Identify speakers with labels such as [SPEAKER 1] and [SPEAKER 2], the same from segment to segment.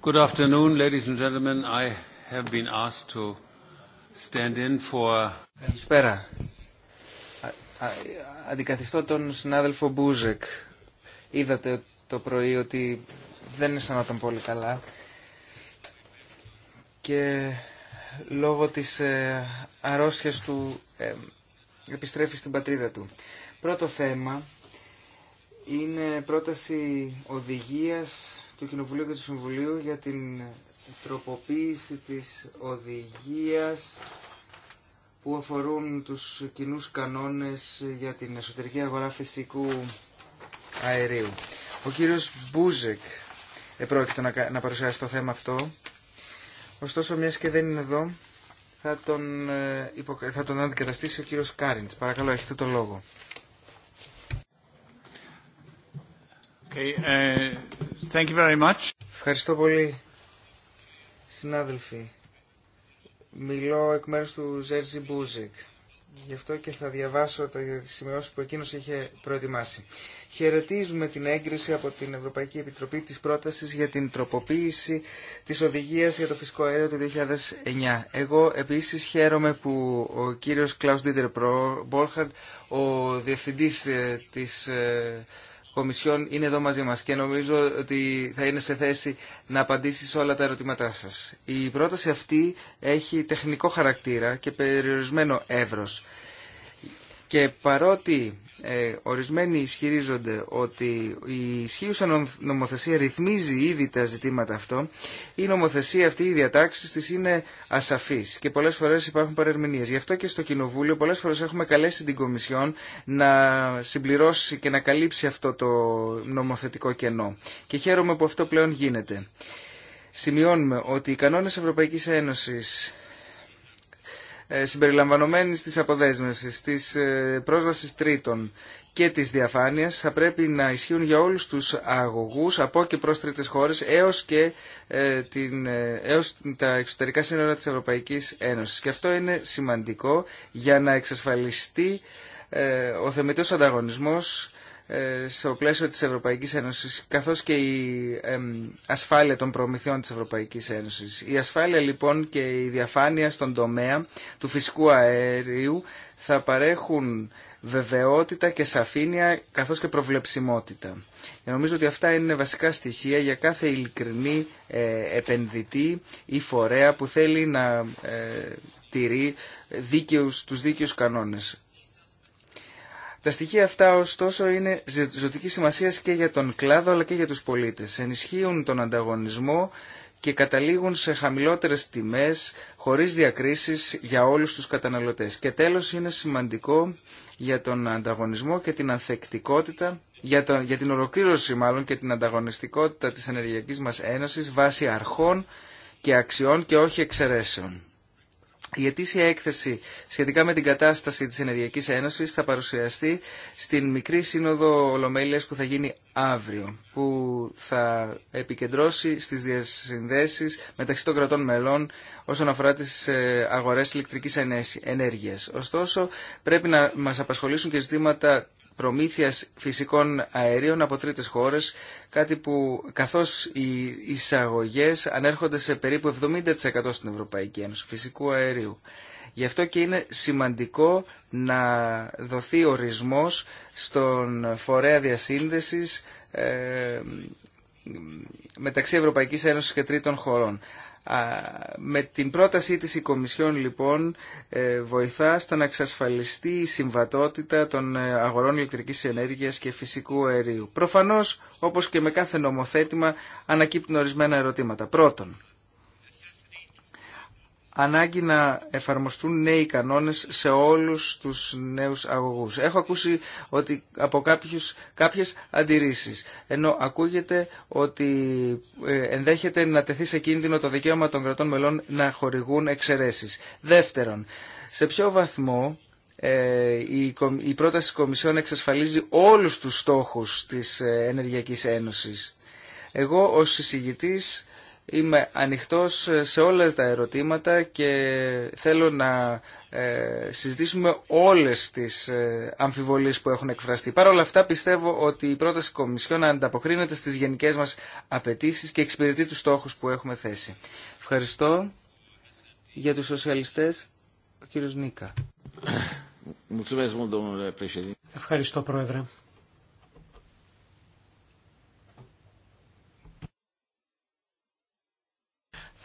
[SPEAKER 1] Καλησπέρα.
[SPEAKER 2] Αντικαθιστώ τον συνάδελφο Μπούζεκ. Είδατε το πρωί ότι δεν αισθανόταν πολύ καλά και λόγω της ε, αρρώστιας του ε, επιστρέφει στην πατρίδα του. Πρώτο θέμα είναι πρόταση οδηγίας του Κοινοβουλίου και του Συμβουλίου για την τροποποίηση της οδηγίας που αφορούν τους κοινούς κανόνες για την εσωτερική αγορά φυσικού αερίου. Ο κύριος Μπούζεκ επρόκειτο να, παρουσιάσει το θέμα αυτό. Ωστόσο, μιας και δεν είναι εδώ, θα τον, ε, θα τον αντικαταστήσει ο κύριος Κάριντς. Παρακαλώ, έχετε το λόγο. Uh, Ευχαριστώ πολύ, συνάδελφοι. Μιλώ εκ μέρους του Ζέρζι Μπούζικ. Γι' αυτό και θα διαβάσω τα σημειώσει που εκείνος είχε προετοιμάσει. Χαιρετίζουμε την έγκριση από την Ευρωπαϊκή Επιτροπή της πρότασης για την τροποποίηση της οδηγίας για το φυσικό αέριο του 2009. Εγώ επίσης χαίρομαι που ο κύριος Κλάους Ντίτερ Μπόλχαρντ, ο διευθυντή ε, τη ε, Κομισιόν είναι εδώ μαζί μας και νομίζω ότι θα είναι σε θέση να απαντήσει σε όλα τα ερωτήματά σας. Η πρόταση αυτή έχει τεχνικό χαρακτήρα και περιορισμένο εύρος. Και παρότι ε, ορισμένοι ισχυρίζονται ότι η ισχύουσα νομοθεσία ρυθμίζει ήδη τα ζητήματα αυτό, η νομοθεσία αυτή, οι διατάξει τη είναι ασαφή και πολλέ φορέ υπάρχουν παρερμηνίε. Γι' αυτό και στο Κοινοβούλιο πολλέ φορέ έχουμε καλέσει την Κομισιόν να συμπληρώσει και να καλύψει αυτό το νομοθετικό κενό. Και χαίρομαι που αυτό πλέον γίνεται. Σημειώνουμε ότι οι κανόνε Ευρωπαϊκή Ένωση. Ε, συμπεριλαμβανομένης της αποδέσμευσης, της ε, πρόσβασης τρίτων και της διαφάνειας θα πρέπει να ισχύουν για όλους τους αγωγούς από και προς τρίτες χώρες έως και ε, την, έως τα εξωτερικά σύνορα της Ευρωπαϊκής Ένωσης. Και αυτό είναι σημαντικό για να εξασφαλιστεί ο θεμετός ανταγωνισμός ε, στο πλαίσιο της Ευρωπαϊκής Ένωσης καθώς και η ασφάλεια των προμηθειών της Ευρωπαϊκής Ένωσης. Η ασφάλεια λοιπόν και η διαφάνεια στον τομέα του φυσικού αερίου θα παρέχουν βεβαιότητα και σαφήνεια καθώς και προβλεψιμότητα. νομίζω ότι αυτά είναι βασικά στοιχεία για κάθε ειλικρινή ε, επενδυτή ή φορέα που θέλει να ε, τηρεί δίκαιους, τους δίκαιους κανόνες. Τα στοιχεία αυτά ωστόσο είναι ζωτική σημασία και για τον κλάδο αλλά και για τους πολίτες. Ενισχύουν τον ανταγωνισμό και καταλήγουν σε χαμηλότερες τιμές χωρίς διακρίσεις για όλους τους καταναλωτές. Και τέλος είναι σημαντικό για τον ανταγωνισμό και την ανθεκτικότητα για, για την ολοκλήρωση μάλλον και την ανταγωνιστικότητα της ενεργειακής μας ένωσης βάσει αρχών και αξιών και όχι εξαιρέσεων. Η ετήσια έκθεση σχετικά με την κατάσταση της Ενεργειακής Ένωσης θα παρουσιαστεί στην μικρή σύνοδο Ολομέλειας που θα γίνει αύριο, που θα επικεντρώσει στις διασυνδέσεις μεταξύ των κρατών μελών όσον αφορά τις ε, αγορές ηλεκτρικής ενέργειας. Ωστόσο, πρέπει να μας απασχολήσουν και ζητήματα προμήθειας φυσικών αερίων από τρίτες χώρες, κάτι που καθώς οι εισαγωγές ανέρχονται σε περίπου 70% στην Ευρωπαϊκή Ένωση φυσικού αερίου. Γι' αυτό και είναι σημαντικό να δοθεί ορισμός στον φορέα διασύνδεσης ε, μεταξύ Ευρωπαϊκής Ένωσης και τρίτων χωρών. Με την πρότασή της η Κομισιόν λοιπόν ε, βοηθά στο να εξασφαλιστεί η συμβατότητα των ε, αγορών ηλεκτρικής ενέργειας και φυσικού αερίου. Προφανώς, όπως και με κάθε νομοθέτημα, ανακύπτουν ορισμένα ερωτήματα. Πρώτον, ανάγκη να εφαρμοστούν νέοι κανόνες σε όλους τους νέους αγωγούς. Έχω ακούσει ότι από κάποιους, κάποιες αντιρρήσεις, ενώ ακούγεται ότι ε, ενδέχεται να τεθεί σε κίνδυνο το δικαίωμα των κρατών μελών να χορηγούν εξαιρέσεις. Δεύτερον, σε ποιο βαθμό ε, η πρόταση της Κομισιόν εξασφαλίζει όλους τους στόχους της ε, Ενεργειακής Ένωσης. Εγώ ως συζητητής Είμαι ανοιχτός σε όλα τα ερωτήματα και θέλω να ε, συζητήσουμε όλες τις ε, αμφιβολίες που έχουν εκφραστεί. Παρ' όλα αυτά πιστεύω ότι η πρόταση Κομισιόν ανταποκρίνεται στις γενικές μας απαιτήσεις και εξυπηρετεί τους στόχους που έχουμε θέσει. Ευχαριστώ για τους σοσιαλιστές, ο κύριος Νίκα.
[SPEAKER 3] Ευχαριστώ Πρόεδρε.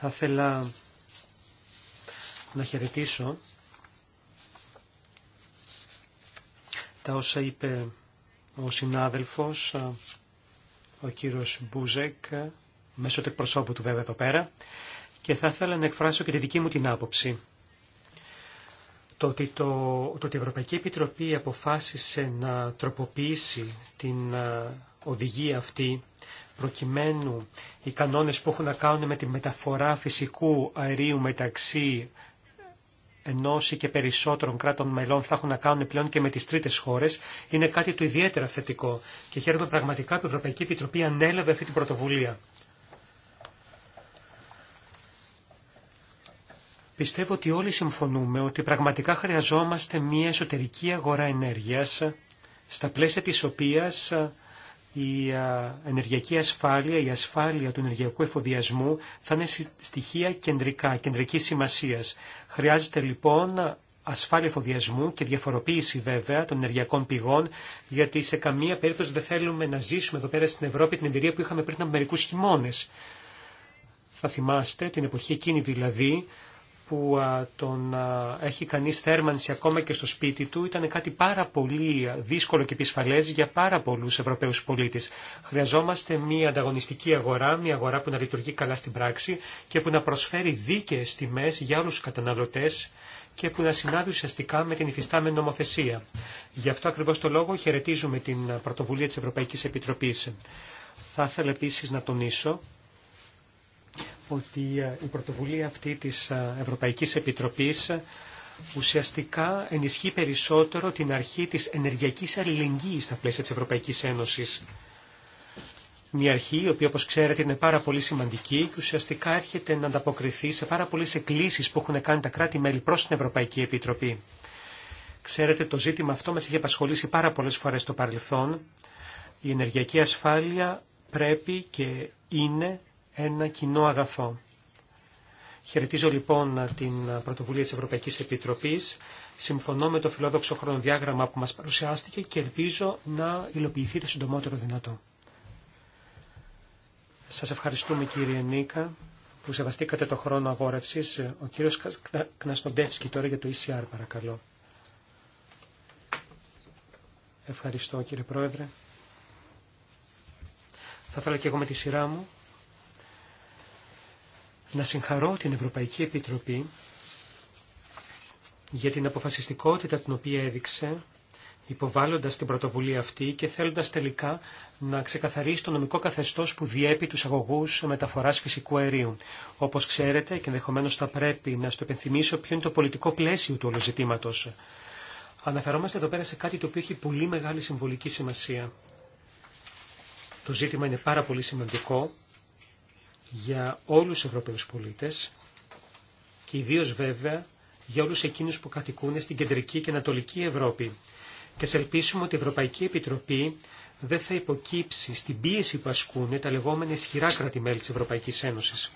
[SPEAKER 3] Θα ήθελα να χαιρετήσω τα όσα είπε ο συνάδελφος, ο κύριος Μπούζεκ, μέσω του εκπροσώπου του βέβαια εδώ πέρα, και θα ήθελα να εκφράσω και τη δική μου την άποψη. Το ότι, το, το ότι η Ευρωπαϊκή Επιτροπή αποφάσισε να τροποποιήσει την ε, οδηγία αυτή προκειμένου οι κανόνες που έχουν να κάνουν με τη μεταφορά φυσικού αερίου μεταξύ ενός ή και περισσότερων κράτων μελών θα έχουν να κάνουν πλέον και με τις τρίτες χώρες, είναι κάτι το ιδιαίτερα θετικό και χαίρομαι πραγματικά που η Ευρωπαϊκή Επιτροπή ανέλαβε αυτή την πρωτοβουλία. Πιστεύω ότι όλοι συμφωνούμε ότι πραγματικά χρειαζόμαστε μια εσωτερική αγορά ενέργειας, στα πλαίσια της οποίας η ενεργειακή ασφάλεια, η ασφάλεια του ενεργειακού εφοδιασμού θα είναι στοιχεία κεντρικά, κεντρική σημασία. Χρειάζεται λοιπόν ασφάλεια εφοδιασμού και διαφοροποίηση βέβαια των ενεργειακών πηγών, γιατί σε καμία περίπτωση δεν θέλουμε να ζήσουμε εδώ πέρα στην Ευρώπη την εμπειρία που είχαμε πριν από μερικού χειμώνε. Θα θυμάστε την εποχή εκείνη δηλαδή που τον έχει κανείς θέρμανση ακόμα και στο σπίτι του ήταν κάτι πάρα πολύ δύσκολο και επισφαλές για πάρα πολλούς Ευρωπαίους πολίτες. Χρειαζόμαστε μια ανταγωνιστική αγορά, μια αγορά που να λειτουργεί καλά στην πράξη και που να προσφέρει δίκαιες τιμές για όλους τους καταναλωτές και που να συνάδει ουσιαστικά με την υφιστάμενη νομοθεσία. Γι' αυτό ακριβώς το λόγο χαιρετίζουμε την πρωτοβουλία της Ευρωπαϊκής Επιτροπής. Θα ήθελα επίσης να τονίσω ότι ε, η πρωτοβουλία αυτή της ε, Ευρωπαϊκής Επιτροπής ε, ουσιαστικά ενισχύει περισσότερο την αρχή της ενεργειακής αλληλεγγύης στα πλαίσια της Ευρωπαϊκής Ένωσης. Μια αρχή, η οποία όπως ξέρετε είναι πάρα πολύ σημαντική και ουσιαστικά έρχεται να ανταποκριθεί σε πάρα πολλές εκκλήσεις που έχουν κάνει τα κράτη-μέλη προς την Ευρωπαϊκή Επιτροπή. Ξέρετε, το ζήτημα αυτό μας έχει απασχολήσει πάρα πολλές φορές στο παρελθόν. Η ενεργειακή ασφάλεια πρέπει και είναι ένα κοινό αγαθό. Χαιρετίζω λοιπόν την πρωτοβουλία της Ευρωπαϊκής Επιτροπής. Συμφωνώ με το φιλόδοξο χρονοδιάγραμμα που μας παρουσιάστηκε και ελπίζω να υλοποιηθεί το συντομότερο δυνατό. Σας ευχαριστούμε κύριε Νίκα που σεβαστήκατε το χρόνο αγόρευσης. Ο κύριος Κναστοντεύσκη τώρα για το ECR παρακαλώ. Ευχαριστώ κύριε Πρόεδρε. Θα ήθελα και εγώ με τη σειρά μου να συγχαρώ την Ευρωπαϊκή Επιτροπή για την αποφασιστικότητα την οποία έδειξε υποβάλλοντας την πρωτοβουλία αυτή και θέλοντας τελικά να ξεκαθαρίσει το νομικό καθεστώς που διέπει τους αγωγούς μεταφοράς φυσικού αερίου. Όπως ξέρετε και ενδεχομένω θα πρέπει να στο επενθυμίσω ποιο είναι το πολιτικό πλαίσιο του ολοζητήματος. Αναφερόμαστε εδώ πέρα σε κάτι το οποίο έχει πολύ μεγάλη συμβολική σημασία. Το ζήτημα είναι πάρα πολύ σημαντικό για όλους τους Ευρωπαίους πολίτες και ιδίως βέβαια για όλους εκείνους που κατοικούν στην κεντρική και ανατολική Ευρώπη. Και σε ελπίσουμε ότι η Ευρωπαϊκή Επιτροπή δεν θα υποκύψει στην πίεση που ασκούν τα λεγόμενα ισχυρά κράτη-μέλη της Ευρωπαϊκής Ένωσης.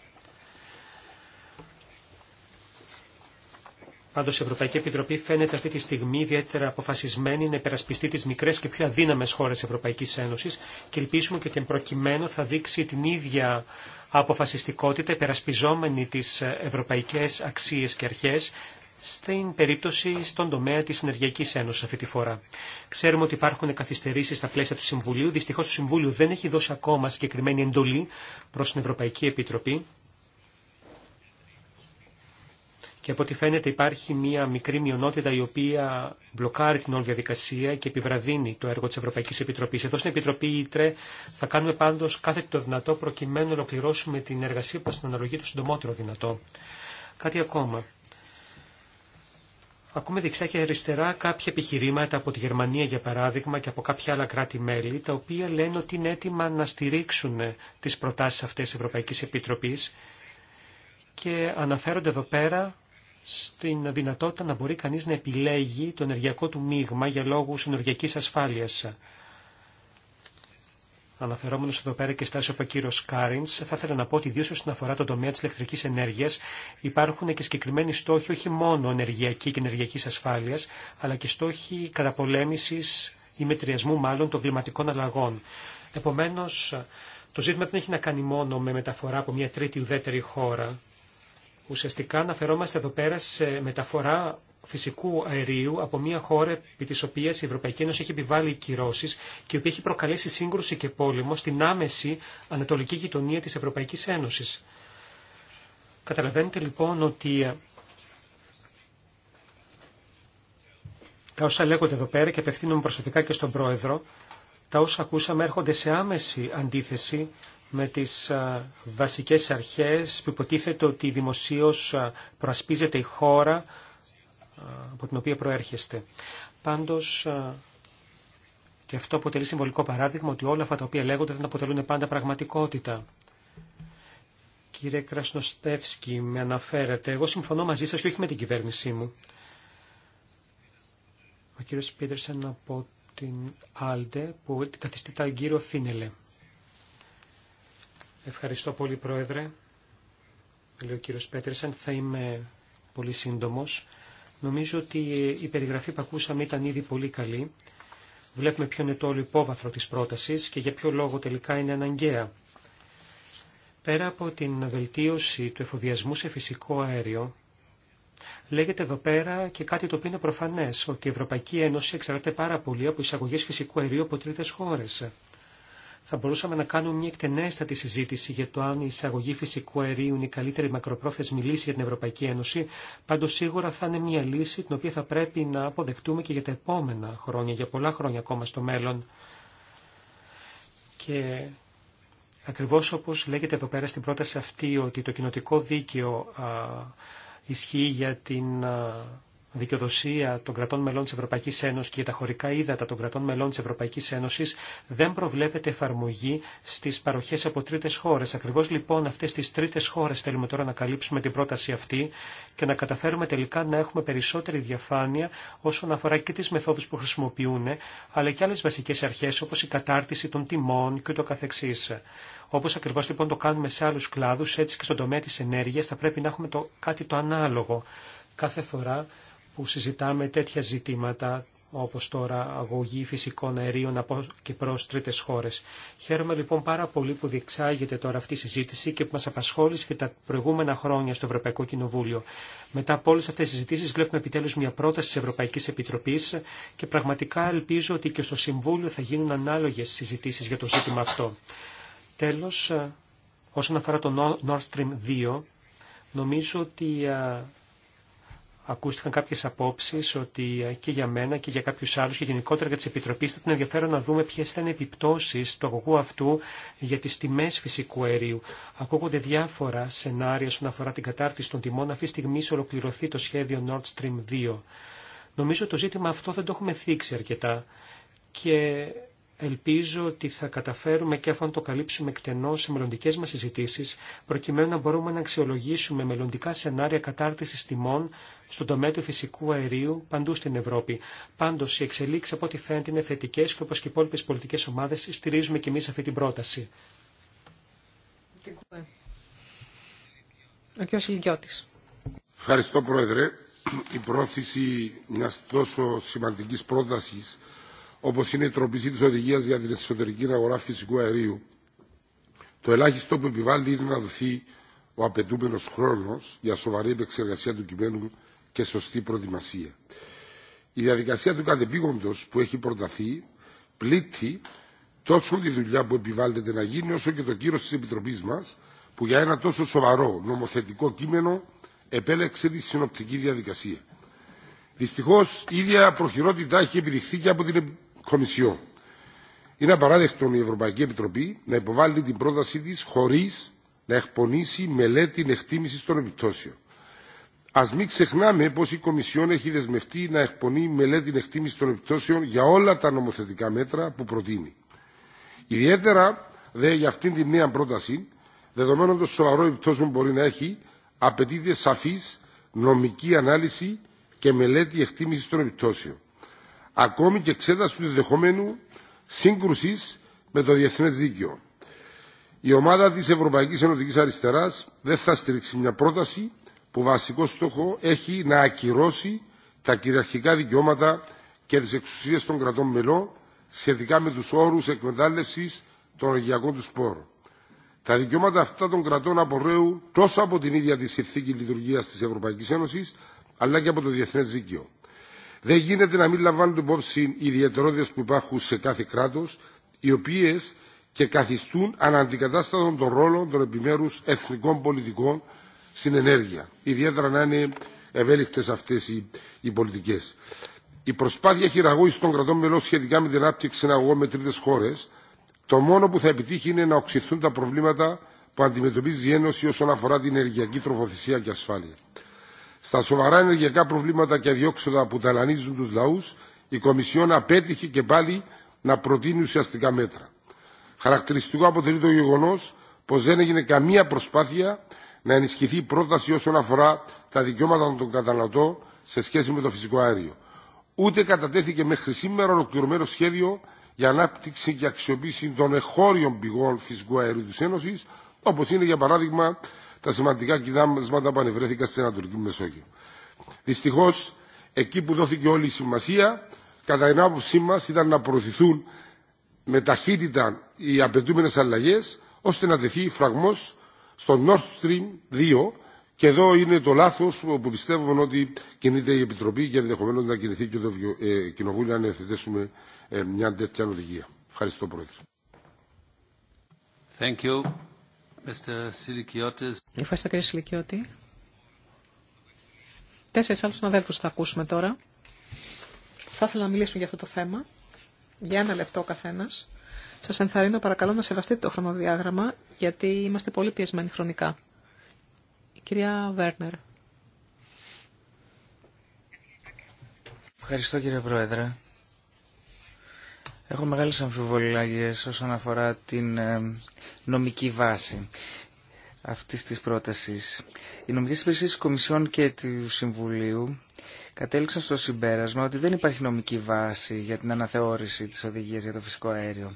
[SPEAKER 3] Πάντω η Ευρωπαϊκή Επιτροπή φαίνεται αυτή τη στιγμή ιδιαίτερα αποφασισμένη να υπερασπιστεί τι μικρέ και πιο αδύναμε χώρε Ευρωπαϊκή Ένωση και ελπίζουμε και ότι προκειμένου θα δείξει την ίδια αποφασιστικότητα υπερασπιζόμενη τις ευρωπαϊκές αξίες και αρχές στην περίπτωση στον τομέα της Ενεργειακής Ένωσης αυτή τη φορά. Ξέρουμε ότι υπάρχουν καθυστερήσεις στα πλαίσια του Συμβουλίου. Δυστυχώς το Συμβούλιο δεν έχει δώσει ακόμα συγκεκριμένη εντολή προς την Ευρωπαϊκή Επιτροπή και από ό,τι φαίνεται υπάρχει μια μικρή μειονότητα η οποία μπλοκάρει την όλη διαδικασία και επιβραδύνει το έργο της Ευρωπαϊκής Επιτροπής. Εδώ στην Επιτροπή ΙΤΡΕ θα κάνουμε πάντως κάθε το δυνατό προκειμένου να ολοκληρώσουμε την εργασία που στην αναλογεί το συντομότερο δυνατό. Κάτι ακόμα. Ακούμε δεξιά και αριστερά κάποια επιχειρήματα από τη Γερμανία για παράδειγμα και από κάποια άλλα κράτη-μέλη τα οποία λένε ότι είναι έτοιμα να στηρίξουν τις προτάσεις αυτές της Ευρωπαϊκής Επιτροπής και αναφέρονται εδώ πέρα στην δυνατότητα να μπορεί κανείς να επιλέγει το ενεργειακό του μείγμα για λόγους ενεργειακής ασφάλειας. Αναφερόμενο εδώ πέρα και στάση από κύριο Κάριν, θα ήθελα να πω ότι ιδίω όσον αφορά τον τομέα τη ηλεκτρική ενέργεια υπάρχουν και συγκεκριμένοι στόχοι όχι μόνο ενεργειακή και ενεργειακή ασφάλεια, αλλά και στόχοι καταπολέμηση ή μετριασμού μάλλον των κλιματικών αλλαγών. Επομένω, το ζήτημα δεν έχει να κάνει μόνο με μεταφορά από μια τρίτη ουδέτερη χώρα, Ουσιαστικά αναφερόμαστε εδώ πέρα σε μεταφορά φυσικού αερίου από μια χώρα επί της οποίας η Ευρωπαϊκή Ένωση έχει επιβάλει κυρώσεις και η οποία έχει προκαλέσει σύγκρουση και πόλεμο στην άμεση ανατολική γειτονία της Ευρωπαϊκής Ένωσης. Καταλαβαίνετε λοιπόν ότι ε, τα όσα λέγονται εδώ πέρα και απευθύνομαι προσωπικά και στον Πρόεδρο, τα όσα ακούσαμε έρχονται σε άμεση αντίθεση με τις βασικές αρχές που υποτίθεται ότι δημοσίως προασπίζεται η χώρα από την οποία προέρχεστε. Πάντως, και αυτό αποτελεί συμβολικό παράδειγμα ότι όλα αυτά τα οποία λέγονται δεν αποτελούν πάντα πραγματικότητα. Κύριε Κρασνοστεύσκη, με αναφέρετε, εγώ συμφωνώ μαζί σας και όχι με την κυβέρνησή μου. Ο κύριος Πίτερσεν από την Άλτε, που καθιστεί τα κύριο Φίνελε. Ευχαριστώ πολύ, Πρόεδρε. Λέω ο κύριος Πέτρεσαν, θα είμαι πολύ σύντομος. Νομίζω ότι η περιγραφή που ακούσαμε ήταν ήδη πολύ καλή. Βλέπουμε ποιο είναι το όλο υπόβαθρο της πρότασης και για ποιο λόγο τελικά είναι αναγκαία. Πέρα από την βελτίωση του εφοδιασμού σε φυσικό αέριο, Λέγεται εδώ πέρα και κάτι το οποίο είναι προφανές, ότι η Ευρωπαϊκή Ένωση εξαρτάται πάρα πολύ από εισαγωγές φυσικού αερίου από τρίτες χώρες θα μπορούσαμε να κάνουμε μια εκτενέστατη συζήτηση για το αν η εισαγωγή φυσικού αερίου είναι η καλύτερη μακροπρόθεσμη λύση για την Ευρωπαϊκή Ένωση. Πάντω σίγουρα θα είναι μια λύση την οποία θα πρέπει να αποδεχτούμε και για τα επόμενα χρόνια, για πολλά χρόνια ακόμα στο μέλλον. Και ακριβώς όπως λέγεται εδώ πέρα στην πρόταση αυτή ότι το κοινοτικό δίκαιο ισχύει για την δικαιοδοσία των κρατών μελών της Ευρωπαϊκής Ένωσης και για τα χωρικά ύδατα των κρατών μελών της Ευρωπαϊκής Ένωσης δεν προβλέπεται εφαρμογή στις παροχές από τρίτες χώρες. Ακριβώς λοιπόν αυτές τις τρίτες χώρες θέλουμε τώρα να καλύψουμε την πρόταση αυτή και να καταφέρουμε τελικά να έχουμε περισσότερη διαφάνεια όσον αφορά και τι μεθόδους που χρησιμοποιούν αλλά και άλλε βασικές αρχές όπως η κατάρτιση των τιμών και το καθεξής. Όπως ακριβώς λοιπόν το κάνουμε σε άλλους κλάδους, έτσι και στον τομέα της ενέργειας θα πρέπει να έχουμε το, κάτι το ανάλογο. Κάθε φορά που συζητάμε τέτοια ζητήματα όπως τώρα αγωγή φυσικών αερίων από και προς τρίτες χώρες. Χαίρομαι λοιπόν πάρα πολύ που διεξάγεται τώρα αυτή η συζήτηση και που μας απασχόλησε και τα προηγούμενα χρόνια στο Ευρωπαϊκό Κοινοβούλιο. Μετά από όλες αυτές τις συζητήσεις βλέπουμε επιτέλους μια πρόταση της Ευρωπαϊκής Επιτροπής και πραγματικά ελπίζω ότι και στο Συμβούλιο θα γίνουν ανάλογες συζητήσεις για το ζήτημα αυτό. Τέλος, ε, όσον αφορά το Nord Stream 2, νομίζω ότι ε, ακούστηκαν κάποιες απόψεις ότι ε, και για μένα και για κάποιους άλλους και γενικότερα για τις επιτροπές θα ήταν ενδιαφέρον να δούμε ποιες θα είναι οι επιπτώσεις του αγωγού αυτού για τις τιμές φυσικού αερίου. Ακούγονται διάφορα σενάρια όσον αφορά την κατάρτιση των τιμών. Αυτή τη στιγμή ολοκληρωθεί το σχέδιο Nord Stream 2. Νομίζω το ζήτημα αυτό δεν το έχουμε θίξει αρκετά και Ελπίζω ότι θα καταφέρουμε και αφού το καλύψουμε εκτενώς σε μελλοντικέ μας συζητήσει, προκειμένου να μπορούμε να αξιολογήσουμε μελλοντικά σενάρια κατάρτιση τιμών στον τομέα του φυσικού αερίου παντού στην Ευρώπη. πάντω οι εξελίξει από ό,τι φαίνεται είναι θετικές και όπω και οι υπόλοιπε πολιτικές ομάδες στηρίζουμε και εμεί αυτή την πρόταση.
[SPEAKER 4] Ο κ. Ευχαριστώ, Πρόεδρε. Η πρόθεση μια τόσο σημαντική πρόταση όπω είναι η τροπήση τη οδηγία για την εσωτερική αγορά φυσικού αερίου. Το ελάχιστο που επιβάλλει είναι να δοθεί ο απαιτούμενο χρόνο για σοβαρή επεξεργασία του κειμένου και σωστή προετοιμασία. Η διαδικασία του κατεπήγοντο που έχει προταθεί πλήττει τόσο τη δουλειά που επιβάλλεται να γίνει, όσο και το κύριο τη Επιτροπή μα, που για ένα τόσο σοβαρό νομοθετικό κείμενο επέλεξε τη συνοπτική διαδικασία. Δυστυχώ, η ίδια προχειρότητα έχει επιδειχθεί και από την Κομισιόν. Είναι απαράδεκτο η Ευρωπαϊκή Επιτροπή να υποβάλει την πρότασή τη χωρί να εκπονήσει μελέτη εκτίμηση των επιπτώσεων. Α μην ξεχνάμε πω η Κομισιόν έχει δεσμευτεί να εκπονεί μελέτη εκτίμηση των επιπτώσεων για όλα τα νομοθετικά μέτρα που προτείνει. Ιδιαίτερα δε για αυτήν την νέα πρόταση, δεδομένων των σοβαρών επιπτώσεων που μπορεί να έχει, απαιτείται σαφή νομική ανάλυση και μελέτη εκτίμηση των επιπτώσεων ακόμη και εξέταση του ενδεχομένου σύγκρουση με το διεθνέ δίκαιο. Η ομάδα τη Ευρωπαϊκή Ενωτική Αριστερά δεν θα στηρίξει μια πρόταση που βασικό στόχο έχει να ακυρώσει τα κυριαρχικά δικαιώματα και τι εξουσίε των κρατών μελών σχετικά με του όρου εκμετάλλευση των ενεργειακών του σπόρων. Τα δικαιώματα αυτά των κρατών απορρέουν τόσο από την ίδια τη συνθήκη λειτουργία τη Ευρωπαϊκή Ένωση, αλλά και από το διεθνέ δίκαιο. Δεν γίνεται να μην λαμβάνουν υπόψη οι ιδιαιτερότητε που υπάρχουν σε κάθε κράτο, οι οποίε και καθιστούν αναντικατάστατον τον ρόλο των επιμέρου εθνικών πολιτικών στην ενέργεια. Ιδιαίτερα να είναι ευέλικτε αυτέ οι, οι πολιτικέ. Η προσπάθεια χειραγώγηση των κρατών μελών σχετικά με την άπτυξη συναγωγών με τρίτε χώρε, το μόνο που θα επιτύχει είναι να οξυθούν τα προβλήματα που αντιμετωπίζει η Ένωση όσον αφορά την ενεργειακή τροφοθεσία και ασφάλεια. Στα σοβαρά ενεργειακά προβλήματα και αδιόξοδα που ταλανίζουν του λαού, η Κομισιόν απέτυχε και πάλι να προτείνει ουσιαστικά μέτρα. Χαρακτηριστικό αποτελεί το γεγονό πω δεν έγινε καμία προσπάθεια να ενισχυθεί η πρόταση όσον αφορά τα δικαιώματα των καταναλωτών σε σχέση με το φυσικό αέριο. Ούτε κατατέθηκε μέχρι σήμερα ολοκληρωμένο σχέδιο για ανάπτυξη και αξιοποίηση των εχώριων πηγών φυσικού αερίου τη Ένωση, όπω είναι για παράδειγμα τα σημαντικά κοιτάσματα που ανεβρέθηκαν στην Ανατολική Μεσόγειο. Δυστυχώ, εκεί που δόθηκε όλη η σημασία, κατά την άποψή μα, ήταν να προωθηθούν με ταχύτητα οι απαιτούμενε αλλαγέ, ώστε να τεθεί φραγμό στο Nord Stream 2. Και εδώ είναι το λάθο που πιστεύουμε ότι κινείται η Επιτροπή και ενδεχομένω να κινηθεί και το ε, Κοινοβούλιο να εθετήσουμε ε, μια τέτοια οδηγία. Ευχαριστώ, Πρόεδρε.
[SPEAKER 1] Ευχαριστώ
[SPEAKER 5] κύριε Σιλικιώτη. Τέσσερις άλλους συναδέλφους θα ακούσουμε τώρα. Θα ήθελα να μιλήσουν για αυτό το θέμα. Για ένα λεπτό ο καθένας. Σας ενθαρρύνω παρακαλώ να σεβαστείτε το χρονοδιάγραμμα, γιατί είμαστε πολύ πιεσμένοι χρονικά. Η κυρία Βέρνερ.
[SPEAKER 2] Ευχαριστώ κύριε Πρόεδρε. Έχω μεγάλες αμφιβολίες όσον αφορά την ε, νομική βάση αυτής της πρότασης. Οι νομικές υπηρεσίες της Κομισιόν και του Συμβουλίου κατέληξαν στο συμπέρασμα ότι δεν υπάρχει νομική βάση για την αναθεώρηση της οδηγίας για το φυσικό αέριο.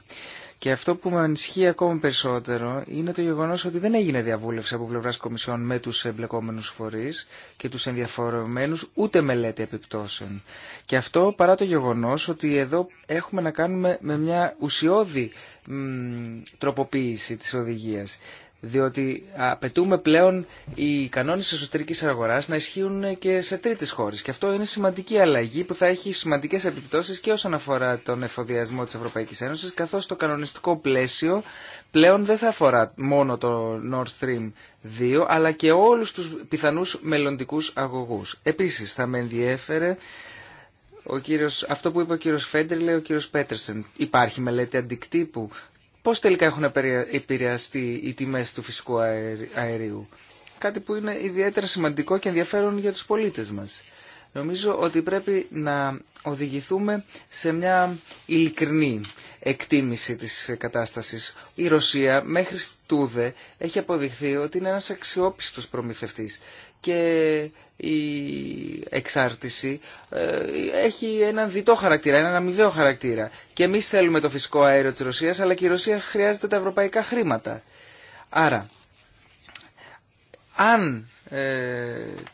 [SPEAKER 2] Και αυτό που με ανισχύει ακόμα περισσότερο είναι το γεγονό ότι δεν έγινε διαβούλευση από πλευρά Κομισιόν με του εμπλεκόμενου φορεί και του ενδιαφορεμένου, ούτε μελέτη επιπτώσεων. Και αυτό παρά το γεγονό ότι εδώ έχουμε να κάνουμε με μια ουσιώδη τροποποίηση τη οδηγία διότι απαιτούμε πλέον οι κανόνες εσωτερικής αγοράς να ισχύουν και σε τρίτες χώρες. Και αυτό είναι σημαντική αλλαγή που θα έχει σημαντικές επιπτώσεις και όσον αφορά τον εφοδιασμό της Ευρωπαϊκής Ένωσης, καθώς το κανονιστικό πλαίσιο πλέον δεν θα αφορά μόνο το Nord Stream 2, αλλά και όλους τους πιθανούς μελλοντικούς αγωγούς. Επίσης, θα με ενδιέφερε ο κύριος, αυτό που είπε ο κύριος Φέντερ, λέει ο κύριος Πέτερσεν. Υπάρχει μελέτη αντικτύπου πώς τελικά έχουν επηρεαστεί οι τιμές του φυσικού αερίου. Κάτι που είναι ιδιαίτερα σημαντικό και ενδιαφέρον για τους πολίτες μας. Νομίζω ότι πρέπει να οδηγηθούμε σε μια ειλικρινή εκτίμηση της κατάστασης. Η Ρωσία μέχρι τούδε έχει αποδειχθεί ότι είναι ένας αξιόπιστος προμηθευτής και η εξάρτηση ε, έχει έναν διτό χαρακτήρα, έναν αμοιβαίο χαρακτήρα. Και εμείς θέλουμε το φυσικό αέριο της Ρωσίας, αλλά και η Ρωσία χρειάζεται τα ευρωπαϊκά χρήματα. Άρα, αν ε,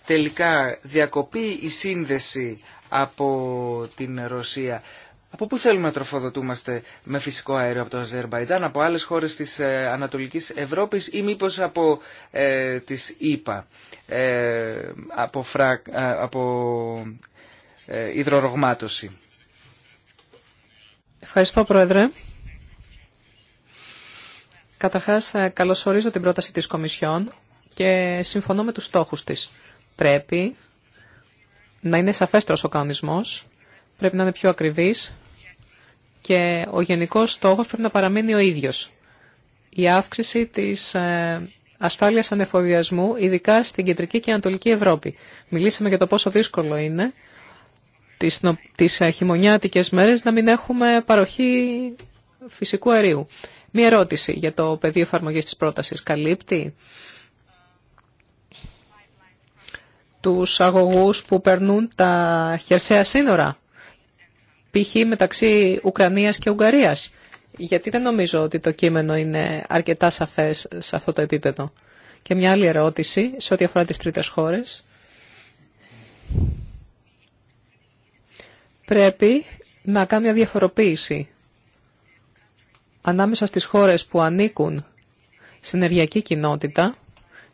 [SPEAKER 2] τελικά διακοπεί η σύνδεση από την Ρωσία από πού θέλουμε να τροφοδοτούμαστε με φυσικό αέριο από το Αζερμπαϊτζάν, από άλλες χώρες της ε, Ανατολικής Ευρώπης ή μήπως από ε, τις ΙΠΑ, ε, από, φρακ, ε, από ε, υδρορογμάτωση.
[SPEAKER 5] Ευχαριστώ Πρόεδρε. Καταρχάς καλωσορίζω την πρόταση της Κομισιόν και συμφωνώ με τους στόχους της. Πρέπει να είναι σαφέστερος ο κανονισμός πρέπει να είναι πιο ακριβής και ο γενικός στόχος πρέπει να παραμείνει ο ίδιος. Η αύξηση της ε, ασφάλειας ανεφοδιασμού, ειδικά στην κεντρική και ανατολική Ευρώπη. Μιλήσαμε για το πόσο δύσκολο είναι τις, τις ε, χειμωνιάτικες μέρες να μην έχουμε παροχή φυσικού αερίου. Μία ερώτηση για το πεδίο εφαρμογή της πρότασης. Καλύπτει τους αγωγούς που περνούν τα χερσαία σύνορα π.χ. μεταξύ Ουκρανίας και Ουγγαρίας. Γιατί δεν νομίζω ότι το κείμενο είναι αρκετά σαφές σε αυτό το επίπεδο. Και μια άλλη ερώτηση σε ό,τι αφορά τις τρίτες χώρες. Πρέπει να κάνει μια διαφοροποίηση ανάμεσα στις χώρες που ανήκουν στην ενεργειακή κοινότητα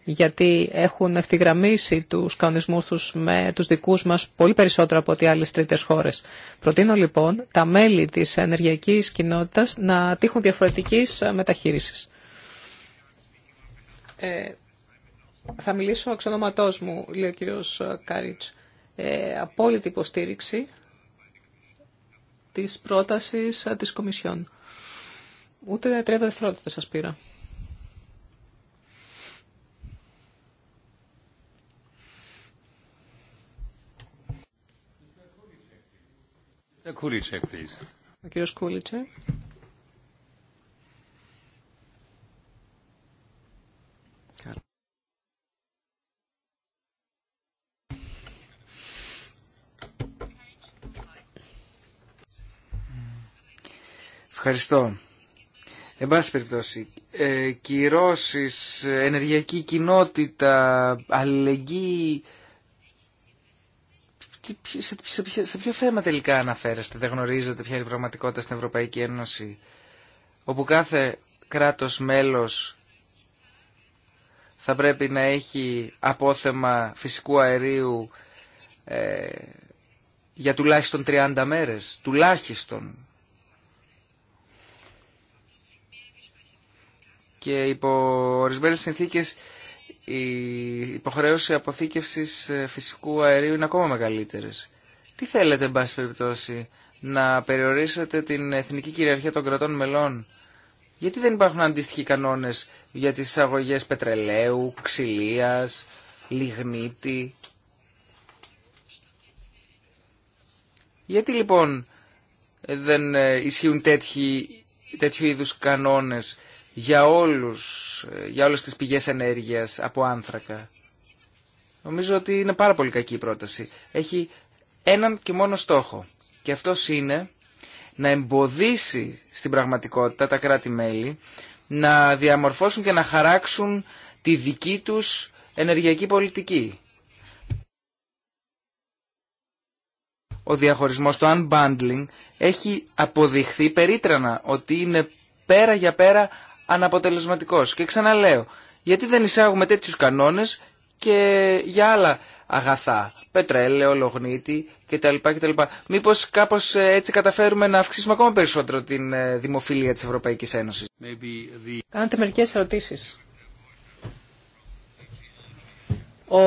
[SPEAKER 5] γιατί έχουν ευθυγραμμίσει τους κανονισμούς του με τους δικούς μας πολύ περισσότερο από ό,τι άλλες τρίτες χώρες. Προτείνω λοιπόν τα μέλη της ενεργειακής κοινότητας να τύχουν διαφορετική ε, μεταχείρισης. Ε, θα μιλήσω εξ ονοματό μου, λέει ο κύριο ε, Κάριτς. απόλυτη υποστήριξη της πρότασης της Κομισιόν. Ούτε 30 δευτερόλεπτα σας πήρα.
[SPEAKER 1] κύριος
[SPEAKER 2] Ευχαριστώ. Εν πάση περιπτώσει, ε, κυρώσεις, ενεργειακή κοινότητα, αλληλεγγύη, σε ποιο θέμα τελικά αναφέρεστε, δεν γνωρίζετε ποια είναι η πραγματικότητα στην Ευρωπαϊκή Ένωση, όπου κάθε κράτος μέλος θα πρέπει να έχει απόθεμα φυσικού αερίου ε, για τουλάχιστον 30 μέρες, τουλάχιστον. Και υπό ορισμένες συνθήκες η υποχρέωση αποθήκευσης ε, φυσικού αερίου είναι ακόμα μεγαλύτερες. Τι θέλετε, εν πάση περιπτώσει, να περιορίσετε την εθνική κυριαρχία των κρατών μελών. Γιατί δεν υπάρχουν αντίστοιχοι κανόνες για τις εισαγωγές πετρελαίου, ξυλία, λιγνίτη. Γιατί λοιπόν ε, δεν ε, ισχύουν τέτοιου είδους κανόνες για, όλους, ε, για όλες τις πηγές ενέργειας από άνθρακα. Νομίζω ότι είναι πάρα πολύ κακή η πρόταση. Έχει έναν και μόνο στόχο και αυτός είναι να εμποδίσει στην πραγματικότητα τα κράτη-μέλη να διαμορφώσουν και να χαράξουν τη δική τους ενεργειακή πολιτική. Ο διαχωρισμός, το unbundling, έχει αποδειχθεί περίτρανα ότι είναι πέρα για πέρα αναποτελεσματικός. Και ξαναλέω, γιατί δεν εισάγουμε τέτοιους κανόνες και για άλλα αγαθά, πετρέλαιο, λογνίτη κτλ. κτλ. Μήπως κάπως ε, έτσι καταφέρουμε να αυξήσουμε ακόμα περισσότερο την ε, δημοφιλία της Ευρωπαϊκής Ένωσης.
[SPEAKER 5] The... Κάνετε μερικές ερωτήσεις. Ο...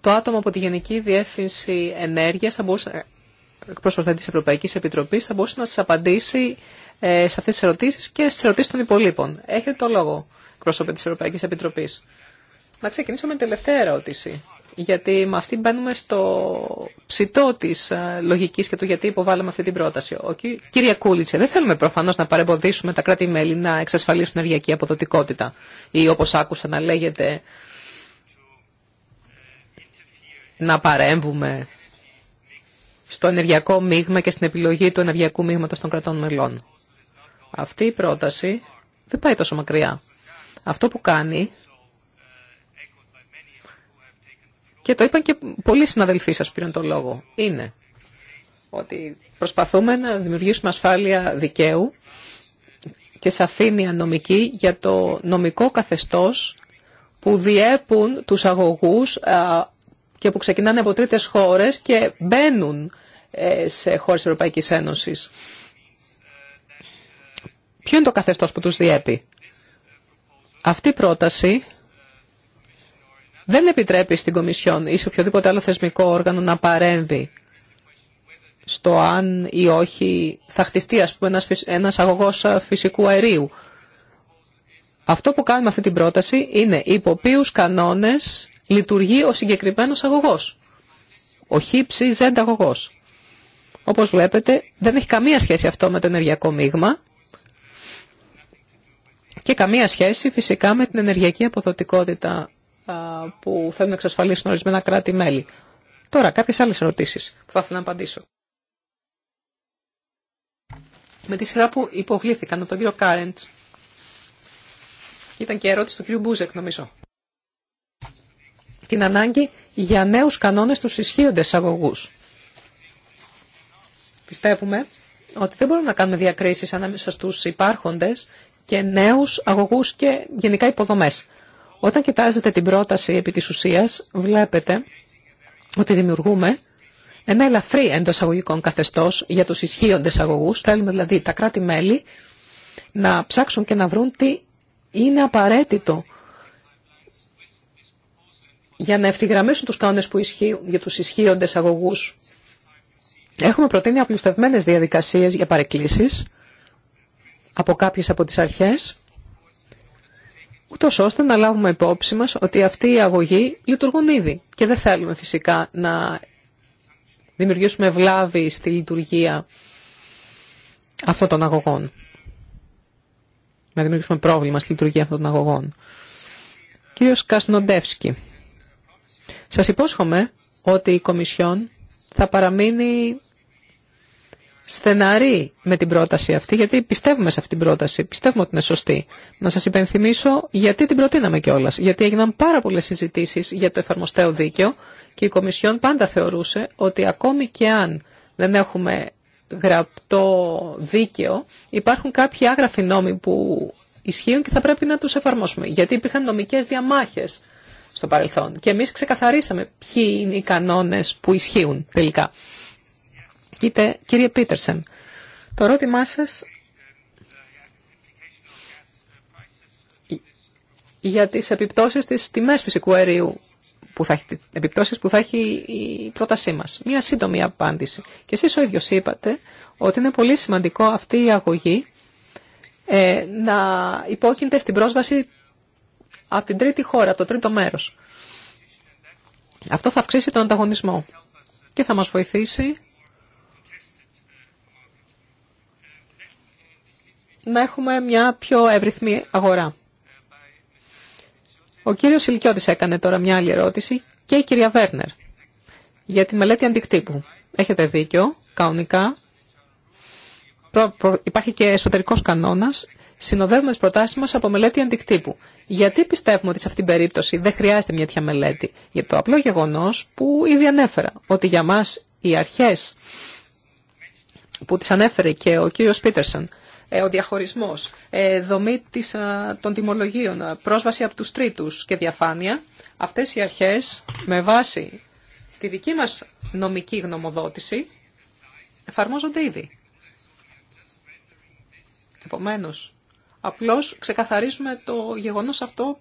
[SPEAKER 5] Το άτομο από τη Γενική Διεύθυνση Ενέργειας θα μπορούσε, της Ευρωπαϊκής Επιτροπής, θα μπορούσε να σας απαντήσει ε, σε αυτές τις ερωτήσεις και στις ερωτήσεις των υπολείπων. Έχετε το λόγο, πρόσωπε της Ευρωπαϊκής Επιτροπής. Να ξεκινήσουμε με την τελευταία ερώτηση, γιατί με αυτή μπαίνουμε στο ψητό της ε, λογικής και του γιατί υποβάλαμε αυτή την πρόταση. Ο κύριε Κούλιτσε, δεν θέλουμε προφανώς να παρεμποδίσουμε τα κράτη-μέλη να εξασφαλίσουν ενεργειακή αποδοτικότητα ή όπως άκουσα να λέγεται να παρέμβουμε στο ενεργειακό μείγμα και στην επιλογή του ενεργειακού μείγματος των κρατών μελών. Αυτή η πρόταση δεν πάει τόσο μακριά. Αυτό που κάνει, και το είπαν και πολλοί συναδελφοί σας πήραν το λόγο, είναι ότι προσπαθούμε να δημιουργήσουμε ασφάλεια δικαίου και σαφήνεια νομική για το νομικό καθεστώς που διέπουν τους αγωγούς και που ξεκινάνε από τρίτες χώρες και μπαίνουν ε, σε χώρες Ευρωπαϊκής Ένωσης. Ποιο είναι το καθεστώς που τους διέπει. Αυτή η πρόταση δεν επιτρέπει στην Κομισιόν ή σε οποιοδήποτε άλλο θεσμικό όργανο να παρέμβει στο αν ή όχι θα χτιστεί ας πούμε, ένας, ένας αγωγός ε, φυσικού αερίου. Αυτό που κάνουμε αυτή την πρόταση είναι υπό ποιους κανόνες λειτουργεί ο συγκεκριμένος αγωγός. Ο χύψη ζέντα αγωγός. Όπως βλέπετε δεν έχει καμία σχέση αυτό με το ενεργειακό μείγμα και καμία σχέση φυσικά με την ενεργειακή αποδοτικότητα που θέλουν να εξασφαλίσουν ορισμένα κράτη-μέλη. Τώρα, κάποιες άλλες ερωτήσεις που θα ήθελα να απαντήσω. Με τη σειρά που υποβλήθηκαν από τον κύριο Κάρεντ ήταν και ερώτηση του κύριου Μπούζεκ, νομίζω. Την ανάγκη για νέους κανόνες στους ισχύοντε αγωγού. Πιστεύουμε ότι δεν μπορούμε να κάνουμε διακρίσει ανάμεσα στου υπάρχοντε και νέους αγωγούς και γενικά υποδομές. Όταν κοιτάζετε την πρόταση επί της ουσίας, βλέπετε ότι δημιουργούμε ένα ελαφρύ εντό αγωγικών καθεστώ για τους ισχύοντες αγωγούς. Θέλουμε δηλαδή τα κράτη-μέλη να ψάξουν και να βρουν τι είναι απαραίτητο για να ευθυγραμμίσουν τους κανόνες που ισχύουν για τους ισχύοντες αγωγούς. Έχουμε προτείνει απλουστευμένες διαδικασίες για παρεκκλήσεις από κάποιες από τις αρχές, ούτως ώστε να λάβουμε υπόψη μας ότι αυτοί οι αγωγοί λειτουργούν ήδη. Και δεν θέλουμε φυσικά να δημιουργήσουμε βλάβη στη λειτουργία αυτών των αγωγών. Να δημιουργήσουμε πρόβλημα στη λειτουργία αυτών των αγωγών. Κύριος Κασνοντεύσκη, σας υπόσχομαι ότι η Κομισιόν θα παραμείνει στεναρεί με την πρόταση αυτή, γιατί πιστεύουμε σε αυτή την πρόταση, πιστεύουμε ότι είναι σωστή. Να σας υπενθυμίσω γιατί την προτείναμε κιόλα. Γιατί έγιναν πάρα πολλές συζητήσεις για το εφαρμοστέο δίκαιο και η Κομισιόν πάντα θεωρούσε ότι ακόμη και αν δεν έχουμε γραπτό δίκαιο, υπάρχουν κάποιοι άγραφοι νόμοι που ισχύουν και θα πρέπει να τους εφαρμόσουμε. Γιατί υπήρχαν νομικές διαμάχες στο παρελθόν και εμείς ξεκαθαρίσαμε ποιοι είναι οι κανόνες που ισχύουν τελικά. Είτε, κύριε Πίτερσεν, το ερώτημά σας για τις επιπτώσεις της τιμές φυσικού αερίου που θα έχει, επιπτώσεις που θα έχει η πρότασή μας. Μία σύντομη απάντηση. Και εσείς ο ίδιος είπατε ότι είναι πολύ σημαντικό αυτή η αγωγή ε, να υπόκεινται στην πρόσβαση από την τρίτη χώρα, από το τρίτο μέρος. Αυτό θα αυξήσει τον ανταγωνισμό και θα μας βοηθήσει να έχουμε μια πιο ευρυθμή αγορά. Ο κύριος Ηλικιώτης έκανε τώρα μια άλλη ερώτηση και η κυρία Βέρνερ για τη μελέτη αντικτύπου. Έχετε δίκιο, κανονικά. Υπάρχει και εσωτερικός κανόνας. Συνοδεύουμε τις προτάσεις μας από μελέτη αντικτύπου. Γιατί πιστεύουμε ότι σε αυτήν την περίπτωση δεν χρειάζεται μια τέτοια μελέτη. Για το απλό γεγονός που ήδη ανέφερα, ότι για μα οι αρχές που τις ανέφερε και ο κύριος Πίτερσον, ε, ο διαχωρισμός, ε, δομή των τιμολογίων, πρόσβαση από τους τρίτους και διαφάνεια. Αυτές οι αρχές, με βάση τη δική μας νομική γνωμοδότηση, εφαρμόζονται ήδη. Επομένως, απλώς ξεκαθαρίζουμε το γεγονός αυτό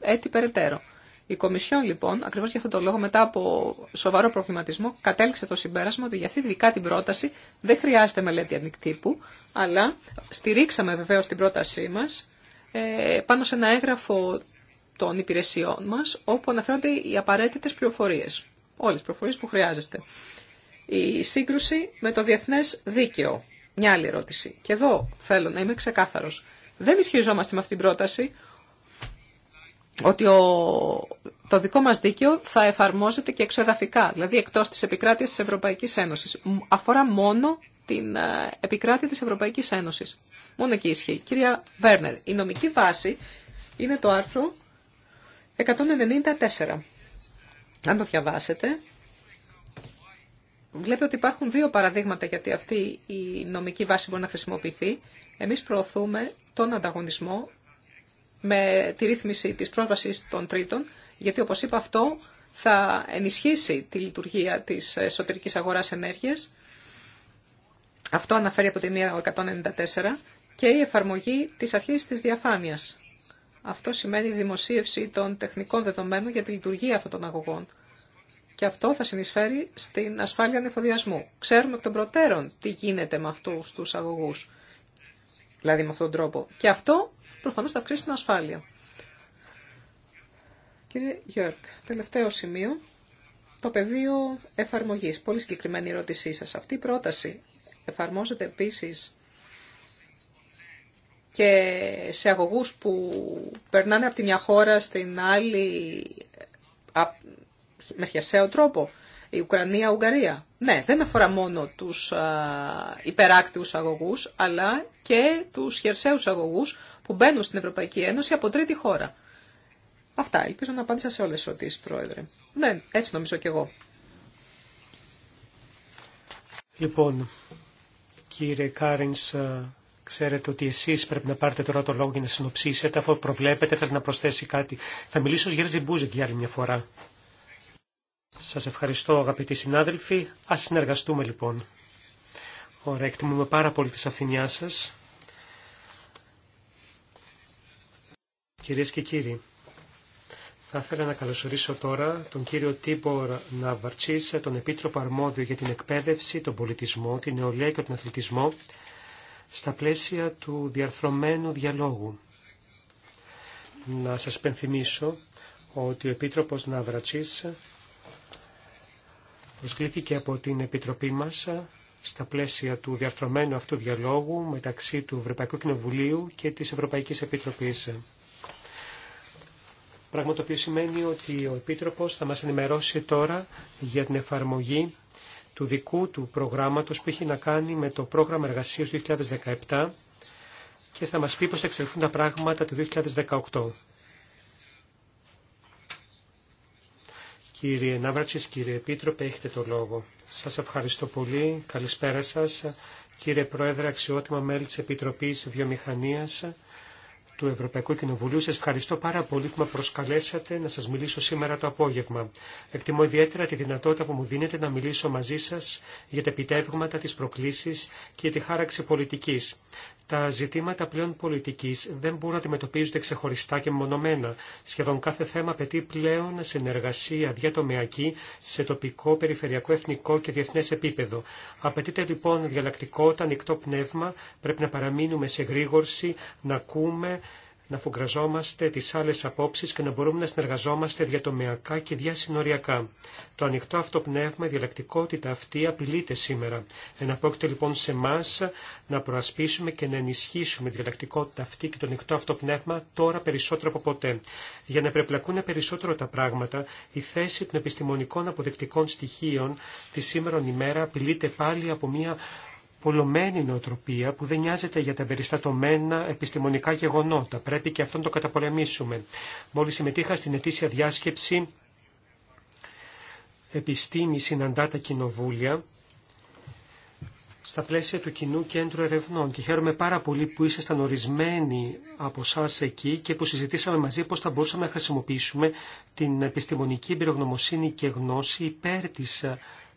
[SPEAKER 5] έτσι περαιτέρω. Η Κομισιόν, λοιπόν, ακριβώ για αυτόν τον λόγο, μετά από σοβαρό προβληματισμό, κατέληξε το συμπέρασμα ότι για αυτή δικά την πρόταση δεν χρειάζεται μελέτη αντικτύπου, αλλά στηρίξαμε βεβαίως την πρότασή μας ε, πάνω σε ένα έγγραφο των υπηρεσιών μας, όπου αναφέρονται οι απαραίτητες πληροφορίες, όλες τις πληροφορίες που χρειάζεστε. Η σύγκρουση με το διεθνές δίκαιο. Μια άλλη ερώτηση. Και εδώ θέλω να είμαι ξεκάθαρος. Δεν ισχυριζόμαστε με αυτή την πρόταση ότι ο, το δικό μας δίκαιο θα εφαρμόζεται και εξωεδαφικά, δηλαδή εκτός της επικράτειας της Ευρωπαϊκής Ένωσης. Αφορά μόνο την ε, επικράτεια της Ευρωπαϊκής Ένωσης. Μόνο εκεί ισχύει. Κυρία Βέρνερ, η νομική βάση είναι το άρθρο 194. Αν το διαβάσετε, βλέπετε ότι υπάρχουν δύο παραδείγματα γιατί αυτή η νομική βάση μπορεί να χρησιμοποιηθεί. Εμείς προωθούμε τον ανταγωνισμό με τη ρύθμιση της πρόσβασης των τρίτων, γιατί όπως είπα αυτό θα ενισχύσει τη λειτουργία της εσωτερικής αγοράς ενέργειας αυτό αναφέρει από τη 194 και η εφαρμογή της αρχής της διαφάνειας. Αυτό σημαίνει δημοσίευση των τεχνικών δεδομένων για τη λειτουργία αυτών των αγωγών. Και αυτό θα συνεισφέρει στην ασφάλεια ανεφοδιασμού. Ξέρουμε εκ των προτέρων τι γίνεται με αυτού του αγωγού. Δηλαδή με αυτόν τον τρόπο. Και αυτό προφανώ θα αυξήσει την ασφάλεια. Κύριε Γιώργ, τελευταίο σημείο. Το πεδίο εφαρμογή. Πολύ συγκεκριμένη ερώτησή σα. Αυτή η πρόταση Εφαρμόζεται επίσης και σε αγωγούς που περνάνε από τη μια χώρα στην άλλη με χερσαίο τρόπο. Η Ουκρανία, η Ουγγαρία. Ναι, δεν αφορά μόνο τους υπεράκτιους αγωγούς, αλλά και τους χερσαίους αγωγούς που μπαίνουν στην Ευρωπαϊκή Ένωση από τρίτη χώρα. Αυτά. Ελπίζω να απάντησα σε όλες τις ερωτήσεις, Πρόεδρε.
[SPEAKER 3] Ναι, έτσι νομίζω και εγώ. Λοιπόν, Κύριε Κάριν, ε, ξέρετε ότι εσείς πρέπει να πάρετε τώρα το λόγο για να συνοψίσετε. Αφού προβλέπετε, θέλετε να προσθέσει κάτι. Θα μιλήσω ως Γέρζι Μπούζεκ για άλλη μια φορά. Σας ευχαριστώ αγαπητοί συνάδελφοι. Ας συνεργαστούμε λοιπόν. Ωραία, εκτιμούμε πάρα πολύ τη σαφηνιά σας. Κυρίες και κύριοι, θα ήθελα να καλωσορίσω τώρα τον κύριο Τίμπορ Ναυρατσίσα, τον Επίτροπο Αρμόδιο για την Εκπαίδευση, τον Πολιτισμό, την Νεολαία και τον Αθλητισμό, στα πλαίσια του διαρθρωμένου διαλόγου. Να σας πενθυμίσω ότι ο Επίτροπος Ναυρατσίσα προσκλήθηκε από την Επιτροπή μας στα πλαίσια του διαρθρωμένου αυτού διαλόγου μεταξύ του Ευρωπαϊκού Κοινοβουλίου και της Ευρωπαϊκής Επιτροπής. Πράγμα το οποίο σημαίνει ότι ο Επίτροπος θα μας ενημερώσει τώρα για την εφαρμογή του δικού του προγράμματος που έχει να κάνει με το πρόγραμμα εργασίας 2017 και θα μας πει πώς θα τα πράγματα του 2018. Κύριε Ναύρατσης, κύριε Επίτροπε, έχετε το λόγο. Σας ευχαριστώ πολύ. Καλησπέρα σας. Κύριε Πρόεδρε, αξιότιμα μέλη της Επιτροπής Βιομηχανίας, του Ευρωπαϊκού Κοινοβουλίου. Σας ευχαριστώ πάρα πολύ που με προσκαλέσατε να σας μιλήσω σήμερα το απόγευμα. Εκτιμώ ιδιαίτερα τη δυνατότητα που μου δίνετε να μιλήσω μαζί σας για τα επιτεύγματα, τις προκλήσεις και τη χάραξη πολιτικής τα ζητήματα πλέον πολιτικής δεν μπορούν να αντιμετωπίζονται ξεχωριστά και μονομένα. Σχεδόν κάθε θέμα απαιτεί πλέον συνεργασία διατομεακή σε τοπικό, περιφερειακό, εθνικό και διεθνές επίπεδο. Απαιτείται λοιπόν διαλλακτικότητα, ανοιχτό πνεύμα, πρέπει να παραμείνουμε σε γρήγορση, να ακούμε, να φουγκραζόμαστε τις άλλες απόψεις και να μπορούμε να συνεργαζόμαστε διατομεακά και διασυνοριακά. Το ανοιχτό αυτό πνεύμα, η διαλλακτικότητα αυτή απειλείται σήμερα. Εναπόκειται λοιπόν σε εμά να προασπίσουμε και να ενισχύσουμε τη διαλλακτικότητα αυτή και το ανοιχτό αυτό πνεύμα τώρα περισσότερο από ποτέ. Για να περιπλακούν περισσότερο τα πράγματα, η θέση των επιστημονικών αποδεκτικών στοιχείων τη σήμερα ημέρα απειλείται πάλι από μια πολλωμένη νοοτροπία που δεν νοιάζεται για τα περιστατωμένα επιστημονικά γεγονότα. Πρέπει και αυτό να το καταπολεμήσουμε. Μόλις συμμετείχα στην ετήσια διάσκεψη «Επιστήμη συναντά τα κοινοβούλια» στα πλαίσια του Κοινού Κέντρου Ερευνών και χαίρομαι πάρα πολύ που ήσασταν ορισμένοι από εσά εκεί και που συζητήσαμε μαζί πώς θα μπορούσαμε να χρησιμοποιήσουμε την επιστημονική εμπειρογνωμοσύνη και γνώση υπέρ της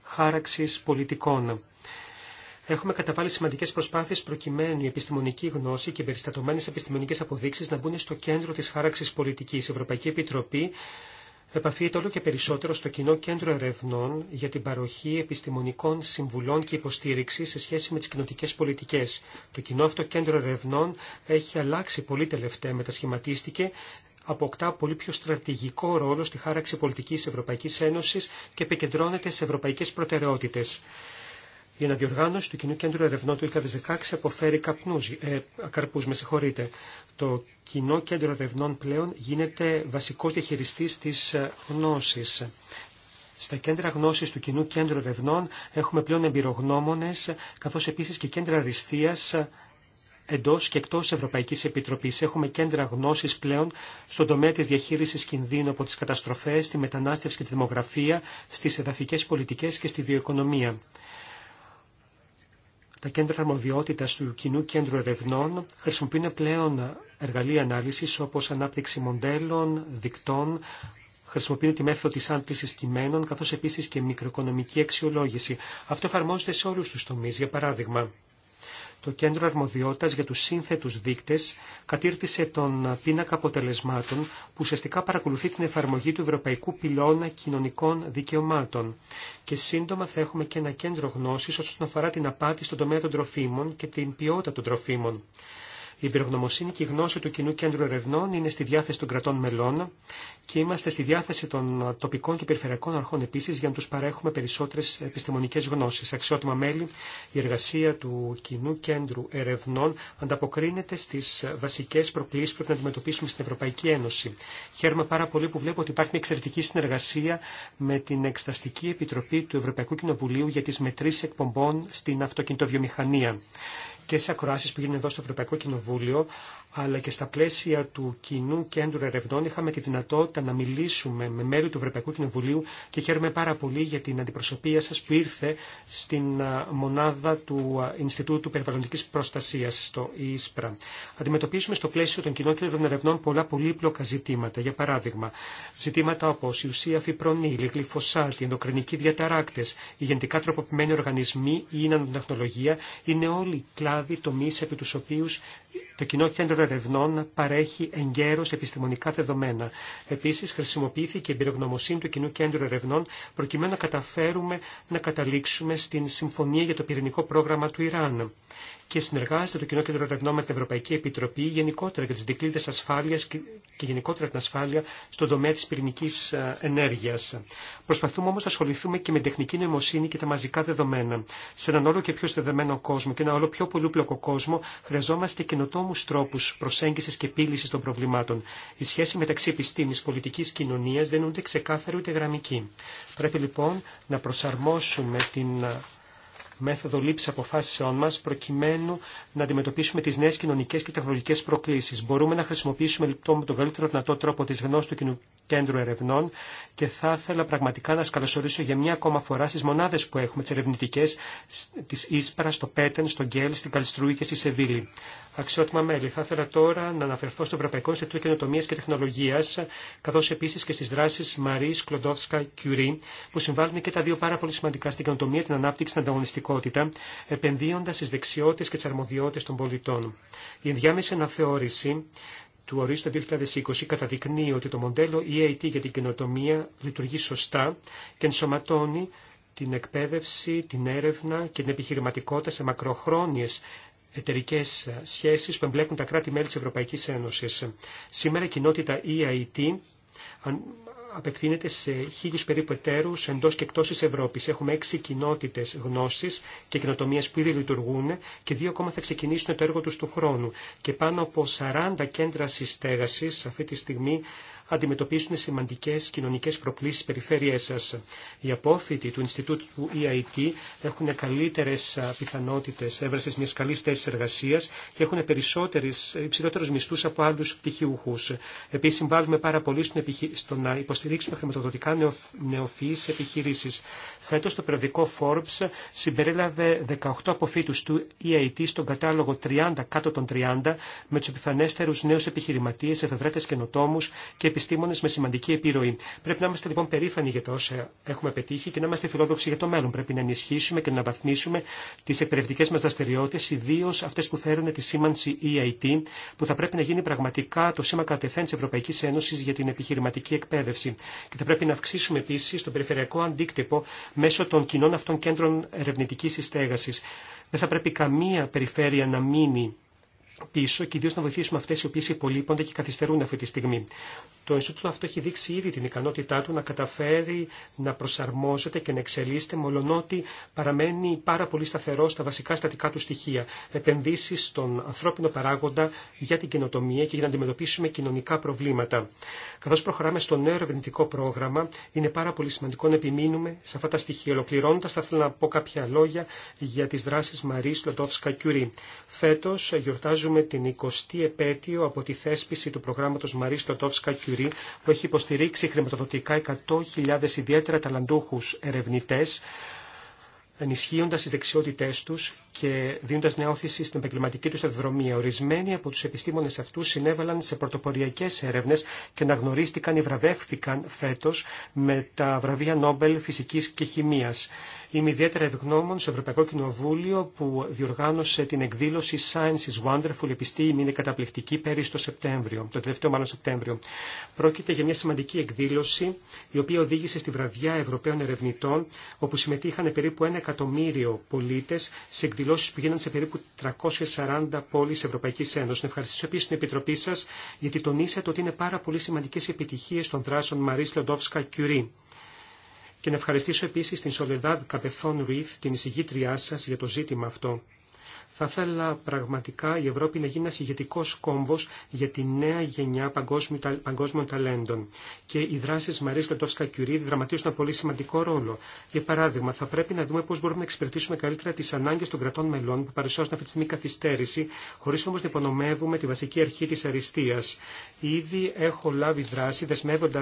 [SPEAKER 3] χάραξης πολιτικών. Έχουμε καταβάλει σημαντικέ προσπάθειε προκειμένου η επιστημονική γνώση και οι περιστατωμένε επιστημονικέ αποδείξει να μπουν στο κέντρο τη χάραξη πολιτική. Η Ευρωπαϊκή Επιτροπή επαφείται όλο και περισσότερο στο κοινό κέντρο ερευνών για την παροχή επιστημονικών συμβουλών και υποστήριξη σε σχέση με τι κοινοτικέ πολιτικέ. Το κοινό αυτό κέντρο ερευνών έχει αλλάξει πολύ τελευταία, μετασχηματίστηκε αποκτά πολύ πιο στρατηγικό ρόλο στη χάραξη πολιτικής Ευρωπαϊκής Ένωσης και επικεντρώνεται σε ευρωπαϊκές προτεραιότητες. Η αναδιοργάνωση του Κοινού Κέντρου Ερευνών του 2016 αποφέρει καπνούς, ε, καρπούς, με συγχωρείτε. Το Κοινό Κέντρο Ερευνών πλέον γίνεται βασικός διαχειριστής της ε, γνώσης. Στα κέντρα γνώσης του Κοινού Κέντρου Ερευνών έχουμε πλέον εμπειρογνώμονες, καθώς επίσης και κέντρα αριστείας ε, εντό και εκτό Ευρωπαϊκή Επιτροπής. Έχουμε κέντρα γνώσης πλέον στον τομέα τη διαχείριση κινδύνου από τι καταστροφέ, τη μετανάστευση και τη δημογραφία, στι εδαφικέ πολιτικέ και στη βιοοικονομία τα κέντρα αρμοδιότητα του κοινού κέντρου ερευνών χρησιμοποιούν πλέον εργαλεία ανάλυση όπω ανάπτυξη μοντέλων, δικτών, χρησιμοποιούν τη μέθοδο τη άντληση κειμένων καθώ επίση και μικροοικονομική αξιολόγηση. Αυτό εφαρμόζεται σε όλου του τομεί. Για παράδειγμα, το Κέντρο Αρμοδιότητας για τους σύνθετους δείκτες κατήρτισε τον πίνακα αποτελεσμάτων που ουσιαστικά παρακολουθεί την εφαρμογή του Ευρωπαϊκού Πυλώνα Κοινωνικών Δικαιωμάτων. Και σύντομα θα έχουμε και ένα κέντρο γνώσης όσον αφορά την απάτη στον τομέα των τροφίμων και την ποιότητα των τροφίμων. Η εμπειρογνωμοσύνη και η γνώση του Κοινού Κέντρου Ερευνών είναι στη διάθεση των κρατών μελών και είμαστε στη διάθεση των τοπικών και περιφερειακών αρχών επίση για να του παρέχουμε περισσότερε επιστημονικέ γνώσει. Αξιότιμα μέλη, η εργασία του Κοινού Κέντρου Ερευνών ανταποκρίνεται στι βασικέ προκλήσει που πρέπει να αντιμετωπίσουμε στην Ευρωπαϊκή Ένωση. Χαίρομαι πάρα πολύ που βλέπω ότι υπάρχει μια εξαιρετική συνεργασία με την εκσταστική Επιτροπή του Ευρωπαϊκού Κοινοβουλίου για τι μετρήσει εκπομπών στην αυτοκινητοβιομηχανία και σε ακροάσει που γίνουν εδώ στο Ευρωπαϊκό Κοινοβούλιο, αλλά και στα πλαίσια του κοινού κέντρου ερευνών είχαμε τη δυνατότητα να μιλήσουμε με μέλη του Ευρωπαϊκού Κοινοβουλίου και χαίρομαι πάρα πολύ για την αντιπροσωπεία σα που ήρθε στην μονάδα του Ινστιτούτου Περιβαλλοντική Προστασία, στο ΙΣΠΡΑ. Αντιμετωπίζουμε στο πλαίσιο των κοινών κέντρων ερευνών πολλά πολύπλοκα ζητήματα. Για παράδειγμα, ζητήματα όπω η ουσία φιπρονίλη, γλυφοσάτη, ενδοκρινικοί διαταράκτε, οι γενετικά τροποποιημένοι οργανισμοί, η η είναι όλοι κλάδοι δηλαδή τομεί επί τους οποίους το κοινό κέντρο ερευνών παρέχει εγκαίρω επιστημονικά δεδομένα. Επίση, χρησιμοποιήθηκε η εμπειρογνωμοσύνη του κοινού κέντρου ερευνών προκειμένου να καταφέρουμε να καταλήξουμε στην συμφωνία για το πυρηνικό πρόγραμμα του Ιράν και συνεργάζεται το Κοινό Κέντρο Ερευνών με την Ευρωπαϊκή Επιτροπή γενικότερα για τι δικλείδε ασφάλεια και γενικότερα την ασφάλεια στον τομέα τη πυρηνική ε, ενέργεια. Προσπαθούμε όμω να ασχοληθούμε και με τεχνική νοημοσύνη και τα μαζικά δεδομένα. Σε έναν όλο και πιο στεδεμένο κόσμο και ένα όλο πιο πολύπλοκο κόσμο χρειαζόμαστε καινοτόμου τρόπου προσέγγιση και επίλυση των προβλημάτων. Η σχέση μεταξύ επιστήμη, πολιτική κοινωνία δεν είναι ούτε ξεκάθαρη ούτε γραμμική. Πρέπει λοιπόν να προσαρμόσουμε την μέθοδο λήψη αποφάσεών μα προκειμένου να αντιμετωπίσουμε τι νέε κοινωνικέ και τεχνολογικέ προκλήσει. Μπορούμε να χρησιμοποιήσουμε λοιπόν με τον καλύτερο δυνατό τρόπο τη Γνώση του Κέντρου Ερευνών και θα ήθελα πραγματικά να σα καλωσορίσω για μια ακόμα φορά στι μονάδε που έχουμε, τι ερευνητικέ τη Ίσπρα, στο Πέτεν, στο Γκέλ, στην Καλστρούη και στη Σεβίλη αξιότιμα μέλη. Θα ήθελα τώρα να αναφερθώ στο Ευρωπαϊκό Ινστιτούτο Καινοτομία και Τεχνολογία, καθώ επίση και στι δράσει Μαρή Κλοντόφσκα Κιουρί, που συμβάλλουν και τα δύο πάρα πολύ σημαντικά στην καινοτομία, την ανάπτυξη, την ανταγωνιστικότητα, επενδύοντα στι δεξιότητε και τι αρμοδιότητε των πολιτών. Η ενδιάμεση αναθεώρηση του Ορίστου 2020 καταδεικνύει ότι το μοντέλο EAT για την καινοτομία λειτουργεί σωστά και ενσωματώνει την εκπαίδευση, την έρευνα και την επιχειρηματικότητα σε μακροχρόνιες εταιρικέ σχέσει που εμπλέκουν τα κράτη-μέλη τη Ευρωπαϊκή Ένωση. Σήμερα η κοινότητα EIT απευθύνεται σε χίλιου περίπου εταίρου εντό και εκτό τη Ευρώπη. Έχουμε έξι κοινότητε γνώση και κοινοτομία που ήδη λειτουργούν και δύο ακόμα θα ξεκινήσουν το έργο του του χρόνου. Και πάνω από 40 κέντρα συστέγαση αυτή τη στιγμή αντιμετωπίσουν σημαντικές κοινωνικές προκλήσεις στις περιφέρειές σας. Οι απόφοιτοι του Ινστιτούτου του EIT έχουν καλύτερες πιθανότητες έβρασης μιας καλής θέσης εργασίας και έχουν περισσότερες, υψηλότερους μισθούς από άλλους πτυχιούχους. Επίσης συμβάλλουμε πάρα πολύ στο να υποστηρίξουμε χρηματοδοτικά νεοφυείς επιχειρήσεις. Φέτος το περιοδικό Forbes συμπερίλαβε 18 αποφύτους του EIT στον κατάλογο 30 κάτω των 30 με του επιφανέστερου νέους επιχειρηματίες, εφευρέτες καινοτόμους και επιστήμονε με σημαντική επιρροή. Πρέπει να είμαστε λοιπόν περήφανοι για τα όσα έχουμε πετύχει και να είμαστε φιλόδοξοι για το μέλλον. Πρέπει να ενισχύσουμε και να βαθμίσουμε τι εκπαιδευτικέ μα δραστηριότητε, ιδίω αυτέ που φέρουν τη σήμανση EIT, που θα πρέπει να γίνει πραγματικά το σήμα κατεθέν τη Ευρωπαϊκή Ένωση για την επιχειρηματική εκπαίδευση. Και θα πρέπει να αυξήσουμε επίση τον περιφερειακό αντίκτυπο μέσω των κοινών αυτών κέντρων ερευνητική συστέγαση. Δεν θα πρέπει καμία περιφέρεια να μείνει πίσω και ιδίω να βοηθήσουμε αυτέ οι οποίε υπολείπονται και καθυστερούν αυτή τη στιγμή. Το Ινστιτούτο αυτό έχει δείξει ήδη την ικανότητά του να καταφέρει να προσαρμόζεται και να εξελίσσεται, μολονότι παραμένει πάρα πολύ σταθερό στα βασικά στατικά του στοιχεία. Επενδύσει στον ανθρώπινο παράγοντα για την καινοτομία και για να αντιμετωπίσουμε κοινωνικά προβλήματα. Καθώ προχωράμε στο νέο ερευνητικό πρόγραμμα, είναι πάρα πολύ σημαντικό να επιμείνουμε σε αυτά τα στοιχεία. Ολοκληρώνοντα, θα ήθελα να πω κάποια λόγια για τι δράσει Μαρή Λοντόφσκα Κιουρί. Φέτο γιορτάζουμε την 20η επέτειο από τη θέσπιση του προγράμματο Μαρή Λοτόφσκα Κιουρί που έχει υποστηρίξει χρηματοδοτικά 100.000 ιδιαίτερα ταλαντούχους ερευνητές ενισχύοντας τις δεξιότητές τους και δίνοντα νέα όθηση στην επαγγελματική του σταδιοδρομία. Ορισμένοι από του επιστήμονε αυτού συνέβαλαν σε πρωτοποριακέ έρευνε και αναγνωρίστηκαν ή βραβεύτηκαν φέτο με τα βραβεία Νόμπελ Φυσική και Χημία. Είμαι ιδιαίτερα ευγνώμων στο Ευρωπαϊκό Κοινοβούλιο που διοργάνωσε την εκδήλωση Science is Wonderful, επιστήμη είναι καταπληκτική, πέρυσι το Σεπτέμβριο, το τελευταίο μάλλον Σεπτέμβριο. Πρόκειται για μια σημαντική εκδήλωση η οποία οδήγησε στη βραδιά Ευρωπαίων ερευνητών όπου συμμετείχαν περίπου ένα εκατομμύριο πολίτε σε εκδηλώσει που γίνανε σε περίπου 340 πόλει Ευρωπαϊκή Ένωση Να ευχαριστήσω επίσης την Επιτροπή σας γιατί τονίσατε ότι είναι πάρα πολύ σημαντικές επιτυχίες των δράσεων Μαρίς Λοντόφσκα Κιουρί. Και να ευχαριστήσω επίσης την Σολεδάδ Καπεθόν Ριθ, την εισηγήτριά σα, για το ζήτημα αυτό. Θα ήθελα πραγματικά η Ευρώπη να γίνει ένα ηγετικό κόμβο για τη νέα γενιά παγκόσμιων ταλέντων. Και οι δράσει Μαρή Λοντόφσκα Κιουρίδη δραματίζουν ένα πολύ σημαντικό ρόλο. Για παράδειγμα, θα πρέπει να δούμε πώ μπορούμε να εξυπηρετήσουμε καλύτερα τι ανάγκε των κρατών μελών που παρουσιάζουν αυτή τη στιγμή καθυστέρηση, χωρί όμω να υπονομεύουμε τη βασική αρχή τη αριστεία. Ήδη έχω λάβει δράση δεσμεύοντα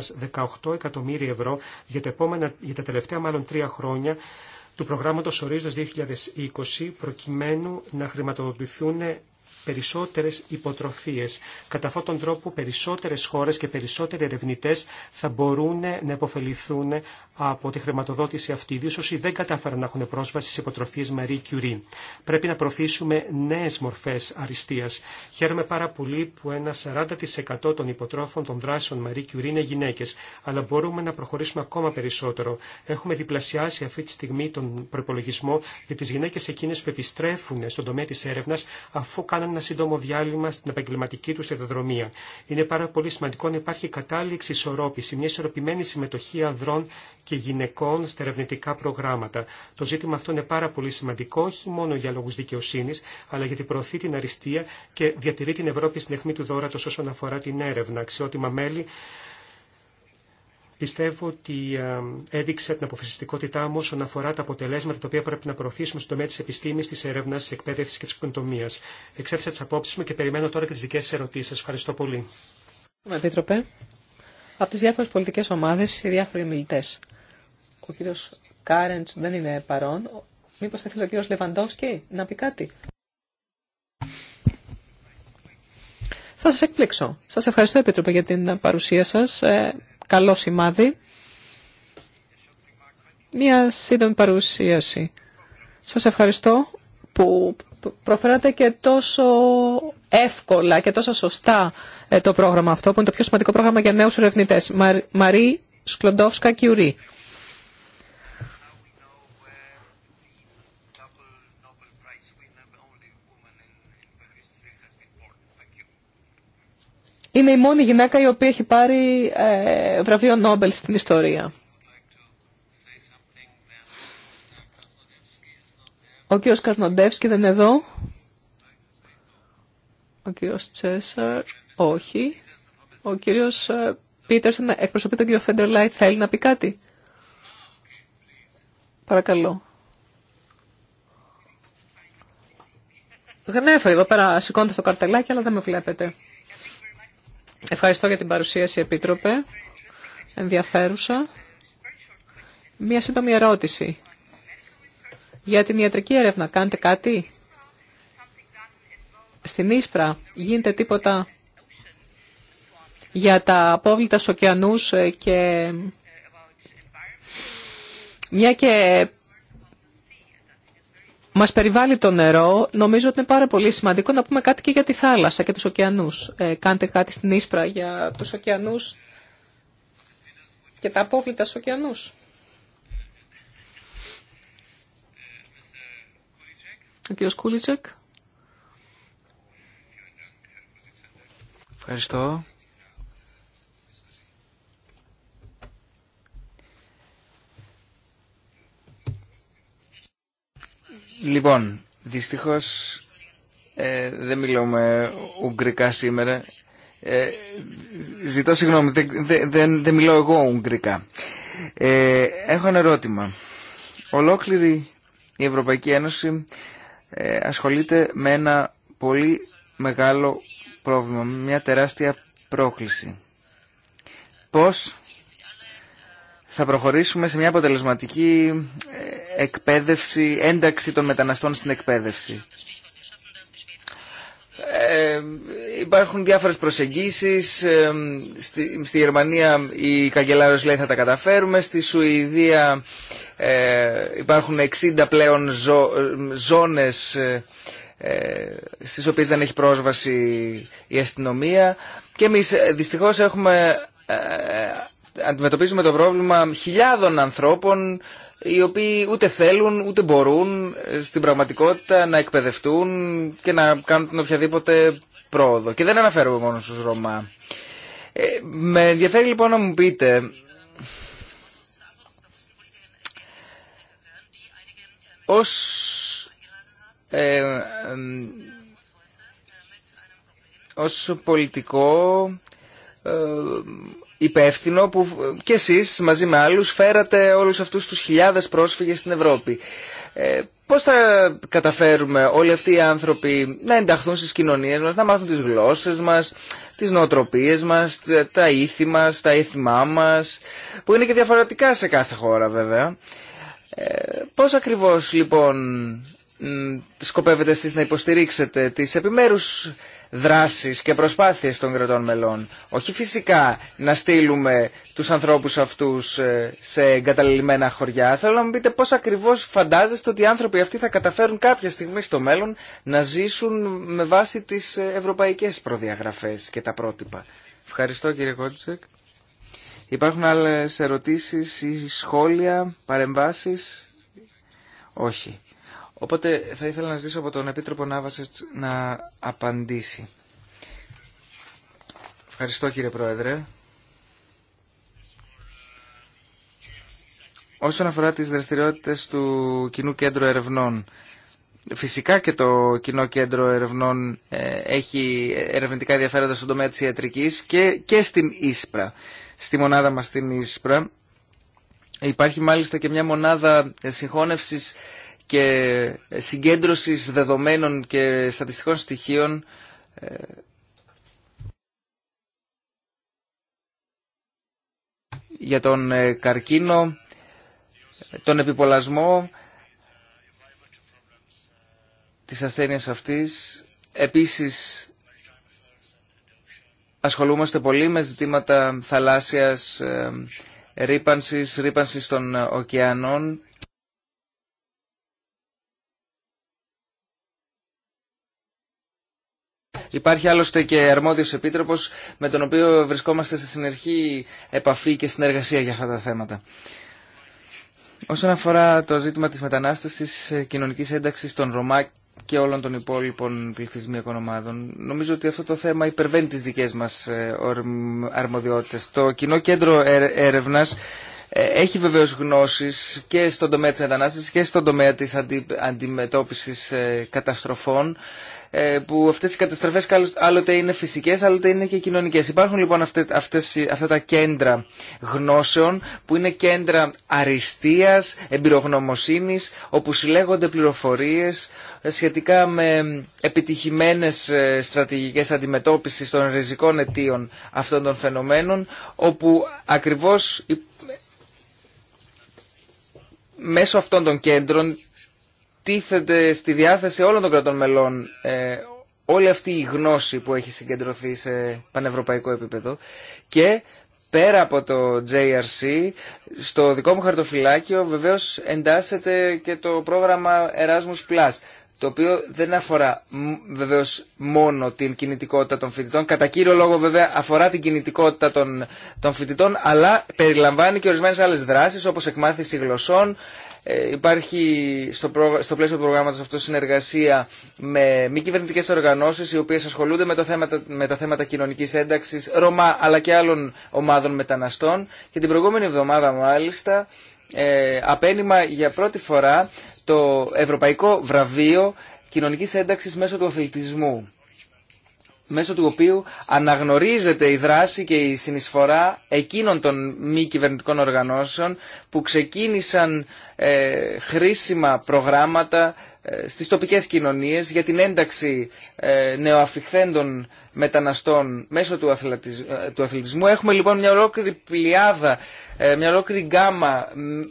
[SPEAKER 3] 18 εκατομμύρια ευρώ για τα, επόμενα, για τα τελευταία μάλλον τρία χρόνια του προγράμματος ορίζοντας 2020 προκειμένου να χρηματοδοτηθούν περισσότερες υποτροφίες. Κατά αυτόν τον τρόπο περισσότερες χώρες και περισσότεροι ερευνητέ θα μπορούν να υποφεληθούν από τη χρηματοδότηση αυτή, ιδίως όσοι δεν κατάφεραν να έχουν πρόσβαση στις υποτροφίες Marie Curie. Πρέπει να προωθήσουμε νέες μορφές αριστείας. Χαίρομαι πάρα πολύ που ένα 40% των υποτρόφων των δράσεων Marie Curie είναι γυναίκες, αλλά μπορούμε να προχωρήσουμε ακόμα περισσότερο. Έχουμε διπλασιάσει αυτή τη στιγμή τον προπολογισμό για τις γυναίκες εκείνες που επιστρέφουν στον τομέα της έρευνας αφού κάνανε ένα σύντομο διάλειμμα στην επαγγελματική του σταδιοδρομία. Είναι πάρα πολύ σημαντικό να υπάρχει κατάληξη ισορρόπηση, μια ισορροπημένη συμμετοχή ανδρών και γυναικών στα ερευνητικά προγράμματα. Το ζήτημα αυτό είναι πάρα πολύ σημαντικό, όχι μόνο για λόγου δικαιοσύνη, αλλά γιατί προωθεί την αριστεία και διατηρεί την Ευρώπη στην αιχμή του δόρατο όσον αφορά την έρευνα. Αξιότιμα μέλη, Πιστεύω ότι ε, έδειξε την αποφασιστικότητά μου όσον αφορά τα αποτελέσματα τα οποία πρέπει να προωθήσουμε στον τομέα τη επιστήμη, τη έρευνα, τη εκπαίδευση και τη οικονομία. Εξέφρασα τι απόψει μου και περιμένω τώρα και τι δικέ σα ερωτήσει. Ευχαριστώ πολύ.
[SPEAKER 5] Επίτροπε, από τι διάφορε πολιτικέ ομάδε, οι διάφοροι μιλητέ. Ο κύριο Κάρεντ δεν είναι παρόν. Μήπω θα θέλει ο κύριο Λεβαντόφσκι να πει κάτι. Θα σας εκπλήξω. Σας ευχαριστώ, Επίτροπε, για την παρουσία σας. Ε, καλό σημάδι. Μία σύντομη παρουσίαση. Σας ευχαριστώ που προφέρατε και τόσο εύκολα και τόσο σωστά ε, το πρόγραμμα αυτό, που είναι το πιο σημαντικό πρόγραμμα για νέους ερευνητές. Μαρή Σκλοντόφσκα Κιουρί. Είναι η μόνη γυναίκα η οποία έχει πάρει ε, βραβείο Νόμπελ στην ιστορία. Ο κύριος Καρνοντεύσκη δεν είναι εδώ. Ο κύριος Τσέσσαρ, όχι. Ο κύριος ε, Πίτερσον εκπροσωπεί τον κύριο Φέντερ Θέλει να πει κάτι. Παρακαλώ. Γνέφω εδώ πέρα, σηκώντα το καρτελάκι, αλλά δεν με βλέπετε. Ευχαριστώ για την παρουσίαση, Επίτροπε. Ενδιαφέρουσα. Μία σύντομη ερώτηση. Για την ιατρική έρευνα, κάνετε κάτι. Στην Ίσπρα γίνεται τίποτα για τα απόβλητα στους ωκεανούς ε, και μια και μας περιβάλλει το νερό, νομίζω ότι είναι πάρα πολύ σημαντικό να πούμε κάτι και για τη θάλασσα και τους ωκεανού. Ε, κάντε κάτι στην Ίσπρα για τους ωκεανού και τα απόβλητα στου ωκεανού. Ο κύριος Κούλιτσεκ.
[SPEAKER 2] Ευχαριστώ. Λοιπόν, δυστυχώ ε, δεν μιλούμε ουγγρικά σήμερα. Ε, ζητώ συγγνώμη, δεν, μιλώ εγώ ουγγρικά. Ε, έχω ένα ερώτημα. Ολόκληρη η Ευρωπαϊκή Ένωση ε, ασχολείται με ένα πολύ μεγάλο πρόβλημα, μια τεράστια πρόκληση. Πώς θα προχωρήσουμε σε μια αποτελεσματική ε, εκπαίδευση, ένταξη των μεταναστών στην εκπαίδευση. Ε, υπάρχουν διάφορες προσεγγίσεις ε, στη, Γερμανία η καγκελάριος λέει θα τα καταφέρουμε στη Σουηδία υπάρχουν 60 πλέον ζω, ζώνες στις οποίες δεν έχει πρόσβαση η αστυνομία και εμείς δυστυχώς έχουμε αντιμετωπίζουμε το πρόβλημα χιλιάδων ανθρώπων οι οποίοι ούτε θέλουν ούτε μπορούν ε, στην πραγματικότητα να εκπαιδευτούν και να κάνουν οποιαδήποτε πρόοδο. Και δεν αναφέρομαι μόνο στους Ρωμά. Ε, με ενδιαφέρει λοιπόν να μου πείτε ως ε, ε, ως πολιτικό υπεύθυνο που κι εσείς μαζί με άλλους φέρατε όλους αυτούς τους χιλιάδες πρόσφυγες στην Ευρώπη. Ε, πώς θα καταφέρουμε όλοι αυτοί οι άνθρωποι να ενταχθούν στις κοινωνίες μας, να μάθουν τις γλώσσες μας, τις νοοτροπίες μας, τα ήθη μας, τα ήθημά μας, που είναι και διαφορετικά σε κάθε χώρα βέβαια. Ε, πώς ακριβώς λοιπόν σκοπεύετε εσείς να υποστηρίξετε τις επιμέρους δράσεις και προσπάθειες των κρατών μελών. Όχι φυσικά να στείλουμε τους ανθρώπους αυτούς ε, σε εγκαταλελειμμένα χωριά. Θέλω να μου πείτε πώς ακριβώς φαντάζεστε ότι οι άνθρωποι αυτοί θα καταφέρουν κάποια στιγμή στο μέλλον να ζήσουν με βάση τις ε, ευρωπαϊκές προδιαγραφές και τα πρότυπα. Ευχαριστώ κύριε Κότσεκ. Υπάρχουν άλλες ερωτήσεις ή σχόλια, παρεμβάσεις. Όχι. Οπότε θα ήθελα να ζητήσω από τον Επίτροπο Νάβασες να απαντήσει. Ευχαριστώ κύριε Πρόεδρε. Όσον αφορά τις δραστηριότητες του Κοινού Κέντρου Ερευνών, φυσικά και το Κοινό Κέντρο Ερευνών ε, έχει ερευνητικά ενδιαφέροντα στον τομέα της ιατρικής και, και στην Ίσπρα, στη μονάδα μας στην Ίσπρα. Υπάρχει μάλιστα και μια μονάδα ε, συγχώνευσης και συγκέντρωσης δεδομένων και στατιστικών στοιχείων ε, για τον ε, καρκίνο, τον επιπολασμό της ασθένειας αυτής. Επίσης ασχολούμαστε πολύ με ζητήματα θαλάσσιας ε, ρήπανσης, ρήπανσης των ωκεανών Υπάρχει άλλωστε και αρμόδιο επίτροπο, με τον οποίο βρισκόμαστε σε συνεχή επαφή και συνεργασία για αυτά τα θέματα. Όσον αφορά το ζήτημα τη μετανάστευση κοινωνική ένταξη των Ρωμά και όλων των υπόλοιπων πληθυσμιακών ομάδων. Νομίζω ότι αυτό το θέμα υπερβαίνει τις δικές μας ε, αρμοδιότητες. Το Κοινό Κέντρο Έρευνας ε, έχει βεβαίως γνώσεις και στον τομέα της μετανάστευσης και στον τομέα της αντιμετώπισης ε, καταστροφών. Ε, που αυτές οι καταστροφές άλλοτε είναι φυσικές, άλλοτε είναι και κοινωνικές. Υπάρχουν λοιπόν αυτές, αυτά τα κέντρα γνώσεων που είναι κέντρα αριστείας, εμπειρογνωμοσύνη, όπου συλλέγονται πληροφορίες σχετικά με επιτυχημένες ε, στρατηγικές αντιμετώπισης των ριζικών αιτίων αυτών των φαινομένων, όπου ακριβώς μέσω αυτών των κέντρων τίθεται στη διάθεση όλων των κρατών μελών ε, όλη αυτή η γνώση που έχει συγκεντρωθεί σε πανευρωπαϊκό επίπεδο και πέρα από το JRC στο δικό μου χαρτοφυλάκιο βεβαίως εντάσσεται και το πρόγραμμα Erasmus το οποίο δεν αφορά βεβαίω μόνο την κινητικότητα των φοιτητών. Κατά κύριο λόγο βέβαια αφορά την κινητικότητα των, των φοιτητών, αλλά περιλαμβάνει και ορισμένε άλλε δράσει όπω εκμάθηση γλωσσών. Ε, υπάρχει στο, στο πλαίσιο του προγράμματο αυτό συνεργασία με μη κυβερνητικέ οργανώσει οι οποίε ασχολούνται με, το θέμα, με τα θέματα κοινωνική ένταξη, Ρωμά αλλά και άλλων ομάδων μεταναστών. Και την προηγούμενη εβδομάδα μάλιστα ε, απένιμα για πρώτη φορά το Ευρωπαϊκό Βραβείο Κοινωνικής Ένταξης μέσω του αθλητισμού μέσω του οποίου αναγνωρίζεται η δράση και η συνεισφορά εκείνων των μη κυβερνητικών οργανώσεων που ξεκίνησαν ε, χρήσιμα προγράμματα ε, στις τοπικές κοινωνίες για την ένταξη ε, νεοαφιχθέντων μεταναστών μέσω ε, του αθλητισμού. Έχουμε λοιπόν μια ολόκληρη πλειάδα, μια ολόκληρη γκάμα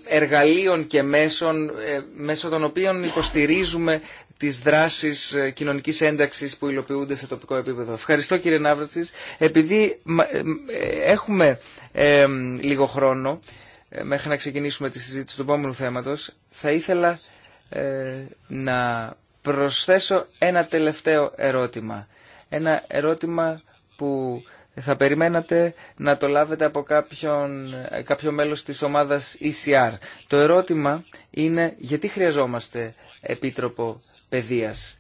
[SPEAKER 2] εργαλείων και μέσων μέσω των οποίων υποστηρίζουμε τις δράσεις κοινωνικής ένταξης που υλοποιούνται σε τοπικό επίπεδο. Ευχαριστώ κύριε Ναύρατσης. Επειδή έχουμε λίγο χρόνο μέχρι να ξεκινήσουμε τη συζήτηση του επόμενου θέματος, θα ήθελα ε, να προσθέσω ένα τελευταίο ερώτημα. Ένα ερώτημα που θα περιμένατε να το λάβετε από κάποιον, κάποιο μέλος της ομάδας ECR. Το ερώτημα είναι γιατί χρειαζόμαστε Επίτροπο Παιδείας.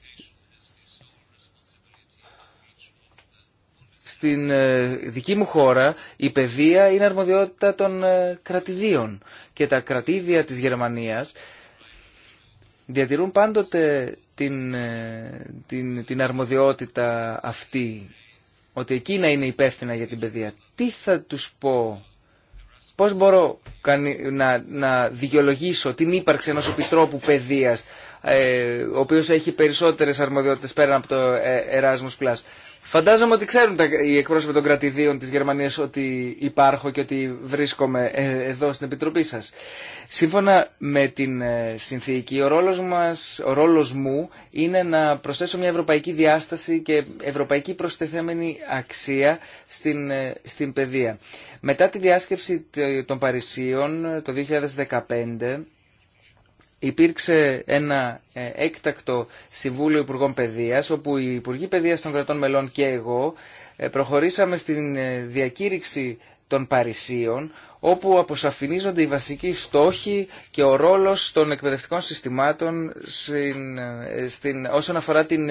[SPEAKER 2] Στην ε, δική μου χώρα η παιδεία είναι αρμοδιότητα των ε, κρατηδίων και τα κρατήδια της Γερμανίας διατηρούν πάντοτε την, ε, την, την αρμοδιότητα αυτή, ότι εκείνα είναι υπεύθυνα για την παιδεία. Τι θα τους πω, πώς μπορώ να, να δικαιολογήσω την ύπαρξη ενός επιτρόπου παιδείας, ε, ο οποίος έχει περισσότερες αρμοδιότητες πέραν από το ε, Erasmus+. Φαντάζομαι ότι ξέρουν τα, οι εκπρόσωποι των κρατηδίων της Γερμανίας ότι υπάρχω και ότι βρίσκομαι ε, εδώ στην Επιτροπή σας. Σύμφωνα με την ε, συνθήκη, ο ρόλος, μας, ο ρόλος μου είναι να προσθέσω μια ευρωπαϊκή διάσταση και ευρωπαϊκή προστεθέμενη αξία στην, ε, στην παιδεία. Μετά τη διάσκεψη των Παρισίων το 2015 υπήρξε ένα ε, έκτακτο Συμβούλιο Υπουργών Παιδείας, όπου οι Υπουργοί Παιδείας των κρατών μελών και εγώ ε, προχωρήσαμε στην ε, διακήρυξη των Παρισίων, όπου αποσαφηνίζονται οι βασικοί στόχοι και ο ρόλος των εκπαιδευτικών συστημάτων στην, στην, όσον αφορά την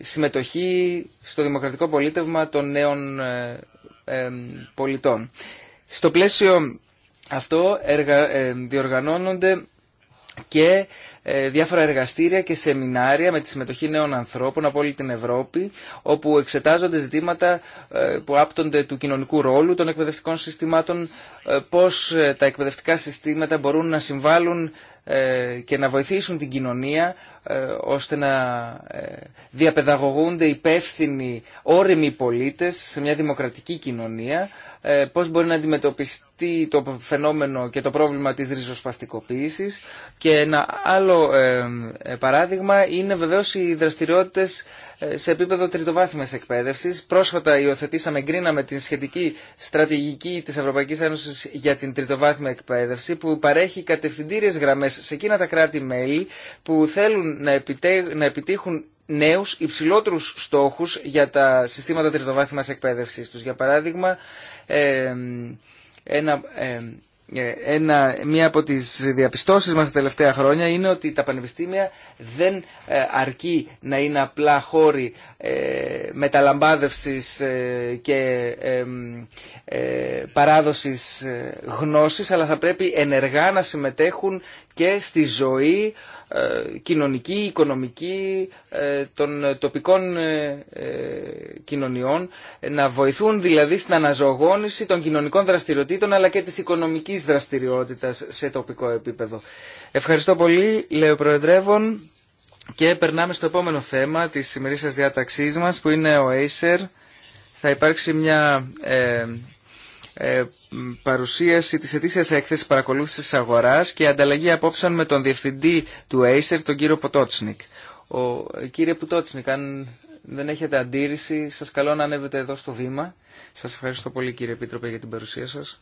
[SPEAKER 2] συμμετοχή στο δημοκρατικό πολίτευμα των νέων πολιτών. Στο πλαίσιο αυτό ε, διοργανώνονται και ε, διάφορα εργαστήρια και σεμινάρια με τη συμμετοχή νέων ανθρώπων από όλη την Ευρώπη όπου εξετάζονται ζητήματα ε, που άπτονται του κοινωνικού ρόλου των εκπαιδευτικών συστημάτων πώς τα εκπαιδευτικά συστήματα μπορούν να συμβάλλουν και να βοηθήσουν την κοινωνία ώστε να διαπαιδαγωγούνται υπεύθυνοι όρεμοι πολίτες σε μια δημοκρατική κοινωνία ε, πώς μπορεί να αντιμετωπιστεί το φαινόμενο και το πρόβλημα της ριζοσπαστικοποίησης και ένα άλλο ε, ε, παράδειγμα είναι βεβαίως οι δραστηριότητες σε επίπεδο τριτοβάθμιας εκπαίδευσης. Πρόσφατα υιοθετήσαμε, εγκρίναμε την σχετική στρατηγική της Ευρωπαϊκής Ένωσης για την τριτοβάθμια εκπαίδευση που παρέχει κατευθυντήριες γραμμές σε εκείνα τα κράτη-μέλη που θέλουν να επιτύχουν νέους υψηλότερους στόχους για τα συστήματα τριτοβάθμιας εκπαίδευσης τους. Για παράδειγμα, ένα, μία από τις διαπιστώσεις μας τα τελευταία χρόνια είναι ότι τα πανεπιστήμια δεν ε, αρκεί να είναι απλά χώροι ε, μεταλαμπάδευσης ε, και παράδοσης γνώσης αλλά θα πρέπει ενεργά να συμμετέχουν και στη ζωή ε, κοινωνική, οικονομική ε, των τοπικών ε, κοινωνιών, να βοηθούν δηλαδή στην αναζωογόνηση των κοινωνικών δραστηριοτήτων αλλά και της οικονομικής δραστηριότητας σε τοπικό επίπεδο. Ευχαριστώ πολύ, λέω Προεδρεύων, και περνάμε στο επόμενο θέμα της σημερινής διάταξής μας που είναι ο Acer. Θα υπάρξει μια... Ε, παρουσίαση της ετήσιας έκθεσης παρακολούθησης της αγοράς και ανταλλαγή απόψεων με τον διευθυντή του Acer, τον κύριο Ποτότσνικ. Ο, κύριε Ποτότσνικ, αν δεν έχετε αντίρρηση, σας καλώ να ανέβετε εδώ στο βήμα. Σας ευχαριστώ πολύ κύριε Επίτροπε για την παρουσία σας.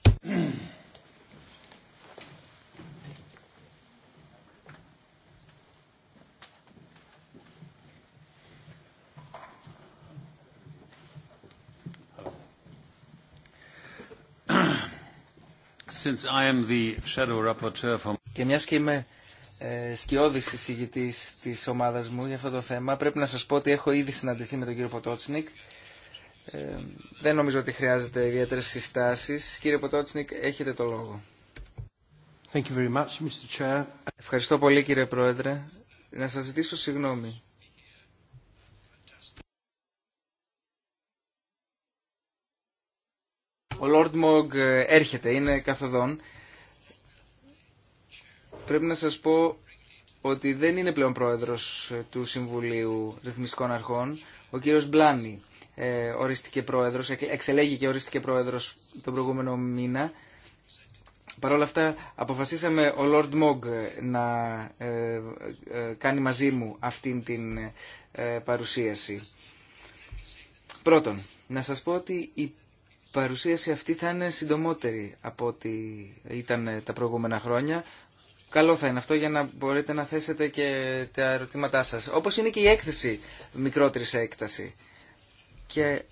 [SPEAKER 2] Και μια και είμαι ε, σκιώδης εισηγητής της ομάδας μου για αυτό το θέμα, πρέπει να σας πω ότι έχω ήδη συναντηθεί με τον κύριο Ποτότσνικ. Ε, δεν νομίζω ότι χρειάζεται ιδιαίτερες συστάσεις. Κύριε Ποτότσνικ, έχετε το λόγο. Ευχαριστώ πολύ κύριε Πρόεδρε. Να σας ζητήσω συγγνώμη Ο Λόρτ Mog ε, έρχεται, είναι καθοδόν. Πρέπει να σας πω ότι δεν είναι πλέον πρόεδρος ε, του Συμβουλίου Ρυθμιστικών Αρχών. Ο κύριος Μπλάνι ε, ορίστηκε πρόεδρος, εξελέγει και ορίστηκε πρόεδρος τον προηγούμενο μήνα. Παρ' όλα αυτά αποφασίσαμε ο Lord Mog ε, να κάνει μαζί μου αυτήν την παρουσίαση. Πρώτον, να σας πω ότι η παρουσίαση αυτή θα είναι συντομότερη από ό,τι ήταν τα προηγούμενα χρόνια. Καλό θα είναι αυτό για να μπορείτε να θέσετε και τα ερωτήματά σας. Όπως είναι και η έκθεση μικρότερη σε έκταση. Και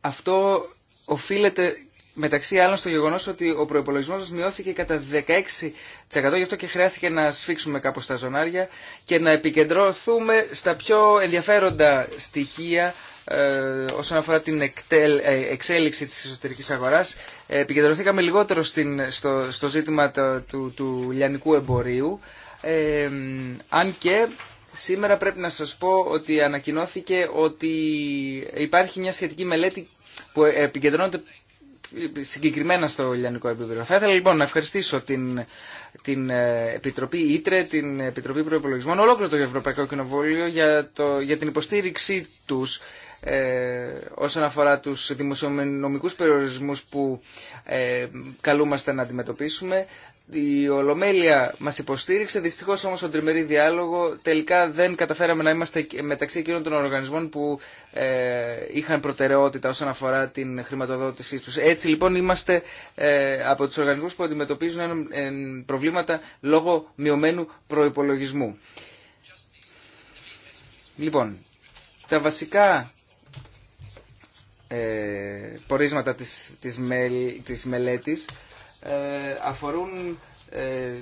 [SPEAKER 2] αυτό οφείλεται μεταξύ άλλων στο γεγονό ότι ο προπολογισμό μα μειώθηκε κατά 16%, γι' αυτό και χρειάστηκε να σφίξουμε κάπως τα ζωνάρια και να επικεντρωθούμε στα πιο ενδιαφέροντα στοιχεία ε, όσον αφορά την ε, εξέλιξη της εσωτερικής αγοράς. Ε, επικεντρωθήκαμε λιγότερο στο ζήτημα του λιανικού εμπορίου, αν και σήμερα πρέπει να σας πω ότι ανακοινώθηκε ότι υπάρχει μια σχετική μελέτη που επικεντρώνεται συγκεκριμένα στο ελληνικό επίπεδο. Θα ήθελα λοιπόν να ευχαριστήσω την, την ε, Επιτροπή Ήτρε, την Επιτροπή Προπολογισμών, ολόκληρο το Ευρωπαϊκό Κοινοβούλιο για, το, για την υποστήριξή τους ε, όσον αφορά τους δημοσιονομικούς περιορισμούς που ε, καλούμαστε να αντιμετωπίσουμε η Ολομέλεια μας υποστήριξε, δυστυχώς όμως στον τριμερή διάλογο τελικά δεν καταφέραμε να είμαστε μεταξύ εκείνων των οργανισμών που ε, είχαν προτεραιότητα όσον αφορά την χρηματοδότησή τους. Έτσι λοιπόν είμαστε ε, από τους οργανισμούς που αντιμετωπίζουν προβλήματα λόγω μειωμένου προϋπολογισμού. Λοιπόν, τα βασικά ε, πορίσματα της, της, μελ, της μελέτης ε, αφορούν ε,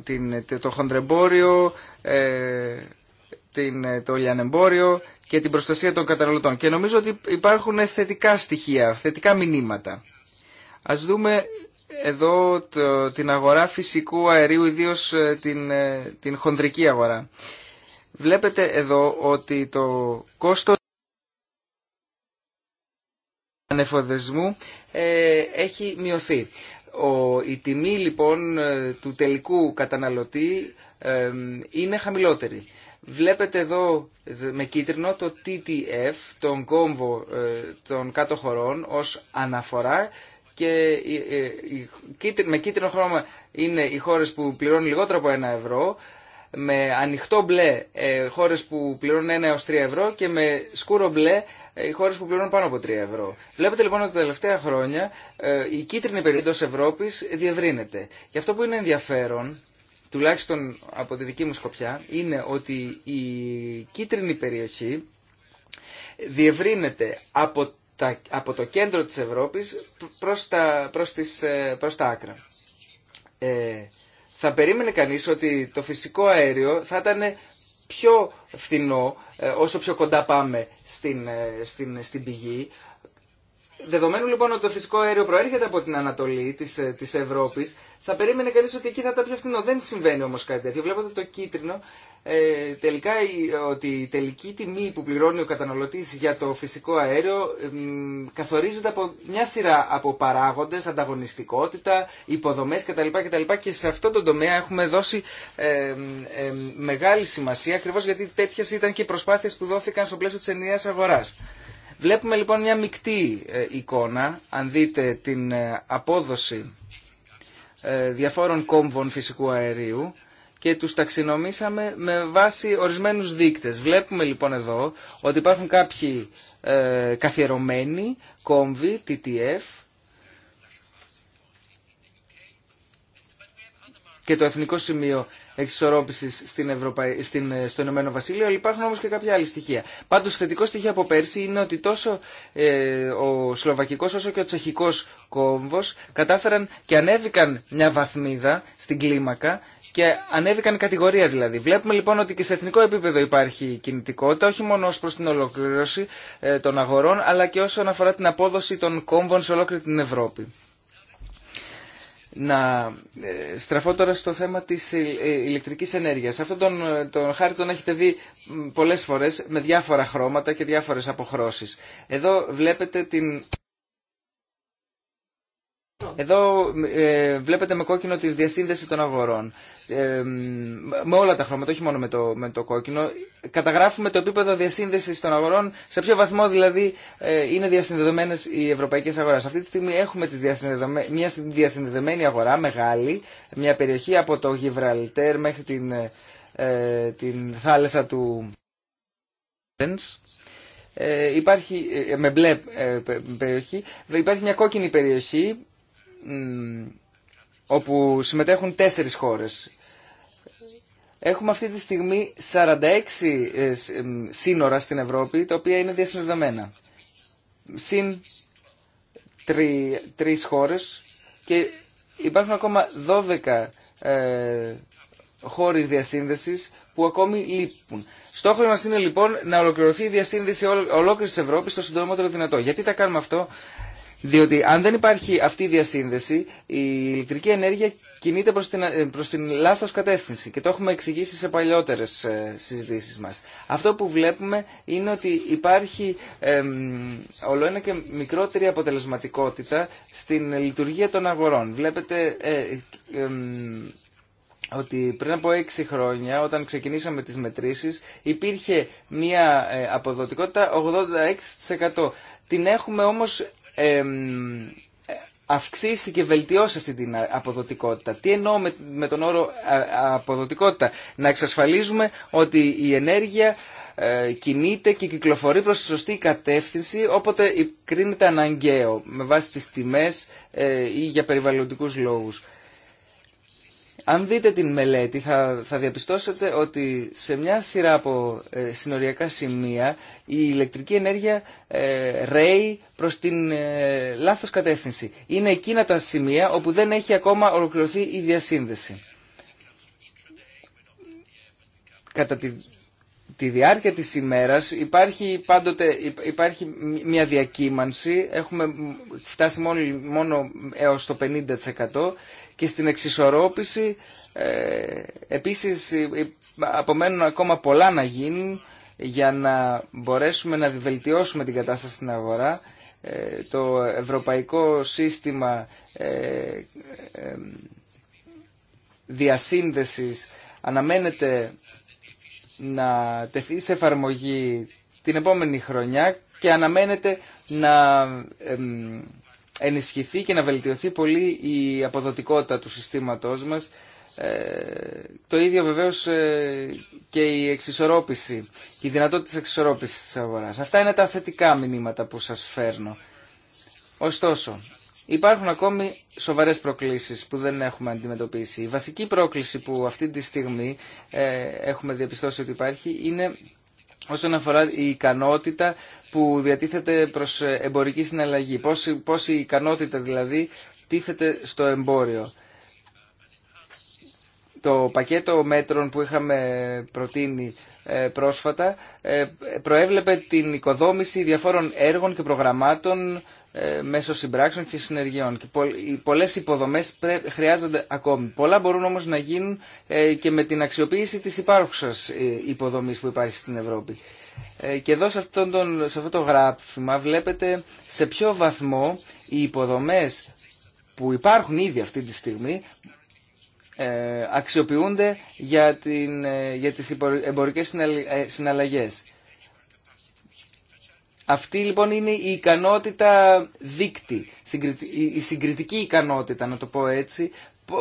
[SPEAKER 2] την, το χοντρεμπόριο, ε, την, το λιανεμπόριο και την προστασία των καταναλωτών. Και νομίζω ότι υπάρχουν θετικά στοιχεία, θετικά μηνύματα. Ας δούμε εδώ την αγορά φυσικού αερίου, ιδίως την, την αγορά. Βλέπετε εδώ ότι το κόστος ανεφοδεσμού ε, έχει μειωθεί. Ο, η τιμή λοιπόν ε, του τελικού καταναλωτή ε, είναι χαμηλότερη. Βλέπετε εδώ με κίτρινο το TTF, τον κόμβο ε, των κάτω χωρών ως αναφορά και με κίτρινο χρώμα είναι οι χώρες που πληρώνουν λιγότερο από ένα ευρώ με ανοιχτό μπλε ε, χώρε που πληρώνουν 1 έω 3 ευρώ και με σκούρο μπλε ε, χώρε που πληρώνουν πάνω από 3 ευρώ. Βλέπετε λοιπόν ότι τα τελευταία χρόνια ε, η κίτρινη περιοχή Ευρώπη Ευρώπης διευρύνεται. Και αυτό που είναι ενδιαφέρον τουλάχιστον από τη δική μου σκοπιά, είναι ότι η κίτρινη περιοχή διευρύνεται από, από το κέντρο της Ευρώπης προς τα, προς τις, προς τα άκρα. Ε, θα περίμενε κανείς ότι το φυσικό αέριο θα ήταν πιο φθηνό ε, όσο πιο κοντά πάμε στην, ε, στην, στην πηγή Δεδομένου λοιπόν ότι το φυσικό αέριο προέρχεται από την Ανατολή της, ε, της Ευρώπης, θα περίμενε κανείς ότι εκεί θα ήταν πιο φθηνό. Δεν συμβαίνει όμως κάτι τέτοιο. Βλέπετε το κίτρινο, ε, τελικά ότι η τελική τιμή που πληρώνει ο καταναλωτής για το φυσικό αέριο ε, καθορίζεται από μια σειρά από παράγοντες, ανταγωνιστικότητα, υποδομές κτλ. Και σε αυτό τον τομέα έχουμε δώσει μεγάλη σημασία, ακριβώς γιατί τέτοιες ήταν και οι προσπάθειες που δόθηκαν στο πλαίσιο της ενιαίας αγοράς. Βλέπουμε λοιπόν μια μεικτή ε, εικόνα, αν δείτε την ε, απόδοση ε, διαφόρων κόμβων φυσικού αερίου και τους ταξινομήσαμε με βάση ορισμένους δείκτες. Βλέπουμε λοιπόν εδώ ότι υπάρχουν κάποιοι ε, καθιερωμένοι κόμβοι, TTF, και το Εθνικό Σημείο εξισορρόπηση στην Ευρωπαϊ... στην... Ε, στο Ηνωμένο Βασίλειο, υπάρχουν όμω και κάποια άλλη στοιχεία. Πάντως θετικό στοιχείο από πέρσι είναι ότι τόσο ε, ο Σλοβακικό όσο και ο τσεχικό κόμβο κατάφεραν και ανέβηκαν μια βαθμίδα στην κλίμακα και ανέβηκαν κατηγορία δηλαδή. Βλέπουμε λοιπόν ότι και σε εθνικό επίπεδο υπάρχει κινητικότητα, όχι μόνο ω προ την ολοκλήρωση ε, των αγορών, αλλά και όσον αφορά την απόδοση των κόμβων σε ολόκληρη την Ευρώπη να ε, στραφώ τώρα στο θέμα της ε, ε, ηλεκτρικής ενέργειας. Αυτό τον, τον χάρη τον έχετε δει πολλές φορές με διάφορα χρώματα και διάφορες αποχρώσεις. Εδώ βλέπετε την εδώ ε, βλέπετε με κόκκινο τη διασύνδεση των αγορών. Ε, με όλα τα χρώματα, όχι μόνο με το, με το κόκκινο. Καταγράφουμε το επίπεδο διασύνδεση των αγορών, σε ποιο βαθμό δηλαδή ε, είναι διασυνδεδεμένε οι ευρωπαϊκέ αγορέ. Αυτή τη στιγμή έχουμε τις διασυνδεδεμέ... μια διασυνδεδεμένη αγορά μεγάλη, μια περιοχή από το Γιβραλτέρ μέχρι την, ε, την θάλασσα του. Ε, υπάρχει, με μπλε περιοχή, υπάρχει μια κόκκινη περιοχή όπου συμμετέχουν τέσσερις χώρες. Έχουμε αυτή τη στιγμή 46 ε, ε, σύνορα στην Ευρώπη, τα οποία είναι διασυνδεδεμένα. Συν τρι, τρεις χώρες και υπάρχουν ακόμα 12 ε, χώρες διασύνδεσης που ακόμη λείπουν. Στόχο μας είναι λοιπόν να ολοκληρωθεί η διασύνδεση ολόκληρης της Ευρώπης στο συντομότερο δυνατό. Γιατί τα κάνουμε αυτό. Διότι αν δεν υπάρχει αυτή η διασύνδεση, η ηλεκτρική ενέργεια κινείται προς την, προς την λάθος κατεύθυνση και το έχουμε εξηγήσει σε παλιότερες ε, συζητήσεις μας. Αυτό που βλέπουμε είναι ότι υπάρχει ε, και μικρότερη αποτελεσματικότητα στην λειτουργία των αγορών. Βλέπετε... Ε, ότι πριν από έξι χρόνια όταν ξεκινήσαμε τις μετρήσεις υπήρχε μια ε, αποδοτικότητα 86%. Την έχουμε όμως αυξήσει και βελτιώσει αυτή την αποδοτικότητα. Τι εννοώ με, τον όρο αποδοτικότητα. Να εξασφαλίζουμε ότι η ενέργεια ε, κινείται και κυκλοφορεί προς τη σωστή κατεύθυνση όποτε κρίνεται αναγκαίο με βάση τις τιμές ε, ή για περιβαλλοντικούς λόγους. Αν δείτε την μελέτη θα, θα διαπιστώσετε ότι σε μια σειρά από ε, συνοριακά σημεία η ηλεκτρική ενέργεια ε, ρέει προς την ε, λάθος κατεύθυνση. Είναι εκείνα τα σημεία όπου δεν έχει ακόμα ολοκληρωθεί η διασύνδεση. Κατά τη, διάρκεια της ημέρας υπάρχει πάντοτε υπάρχει μια διακύμανση. Έχουμε φτάσει μόνο, μόνο έως το 50% και στην εξισορρόπηση ε, επίσης ε, ε, απομένουν ακόμα πολλά να γίνουν για να μπορέσουμε να βελτιώσουμε την κατάσταση στην αγορά το ευρωπαϊκό σύστημα διασύνδεσης αναμένεται να τεθεί σε εφαρμογή την επόμενη χρονιά και αναμένεται να ενισχυθεί και να βελτιωθεί πολύ η αποδοτικότητα του συστήματός μας. Ε, το ίδιο βεβαίως ε, και η εξισορρόπηση, η δυνατότητα της εξισορρόπησης της αγοράς. Αυτά είναι τα θετικά μηνύματα που σας φέρνω. Ωστόσο, υπάρχουν ακόμη σοβαρές προκλήσεις που δεν έχουμε αντιμετωπίσει. Η βασική πρόκληση που αυτή τη στιγμή ε, έχουμε διαπιστώσει ότι υπάρχει είναι όσον αφορά η ικανότητα που διατίθεται προς εμπορική συναλλαγή. Πώς, πώς η ικανότητα δηλαδή τίθεται στο εμπόριο. Το πακέτο μέτρων που είχαμε προτείνει ε, πρόσφατα ε, προέβλεπε την οικοδόμηση διαφόρων έργων και προγραμμάτων ε, μέσω συμπράξεων και συνεργειών. Και πολλές υποδομές χρειάζονται ακόμη. Πολλά μπορούν όμως να γίνουν ε, και με την αξιοποίηση της υπάρχουσας ε, υποδομής που υπάρχει στην Ευρώπη. Και εδώ σε αυτό, τον, σε αυτό το γράφημα βλέπετε σε ποιο βαθμό οι υποδομές που υπάρχουν ήδη αυτή τη στιγμή αξιοποιούνται για, την, για τις εμπορικές συναλλαγές. Αυτή λοιπόν είναι η ικανότητα δίκτυ, η συγκριτική ικανότητα να το πω έτσι,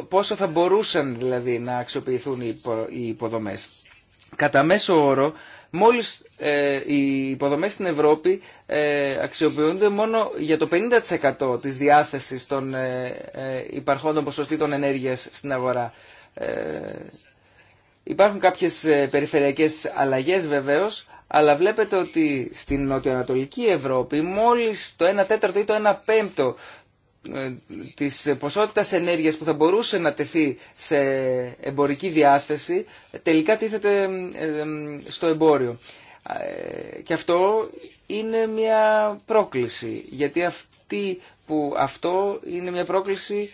[SPEAKER 2] πόσο θα μπορούσαν δηλαδή να αξιοποιηθούν οι υποδομές. Κατά μέσο όρο, μόλις ε, οι υποδομές στην Ευρώπη ε, αξιοποιούνται μόνο για το 50% της διάθεσης των ε, ε υπαρχών των ποσοστήτων ενέργειας στην αγορά. Υπάρχουν κάποιες περιφερειακές αλλαγές βεβαίως, αλλά βλέπετε ότι στην νοτιοανατολική Ευρώπη μόλις το 1 τέταρτο ή το 1 πέμπτο ε, της ποσότητας ενέργειας που θα μπορούσε να τεθεί σε εμπορική διάθεση τελικά τίθεται ε, ε, στο εμπόριο. Και αυτό είναι μια πρόκληση, γιατί αυτή που αυτό είναι μια πρόκληση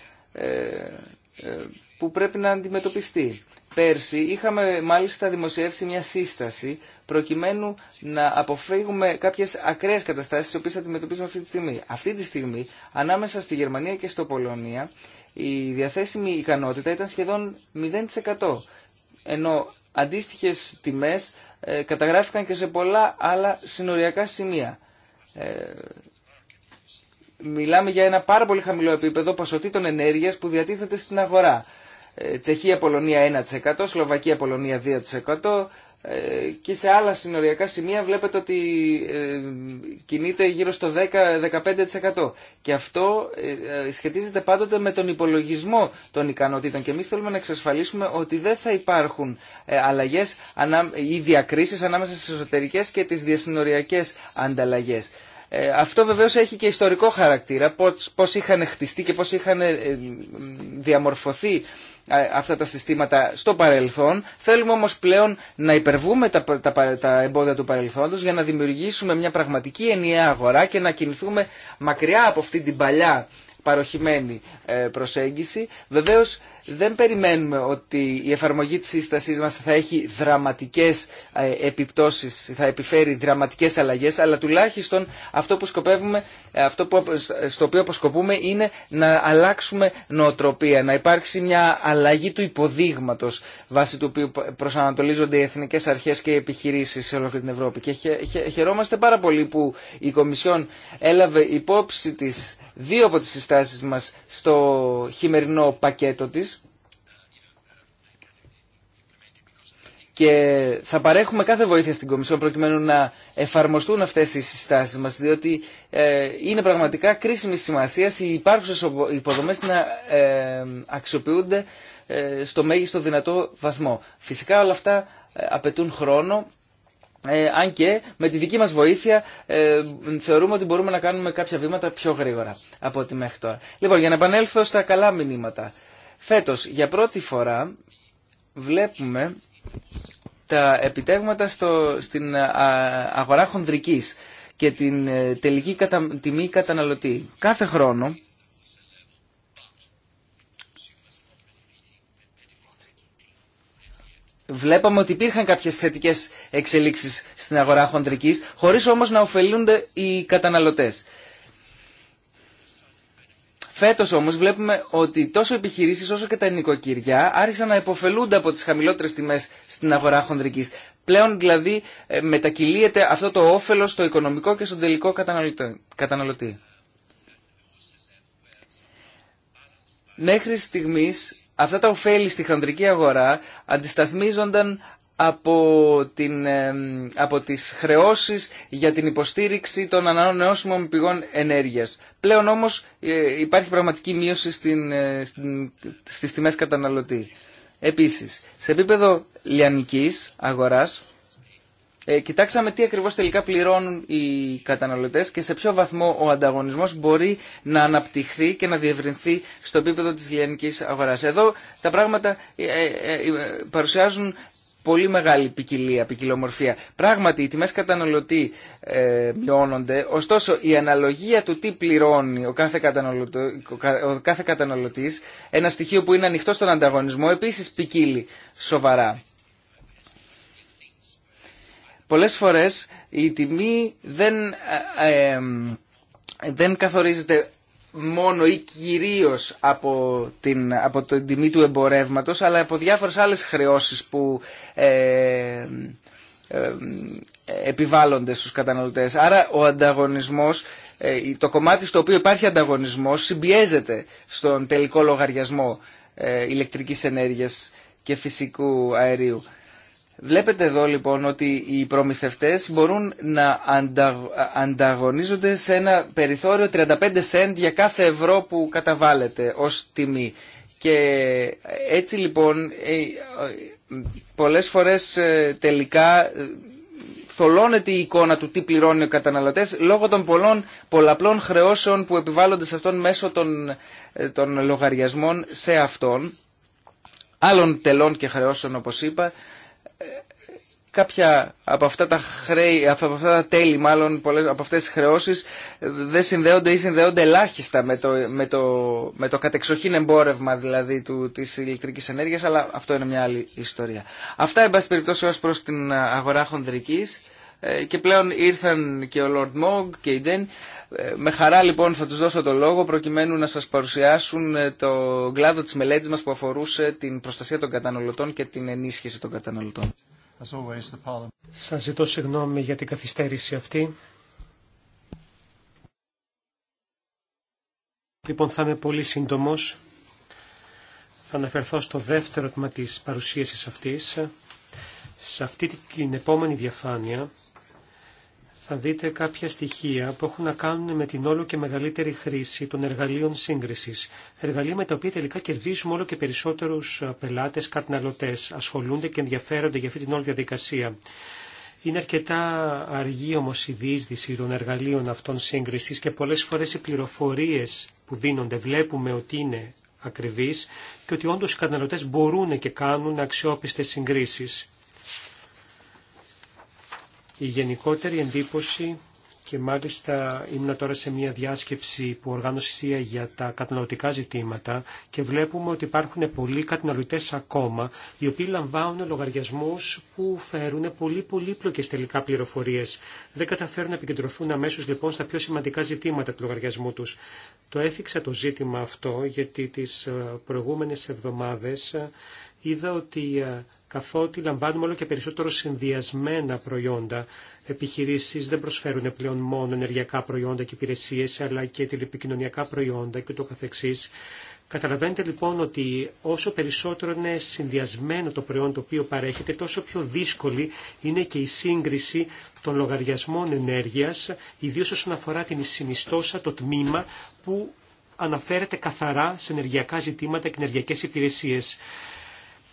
[SPEAKER 2] που πρέπει να αντιμετωπιστεί. Πέρσι είχαμε μάλιστα δημοσιεύσει μια σύσταση προκειμένου να αποφύγουμε κάποιε ακραίε καταστάσει τι οποίε αντιμετωπίζουμε αυτή τη στιγμή. Αυτή τη στιγμή ανάμεσα στη Γερμανία και στο Πολωνία η διαθέσιμη ικανότητα ήταν σχεδόν 0% ενώ τιμέ τιμές ε, καταγράφηκαν και σε πολλά άλλα συνοριακά σημεία. Ε, μιλάμε για ένα πάρα πολύ χαμηλό επίπεδο ποσοτήτων ενέργεια που διατίθεται στην αγορά. Ε, Τσεχία-Πολωνία 1%, Σλοβακία-Πολωνία 2% ε, και σε άλλα συνοριακά σημεία βλέπετε ότι ε, κινείται γύρω στο 10-15%. Και αυτό σχετίζεται πάντοτε με τον υπολογισμό των ικανοτήτων. Και εμεί θέλουμε να εξασφαλίσουμε ότι δεν θα υπάρχουν αλλαγέ ή διακρίσει ανάμεσα στι εσωτερικέ και τι διασυνοριακέ ανταλλαγέ. Ε, αυτό βεβαίως έχει και ιστορικό χαρακτήρα, πώς είχαν χτιστεί και πώς είχαν ε, διαμορφωθεί ε, αυτά τα συστήματα στο παρελθόν. Θέλουμε όμως πλέον να υπερβούμε τα, τα, τα εμπόδια του παρελθόντος για να δημιουργήσουμε μια πραγματική ενιαία αγορά και να κινηθούμε μακριά από αυτή την παλιά παροχημένη ε, προσέγγιση. Βεβαίως δεν περιμένουμε ότι η εφαρμογή της σύστασής μας θα έχει δραματικές ε, επιπτώσεις, θα επιφέρει δραματικές αλλαγές, αλλά τουλάχιστον αυτό που σκοπεύουμε, ε, αυτό που, στο οποίο αποσκοπούμε είναι να αλλάξουμε νοοτροπία, να υπάρξει μια αλλαγή του υποδείγματος βάσει του οποίου προσανατολίζονται οι εθνικές αρχές και οι επιχειρήσεις σε όλη την Ευρώπη. Και χαιρόμαστε πάρα πολύ που η Κομισιόν έλαβε υπόψη της δύο από τις συστάσεις μας στο χειμερινό πακέτο της και θα παρέχουμε κάθε βοήθεια στην Κομισιόν προκειμένου να εφαρμοστούν αυτές οι συστάσεις μας διότι ε, είναι πραγματικά κρίσιμη σημασία οι υπάρχουσες υποδομές να ε, αξιοποιούνται ε, στο μέγιστο δυνατό βαθμό. Φυσικά όλα αυτά απαιτούν χρόνο ε, αν και με τη δική μας βοήθεια ε, θεωρούμε ότι μπορούμε να κάνουμε κάποια βήματα πιο γρήγορα από ό,τι μέχρι τώρα. Λοιπόν, για να επανέλθω στα καλά μηνύματα. Φέτος, για πρώτη φορά, βλέπουμε τα επιτεύγματα στο, στην ε, αγορά χονδρικής και την ε, τελική κατα, τιμή καταναλωτή. Κάθε χρόνο βλέπαμε ότι υπήρχαν κάποιες θετικέ εξελίξεις στην αγορά χοντρική, χωρίς όμως να ωφελούνται οι καταναλωτές. Φέτος όμως βλέπουμε ότι τόσο οι επιχειρήσεις όσο και τα νοικοκυριά άρχισαν να υποφελούνται από τις χαμηλότερες τιμές στην αγορά χοντρική. Πλέον δηλαδή ε, μετακυλίεται αυτό το όφελο στο οικονομικό και στον τελικό καταναλωτή. Μέχρι στιγμής Αυτά τα ωφέλη στη χανδρική αγορά αντισταθμίζονταν από, την, από τις χρεώσεις για την υποστήριξη των ανανεώσιμων πηγών ενέργειας. Πλέον όμως ε, υπάρχει πραγματική μείωση στην, ε, στην, στις τιμές καταναλωτή. Επίσης, σε επίπεδο λιανικής αγοράς ε, κοιτάξαμε τι ακριβώς τελικά πληρώνουν οι καταναλωτέ και σε ποιο βαθμό ο ανταγωνισμός μπορεί να αναπτυχθεί και να διευρυνθεί στο επίπεδο της λιανική αγοράς. Εδώ τα πράγματα ε, ε, ε, παρουσιάζουν πολύ μεγάλη ποικιλία, ποικιλομορφία. Πράγματι, οι τιμέ καταναλωτή μειώνονται, ωστόσο η αναλογία του τι πληρώνει ο κάθε, ο κάθε καταναλωτής, ένα στοιχείο που είναι ανοιχτό στον ανταγωνισμό, επίση ποικίλει σοβαρά πολλές φορές η τιμή δεν, ε, ε, ε, δεν καθορίζεται μόνο ή κυρίως από την, από την τιμή του εμπορεύματος αλλά από διάφορες άλλες χρεώσεις που επιβάλλονται στους καταναλωτές. Άρα ο ανταγωνισμός, το κομμάτι στο οποίο υπάρχει ανταγωνισμός συμπιέζεται στον τελικό λογαριασμό ηλεκτρικής ενέργειας και φυσικού αερίου. Βλέπετε εδώ λοιπόν ότι οι προμηθευτές μπορούν να ανταγωνίζονται σε ένα περιθώριο 35 cent για κάθε ευρώ που καταβάλλεται ως τιμή. Και έτσι λοιπόν ε, ε, πολλές φορές ε, τελικά θολώνεται η εικόνα του τι πληρώνει ο καταναλωτές λόγω των πολλών, πολλαπλών χρεώσεων που επιβάλλονται σε αυτόν μέσω των, των λογαριασμών σε αυτόν άλλων τελών και χρεώσεων όπως είπα κάποια από αυτά τα, χρέη, από αυτά τα τέλη, μάλλον πολλές, από αυτές τις χρεώσεις ε, δεν συνδέονται ή συνδέονται ελάχιστα με το, με το, με το κατεξοχήν εμπόρευμα δηλαδή του, της ηλεκτρικής ενέργειας, αλλά αυτό είναι μια άλλη ιστορία. Αυτά, εν πάση περιπτώσει, ως προς την αγορά χονδρικής ε, και πλέον ήρθαν και ο Lord Mog και η Τζέν. Ε, με χαρά λοιπόν θα τους δώσω το λόγο προκειμένου να σας παρουσιάσουν το κλάδο της μελέτης μας που αφορούσε την προστασία των καταναλωτών και την ενίσχυση των καταναλωτών.
[SPEAKER 3] Σας ζητώ συγγνώμη για την καθυστέρηση αυτή. Λοιπόν, θα είμαι πολύ σύντομος. Θα αναφερθώ στο δεύτερο τμήμα της παρουσίασης αυτής. Σε αυτή την επόμενη διαφάνεια θα δείτε κάποια στοιχεία που έχουν να κάνουν με την όλο και μεγαλύτερη χρήση των εργαλείων σύγκριση, Εργαλεία με τα οποία τελικά κερδίζουμε όλο και περισσότερου ε, πελάτε, καταναλωτέ, ασχολούνται και ενδιαφέρονται για αυτή την όλη διαδικασία. Είναι αρκετά αργή όμω η διείσδυση των εργαλείων αυτών σύγκριση, και πολλέ φορέ οι πληροφορίε που δίνονται βλέπουμε ότι είναι ακριβεί και ότι όντω οι καταναλωτέ μπορούν και κάνουν αξιόπιστε συγκρίσει. Η γενικότερη εντύπωση και μάλιστα ήμουν τώρα σε μια διάσκεψη που οργάνωσε η για τα καταναλωτικά ζητήματα και βλέπουμε ότι υπάρχουν πολλοί καταναλωτέ ακόμα οι οποίοι λαμβάνουν λογαριασμού που φέρουν πολύ πολύπλοκε τελικά πληροφορίε. Δεν καταφέρουν να επικεντρωθούν αμέσω λοιπόν στα πιο σημαντικά ζητήματα του λογαριασμού του. Το έθιξα το ζήτημα αυτό γιατί τι ε, προηγούμενε εβδομάδε είδα ότι ε, καθότι λαμβάνουμε όλο και περισσότερο συνδυασμένα προϊόντα. Επιχειρήσεις δεν προσφέρουν πλέον μόνο ενεργειακά προϊόντα και υπηρεσίες, αλλά και τηλεπικοινωνιακά προϊόντα και το καθεξής. Καταλαβαίνετε λοιπόν ότι όσο περισσότερο είναι συνδυασμένο το προϊόν το οποίο παρέχεται, τόσο πιο δύσκολη είναι και η σύγκριση των λογαριασμών ενέργειας, ιδίως όσον αφορά την συνιστόσα, το τμήμα που αναφέρεται καθαρά σε ενεργειακά ζητήματα και ενεργειακές υπηρεσίες.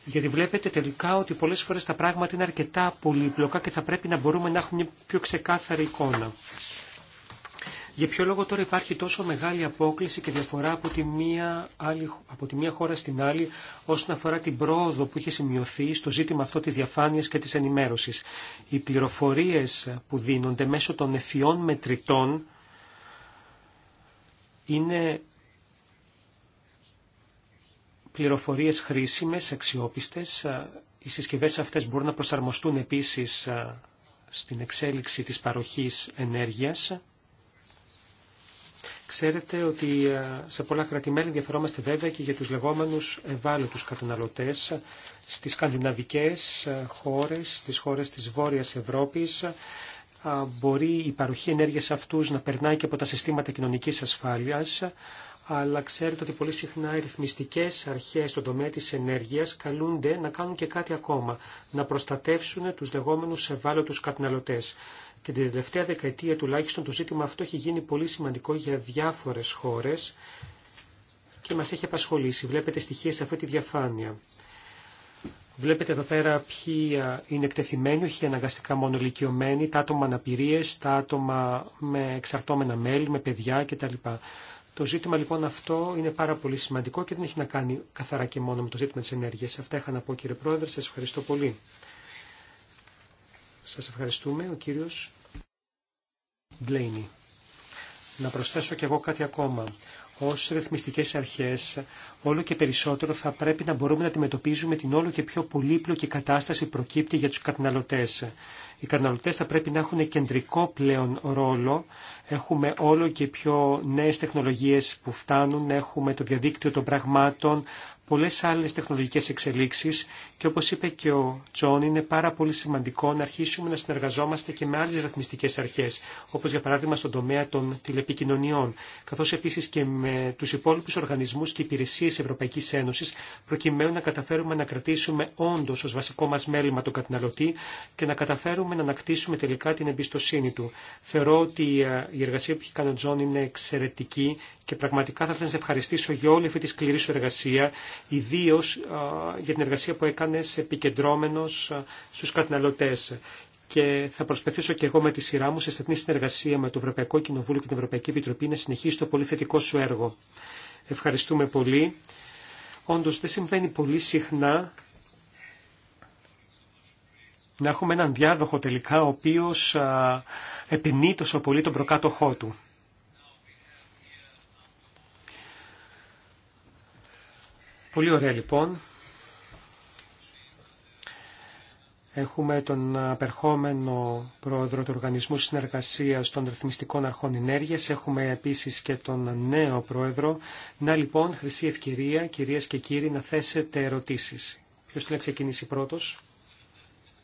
[SPEAKER 3] Γιατί βλέπετε τελικά ότι πολλές φορές τα πράγματα είναι αρκετά πολύπλοκα και θα πρέπει να μπορούμε να έχουμε μια πιο ξεκάθαρη εικόνα. Για ποιο λόγο τώρα υπάρχει τόσο μεγάλη απόκληση και διαφορά από τη μία, άλλη, από τη μία χώρα στην άλλη όσον αφορά την πρόοδο που είχε σημειωθεί στο ζήτημα αυτό της διαφάνειας και της ενημέρωσης. Οι πληροφορίες που δίνονται μέσω των εφιών μετρητών είναι πληροφορίες χρήσιμες, αξιόπιστες. Ε, οι συσκευές αυτές μπορούν να προσαρμοστούν επίσης ε, στην εξέλιξη της παροχής ενέργειας. Ξέρετε ότι ε, σε πολλά κρατημέλη ενδιαφερόμαστε βέβαια και για τους λεγόμενους ευάλωτους καταναλωτές στις σκανδιναβικές χώρες, στις χώρες της Βόρειας Ευρώπης. Μπορεί η παροχή ενέργειας αυτούς να περνάει και από τα συστήματα κοινωνικής ασφάλειας αλλά ξέρετε ότι πολύ συχνά οι ρυθμιστικές αρχές στον τομέα της ενέργειας καλούνται να κάνουν και κάτι ακόμα, να προστατεύσουν τους λεγόμενους ευάλωτους καταναλωτές. Και την τελευταία δεκαετία τουλάχιστον το ζήτημα αυτό έχει γίνει πολύ σημαντικό για διάφορες χώρες και μας έχει απασχολήσει. Βλέπετε στοιχεία σε αυτή τη διαφάνεια. Βλέπετε εδώ πέρα ποιοι είναι εκτεθειμένοι, όχι αναγκαστικά μόνο ηλικιωμένοι, τα άτομα αναπηρίε, τα άτομα με εξαρτώμενα μέλη, με παιδιά κτλ. Το ζήτημα λοιπόν αυτό είναι πάρα πολύ σημαντικό και δεν έχει να κάνει καθαρά και μόνο με το ζήτημα της ενέργειας. Αυτά είχα να πω κύριε Πρόεδρε, σας ευχαριστώ πολύ. Σας ευχαριστούμε, ο κύριος Μπλέινι. Να προσθέσω κι εγώ κάτι ακόμα ως ρυθμιστικές αρχές όλο και περισσότερο θα πρέπει να μπορούμε να αντιμετωπίζουμε την όλο και πιο πολύπλοκη κατάσταση προκύπτει για τους καταναλωτές. Οι καταναλωτές θα πρέπει να έχουν κεντρικό πλέον ρόλο. Έχουμε όλο και πιο νέες τεχνολογίες που φτάνουν, έχουμε το διαδίκτυο των πραγμάτων, πολλές άλλες τεχνολογικές εξελίξεις και όπως είπε και ο Τζον είναι πάρα πολύ σημαντικό να αρχίσουμε να συνεργαζόμαστε και με άλλες ρυθμιστικές αρχές όπως για παράδειγμα στον τομέα των τηλεπικοινωνιών καθώς επίσης και με τους υπόλοιπους οργανισμούς και υπηρεσίες Ευρωπαϊκής Ένωσης προκειμένου να καταφέρουμε να κρατήσουμε όντως ως βασικό μας μέλημα τον καταναλωτή και να καταφέρουμε να ανακτήσουμε τελικά την εμπιστοσύνη του. Θεωρώ ότι ε, η εργασία που έχει κάνει ο Τζον είναι εξαιρετική και πραγματικά θα ήθελα να σε ευχαριστήσω για όλη αυτή τη σκληρή σου εργασία ιδίω για την εργασία που έκανε επικεντρώμενο στου καταναλωτέ. Και θα προσπαθήσω και εγώ με τη σειρά μου σε στενή συνεργασία με το Ευρωπαϊκό Κοινοβούλιο και την Ευρωπαϊκή Επιτροπή να συνεχίσει το πολύ θετικό σου έργο. Ευχαριστούμε πολύ. Όντως δεν συμβαίνει πολύ συχνά να έχουμε έναν διάδοχο τελικά ο οποίος επενεί τόσο πολύ τον προκάτοχό του. Πολύ ωραία λοιπόν. Έχουμε τον απερχόμενο πρόεδρο του Οργανισμού Συνεργασίας των Ρυθμιστικών Αρχών Ενέργειας. Έχουμε επίσης και τον νέο πρόεδρο. Να λοιπόν, χρυσή ευκαιρία, κυρίες και κύριοι, να θέσετε ερωτήσεις. Ποιος θέλει να ξεκινήσει πρώτος.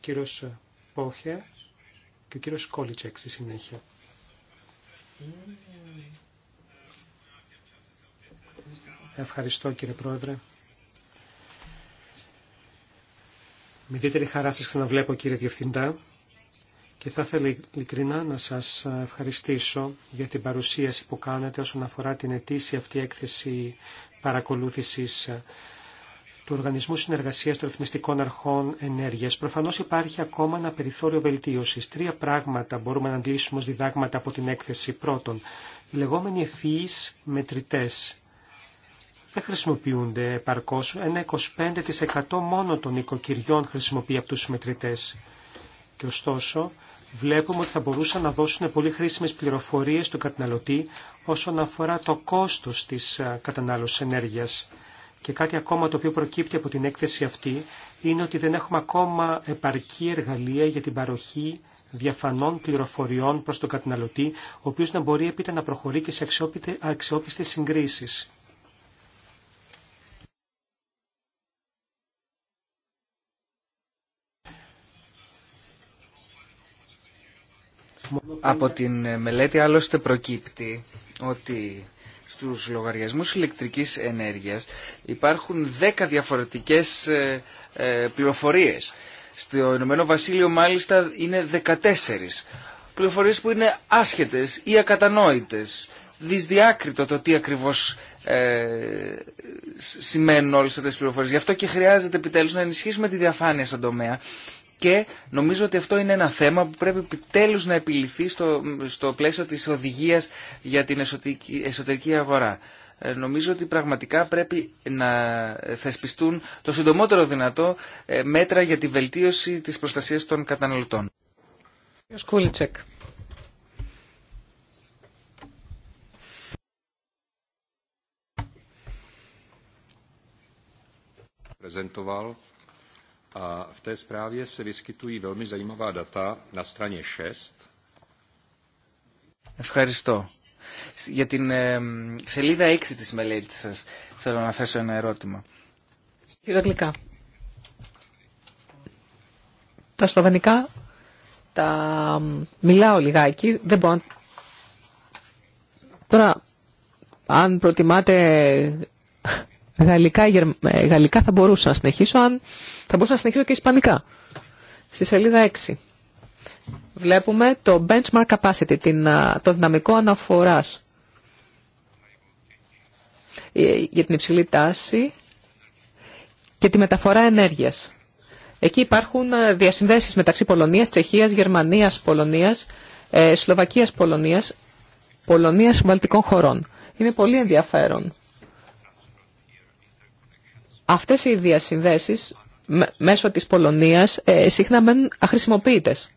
[SPEAKER 3] κύριος Πόχε και ο κύριος Κόλιτσεκ στη συνέχεια. Ευχαριστώ κύριε Πρόεδρε. Με ιδιαίτερη χαρά σας ξαναβλέπω κύριε Διευθυντά και θα ήθελα ειλικρινά να σας ευχαριστήσω για την παρουσίαση που κάνετε όσον αφορά την ετήσια αυτή έκθεση παρακολούθησης του Οργανισμού Συνεργασίας των Ρυθμιστικών Αρχών Ενέργειας. Προφανώς υπάρχει ακόμα ένα περιθώριο βελτίωσης. Τρία πράγματα μπορούμε να αντλήσουμε ως διδάγματα από την έκθεση. Πρώτον, οι λεγόμενοι ευφυείς μετρητές δεν χρησιμοποιούνται επαρκώ. Ένα 25% μόνο των οικοκυριών χρησιμοποιεί αυτού του μετρητέ. Και ωστόσο, βλέπουμε ότι θα μπορούσαν να δώσουν πολύ χρήσιμε πληροφορίε στον καταναλωτή όσον αφορά το κόστο τη ε, κατανάλωση ενέργεια. Και κάτι ακόμα το οποίο προκύπτει από την έκθεση αυτή είναι ότι δεν έχουμε ακόμα επαρκή εργαλεία για την παροχή διαφανών πληροφοριών προς τον καταναλωτή, ο οποίος να μπορεί έπειτα να προχωρεί και σε αξιόπιστες συγκρίσεις.
[SPEAKER 2] Από την ε, μελέτη άλλωστε προκύπτει ότι στους λογαριασμούς ηλεκτρικής ενέργειας υπάρχουν 10 διαφορετικές ε, ε, πληροφορίες. Στο Ηνωμένο Βασίλειο μάλιστα είναι 14 πληροφορίες που είναι άσχετες ή ακατανόητες. Δυσδιάκριτο το τι ακριβώς ε, σημαίνουν όλες αυτές τις πληροφορίες. Γι' αυτό και χρειάζεται επιτέλους να ενισχύσουμε τη διαφάνεια στον τομέα και νομίζω ότι αυτό είναι ένα θέμα που πρέπει επιτέλους να επιληθεί στο, στο πλαίσιο της οδηγίας για την εσωτερική, αγορά. Ε, νομίζω ότι πραγματικά πρέπει να θεσπιστούν το συντομότερο δυνατό ε, μέτρα για τη βελτίωση της προστασίας των καταναλωτών.
[SPEAKER 4] A v té zprávě se vyskytují velmi zajímavá data na straně 6.
[SPEAKER 2] Ευχαριστώ. Για την ε, σελίδα 6 της μελέτης σας θέλω να θέσω ένα ερώτημα.
[SPEAKER 5] Κύριε Χειρογλυκά. Τα σλοβενικά τα μιλάω λιγάκι, δεν μπορώ να... Τώρα, αν προτιμάτε Γαλλικά, ε, γαλλικά θα μπορούσα να συνεχίσω, αν θα μπορούσα να συνεχίσω και ισπανικά. Στη σελίδα 6 βλέπουμε το benchmark capacity, την, το δυναμικό αναφοράς ε, για την υψηλή τάση και τη μεταφορά ενέργειας. Εκεί υπάρχουν ε, διασυνδέσεις μεταξύ Πολωνίας, Τσεχίας, Γερμανίας, Πολωνίας, Σλοβακίας, Πολωνίας, Πολωνίας, Βαλτικών χωρών. Είναι πολύ ενδιαφέρον Αυτές οι διασυνδέσεις μέσω της Πολωνίας ε, συχνά μένουν αχρησιμοποιητές.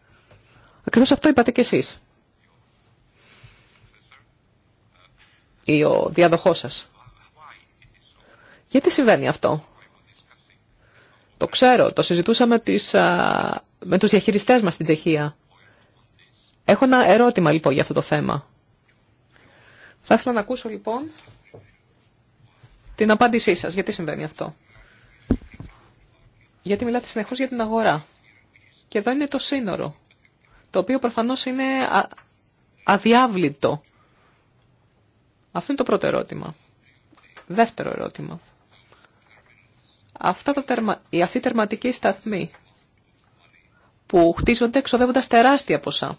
[SPEAKER 5] Ακριβώς αυτό είπατε κι εσείς. Ή ο διαδοχός σας. Γιατί συμβαίνει αυτό. Το ξέρω, το συζητούσαμε τις, με τους διαχειριστές μας στην Τσεχία. Έχω ένα ερώτημα λοιπόν για αυτό το θέμα. Θα ήθελα να ακούσω λοιπόν την απάντησή σας. Γιατί συμβαίνει αυτό. Γιατί μιλάτε συνεχώς για την αγορά. Και εδώ είναι το σύνορο, το οποίο προφανώς είναι αδιάβλητο. Αυτό είναι το πρώτο ερώτημα. Δεύτερο ερώτημα. Αυτά τα τερματική Οι αυτοί τερματικοί σταθμοί που χτίζονται εξοδεύοντας τεράστια ποσά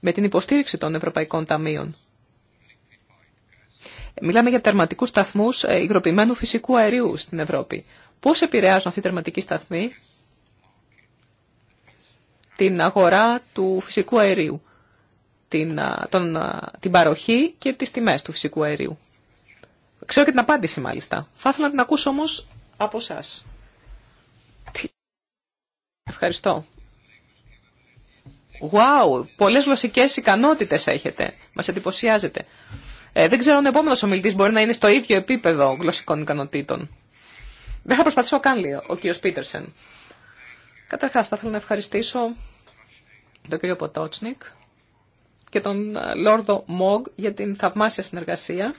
[SPEAKER 5] με την υποστήριξη των Ευρωπαϊκών Ταμείων Μιλάμε για τερματικούς σταθμούς ε, υγροποιημένου φυσικού αερίου στην Ευρώπη. Πώς επηρεάζουν αυτοί οι τερματικοί σταθμοί την αγορά του φυσικού αερίου, την, τον, την παροχή και τις τιμές του φυσικού αερίου. Ξέρω και την απάντηση μάλιστα. Θα ήθελα να την ακούσω όμως από εσά. Ευχαριστώ. Wow, πολλές γλωσσικές ικανότητες έχετε. Μας εντυπωσιάζετε. Ε, δεν ξέρω αν ο επόμενο ομιλητή μπορεί να είναι στο ίδιο επίπεδο γλωσσικών ικανοτήτων. Δεν θα προσπαθήσω καν, λέει ο κ. Πίτερσεν. Καταρχά, θα ήθελα να ευχαριστήσω τον κ. Ποτότσνικ και τον ε, Λόρδο Μόγ για την θαυμάσια συνεργασία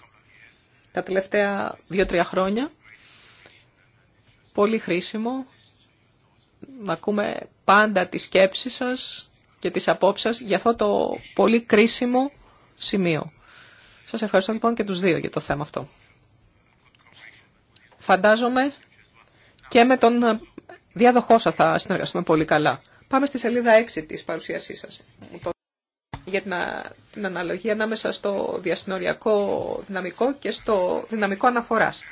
[SPEAKER 5] τα τελευταία δύο-τρία χρόνια. Πολύ χρήσιμο να ακούμε πάντα τις σκέψεις σας και τις απόψεις σας για αυτό το πολύ κρίσιμο σημείο. Σας ευχαριστώ λοιπόν και τους δύο για το θέμα αυτό. Φαντάζομαι και με τον ε, διάδοχό θα συνεργαστούμε πολύ καλά. Πάμε στη σελίδα 6 της παρουσίασής σας για την, την αναλογία ανάμεσα στο διασυνοριακό δυναμικό και στο δυναμικό αναφοράς.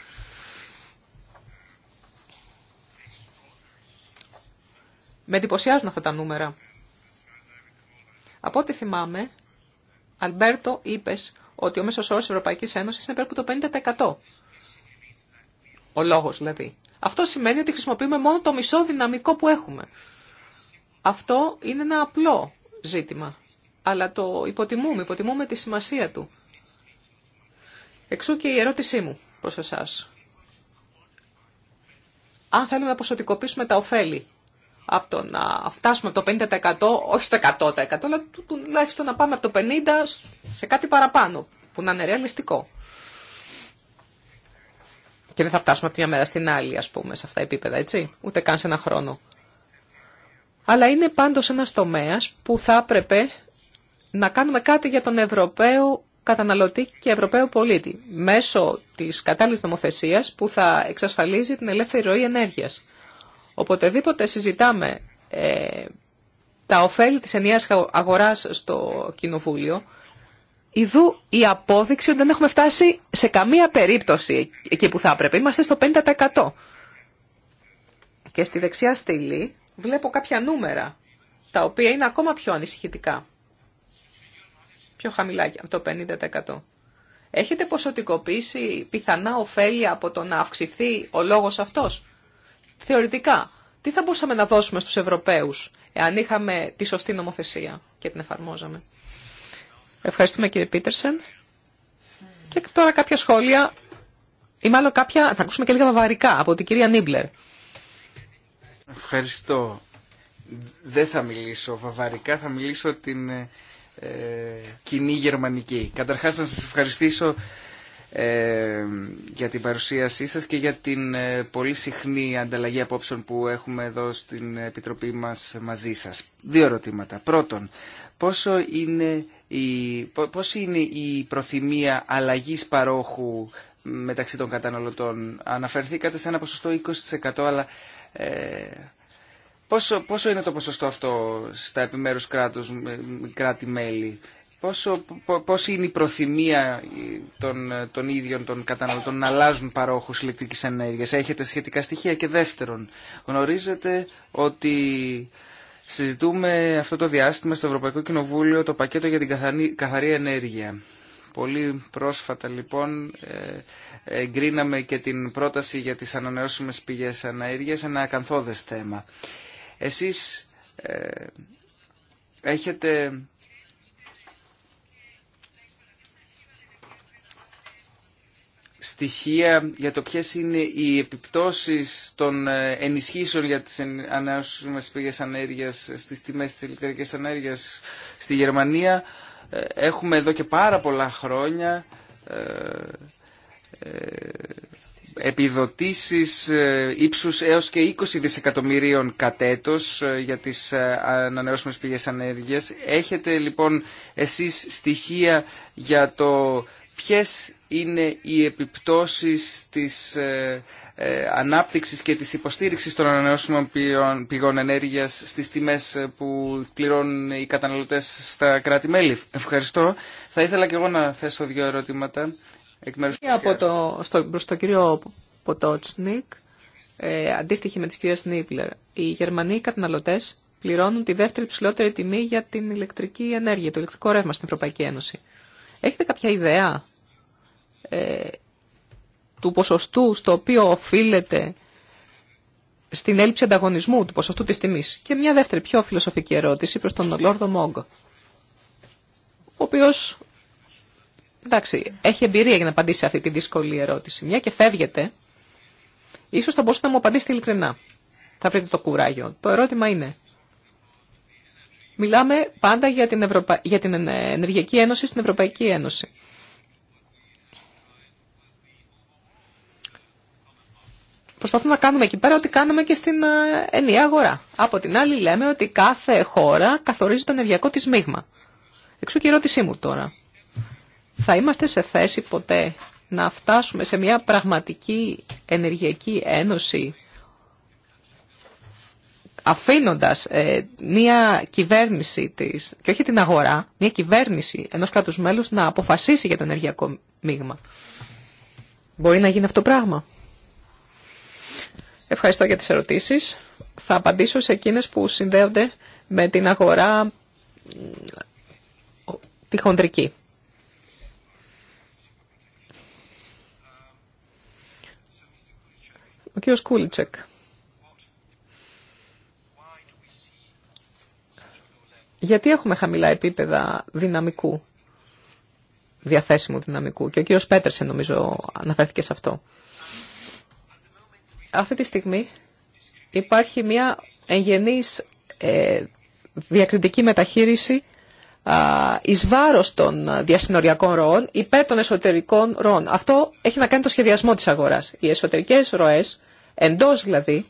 [SPEAKER 5] Με εντυπωσιάζουν αυτά τα νούμερα. Από ό,τι θυμάμαι, Αλμπέρτο, είπες ότι ο μέσος όρος Ευρωπαϊκής Ένωσης είναι περίπου το 50%. Ο λόγος δηλαδή. Αυτό σημαίνει ότι χρησιμοποιούμε μόνο το μισό δυναμικό που έχουμε. Αυτό είναι ένα απλό ζήτημα, αλλά το υποτιμούμε, υποτιμούμε τη σημασία του. Εξού και η ερώτησή μου προς εσάς. Αν θέλουμε να ποσοτικοποιήσουμε τα ωφέλη από το να φτάσουμε από το 50% όχι στο 100% αλλά τουλάχιστον να πάμε από το 50% σε κάτι παραπάνω που να είναι ρεαλιστικό. Και δεν θα φτάσουμε από τη μια μέρα στην άλλη, ας πούμε, σε αυτά τα επίπεδα, έτσι, ούτε καν σε ένα χρόνο. Αλλά είναι πάντως ένας τομέας που θα έπρεπε να κάνουμε κάτι για τον Ευρωπαίο καταναλωτή και Ευρωπαίο πολίτη, μέσω της κατάλληλης νομοθεσίας που θα εξασφαλίζει την ελεύθερη ροή ενέργειας. Οποτεδήποτε συζητάμε ε, τα ωφέλη της ενιαίας αγοράς στο Κοινοβούλιο, ειδού η απόδειξη ότι δεν έχουμε φτάσει σε καμία περίπτωση εκεί που θα έπρεπε. Είμαστε στο 50%. Και στη δεξιά στήλη βλέπω κάποια νούμερα, τα οποία είναι ακόμα πιο ανησυχητικά. Πιο χαμηλά από το 50%. Έχετε ποσοτικοποιήσει πιθανά ωφέλη από το να αυξηθεί ο λόγος αυτός. Θεωρητικά, τι θα μπορούσαμε να δώσουμε στους Ευρωπαίους εάν είχαμε τη σωστή νομοθεσία και την εφαρμόζαμε. Ευχαριστούμε κύριε Πίτερσεν. Και τώρα κάποια σχόλια ή μάλλον κάποια, θα ακούσουμε και λίγα βαβαρικά από την κυρία Νίμπλερ.
[SPEAKER 2] Ευχαριστώ. Δεν θα μιλήσω βαβαρικά, θα μιλήσω την ε, ε κοινή γερμανική. Καταρχάς να σας ευχαριστήσω ε, για την παρουσίασή σας και για την ε, πολύ συχνή ανταλλαγή απόψεων που έχουμε εδώ στην Επιτροπή μας μαζί σας. Δύο ερωτήματα. Πρώτον, πόσο είναι η, πώς είναι η προθυμία αλλαγής παρόχου μεταξύ των καταναλωτών. Αναφερθήκατε σε ένα ποσοστό 20% αλλά ε, πόσο, πόσο είναι το ποσοστό αυτό στα επιμέρους κράτους, κράτη-μέλη. Πόσο, πώς είναι η προθυμία των, των ίδιων των καταναλωτών να αλλάζουν παρόχους ηλεκτρικής ενέργειας. Έχετε σχετικά στοιχεία και δεύτερον. Γνωρίζετε ότι συζητούμε αυτό το διάστημα στο Ευρωπαϊκό Κοινοβούλιο το πακέτο για την καθαρή, καθαρή ενέργεια. Πολύ πρόσφατα λοιπόν ε, εγκρίναμε και την πρόταση για τις ανανεώσιμες πηγές ενέργειας, ένα ακαθόδες θέμα. Εσείς ε, έχετε στοιχεία για το ποιε είναι οι επιπτώσεις των ε, ενισχύσεων για τις ανανεώσιμες πηγέ ανέργεια ε, στις τιμές τη ηλεκτρική ανέργειας στη Γερμανία. Ε, έχουμε εδώ και πάρα πολλά χρόνια επιδοτήσεις ύψους έως και 20 δισεκατομμυρίων κατέτος για τις ανανεώσιμες πηγές ανέργειας. Έχετε λοιπόν εσείς στοιχεία για το ποιες είναι οι επιπτώσεις της ε, ε, ανάπτυξης και της υποστήριξης των ανανεώσιμων πηγών, πηγών ενέργειας στις τιμές ε, που πληρώνουν οι καταναλωτές στα κράτη-μέλη. Ευχαριστώ. Θα ήθελα και εγώ να θέσω δύο ερωτήματα. από
[SPEAKER 5] το, στο, προς τον κύριο Ποτότσνικ, ε, αντίστοιχη με τη κυρία Νίπλερ, οι Γερμανοί καταναλωτές πληρώνουν τη δεύτερη ψηλότερη τιμή για την ηλεκτρική ενέργεια, το ηλεκτρικό ρεύμα στην Ευρωπαϊκή Ένωση. Έχετε κάποια ιδέα ε, του ποσοστού στο οποίο οφείλεται στην έλλειψη ανταγωνισμού του ποσοστού της τιμής. Και μια δεύτερη πιο φιλοσοφική ερώτηση προς τον Λόρδο Μόγκ, ο οποίος εντάξει, έχει εμπειρία για να απαντήσει αυτή τη δύσκολη ερώτηση. Μια και φεύγεται ίσως θα μπορούσε να μου απαντήσει ειλικρινά. Θα βρείτε το κουράγιο. Το ερώτημα είναι, μιλάμε πάντα για την, για την Ενεργειακή Ένωση στην Ευρωπαϊκή Ένωση. προσπαθούμε να κάνουμε εκεί πέρα ό,τι κάναμε και στην ε, ενιαία αγορά. Από την άλλη λέμε ότι κάθε χώρα καθορίζει το ενεργειακό της μείγμα. Εξού και η ερώτησή μου τώρα. Θα είμαστε σε θέση ποτέ να φτάσουμε σε μια πραγματική ενεργειακή ένωση αφήνοντας ε, μια κυβέρνηση της, και όχι την αγορά, μια κυβέρνηση ενός κράτους μέλους να αποφασίσει για το ενεργειακό μείγμα. Μπορεί να γίνει αυτό πράγμα. Ευχαριστώ για τις ερωτήσεις. Θα απαντήσω σε εκείνες που συνδέονται με την αγορά τη χοντρική. Ο κύριος Κούλιτσεκ. Γιατί έχουμε χαμηλά επίπεδα δυναμικού, διαθέσιμου δυναμικού. Και ο κύριος Πέτερσεν νομίζω αναφέρθηκε σε αυτό αυτή τη στιγμή υπάρχει μια εγγενής ε, διακριτική μεταχείριση εις βάρος των διασυνοριακών ροών υπέρ των εσωτερικών ροών. Αυτό έχει να κάνει το σχεδιασμό της αγοράς. Οι εσωτερικές ροές, εντός δηλαδή,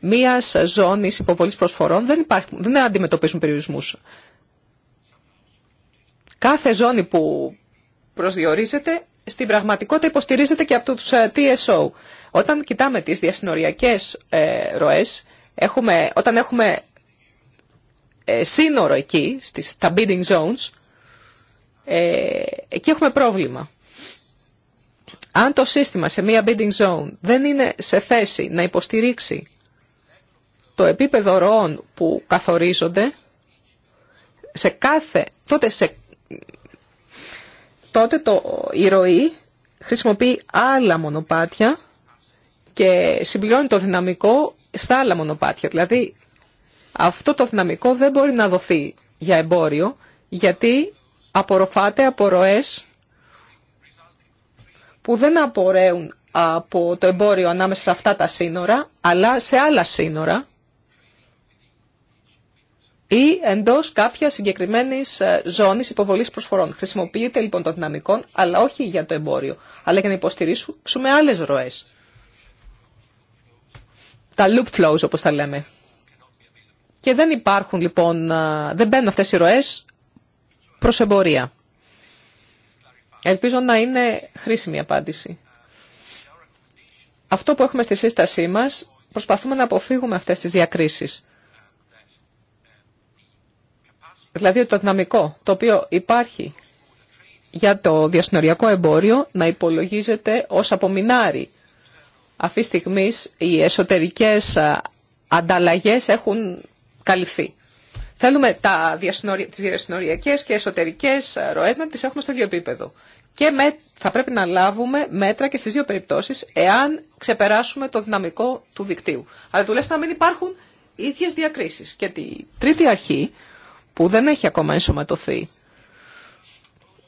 [SPEAKER 5] μίας ζώνης υποβολή προσφορών δεν, δεν αντιμετωπίζουν περιορισμούς. Κάθε ζώνη που προσδιορίζεται στην πραγματικότητα υποστηρίζεται και από του ε, TSO. Όταν κοιτάμε τις διασυνοριακές ε, ροές, έχουμε, όταν έχουμε ε, σύνορο εκεί, στις, τα bidding zones, ε, εκεί έχουμε πρόβλημα. Αν το σύστημα σε μία bidding zone δεν είναι σε θέση να υποστηρίξει το επίπεδο ροών που καθορίζονται, σε κάθε, τότε, σε, τότε το, η ροή χρησιμοποιεί άλλα μονοπάτια και συμπληρώνει το δυναμικό στα άλλα μονοπάτια. Δηλαδή, αυτό το δυναμικό δεν μπορεί να δοθεί για εμπόριο, γιατί απορροφάται από ροές που δεν απορρέουν από το εμπόριο ανάμεσα σε αυτά τα σύνορα, αλλά σε άλλα σύνορα ή εντός κάποια συγκεκριμένης ε, ζώνης υποβολής προσφορών. Χρησιμοποιείται λοιπόν το δυναμικό, αλλά όχι για το εμπόριο, αλλά για να υποστηρίξουμε άλλες ροές τα loop flows όπως τα λέμε. Και δεν υπάρχουν λοιπόν, δεν μπαίνουν αυτές οι ροές προς εμπορία. Ελπίζω να είναι χρήσιμη η απάντηση. Αυτό που έχουμε στη σύστασή μας, προσπαθούμε να αποφύγουμε αυτές τις διακρίσεις. Δηλαδή το δυναμικό το οποίο υπάρχει για το διασυνοριακό εμπόριο να υπολογίζεται ως απομεινάρι αυτή τη στιγμή οι εσωτερικές ανταλλαγές έχουν καλυφθεί. Θέλουμε τα διασυνοριακέ και εσωτερικές ροές να τις έχουμε στο ίδιο επίπεδο. Και θα πρέπει να λάβουμε μέτρα και στις δύο περιπτώσεις εάν ξεπεράσουμε το δυναμικό του δικτύου. Αλλά τουλάχιστον να μην υπάρχουν ίδιες διακρίσεις. Και τη τρίτη αρχή που δεν έχει ακόμα ενσωματωθεί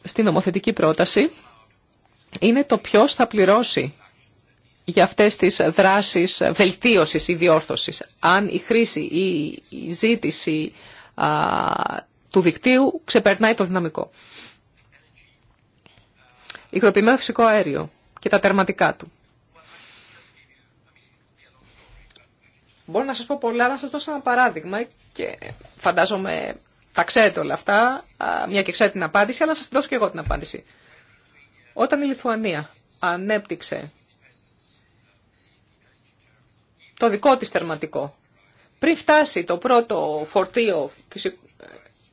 [SPEAKER 5] στην νομοθετική πρόταση είναι το ποιος θα πληρώσει για αυτές τις δράσεις βελτίωσης ή διόρθωσης. Αν η χρήση ή η ζήτηση α, του δικτύου ξεπερνάει το δυναμικό. Υγροποιημένο φυσικό αέριο και τα τερματικά του. Μπορώ να σας πω πολλά, να σας δώσω ένα παράδειγμα και φαντάζομαι τα ξέρετε όλα αυτά, μια και ξέρετε την απάντηση, αλλά σας δώσω και εγώ την απάντηση. Όταν η Λιθουανία ανέπτυξε το δικό της θερματικό. Πριν φτάσει το πρώτο φορτίο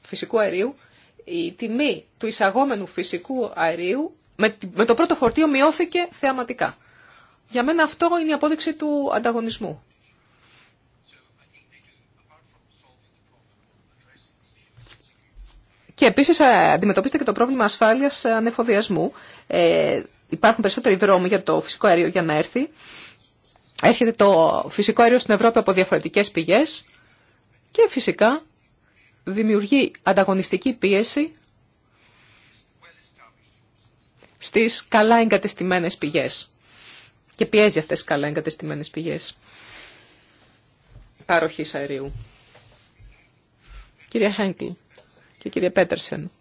[SPEAKER 5] φυσικού αερίου, η τιμή του εισαγόμενου φυσικού αερίου με το πρώτο φορτίο μειώθηκε θεαματικά. Για μένα αυτό είναι η απόδειξη του ανταγωνισμού. Και επίση ε, αντιμετωπίστε και το πρόβλημα ασφάλεια ε, ανεφοδιασμού. Ε, υπάρχουν περισσότεροι δρόμοι για το φυσικό αέριο για να έρθει έρχεται το φυσικό αέριο στην Ευρώπη από διαφορετικές πηγές και φυσικά δημιουργεί ανταγωνιστική πίεση στις καλά εγκατεστημένες πηγές και πιέζει αυτές τις καλά εγκατεστημένες πηγές παροχής αερίου. Κύριε Χέγκλ και κύριε Πέτερσεν,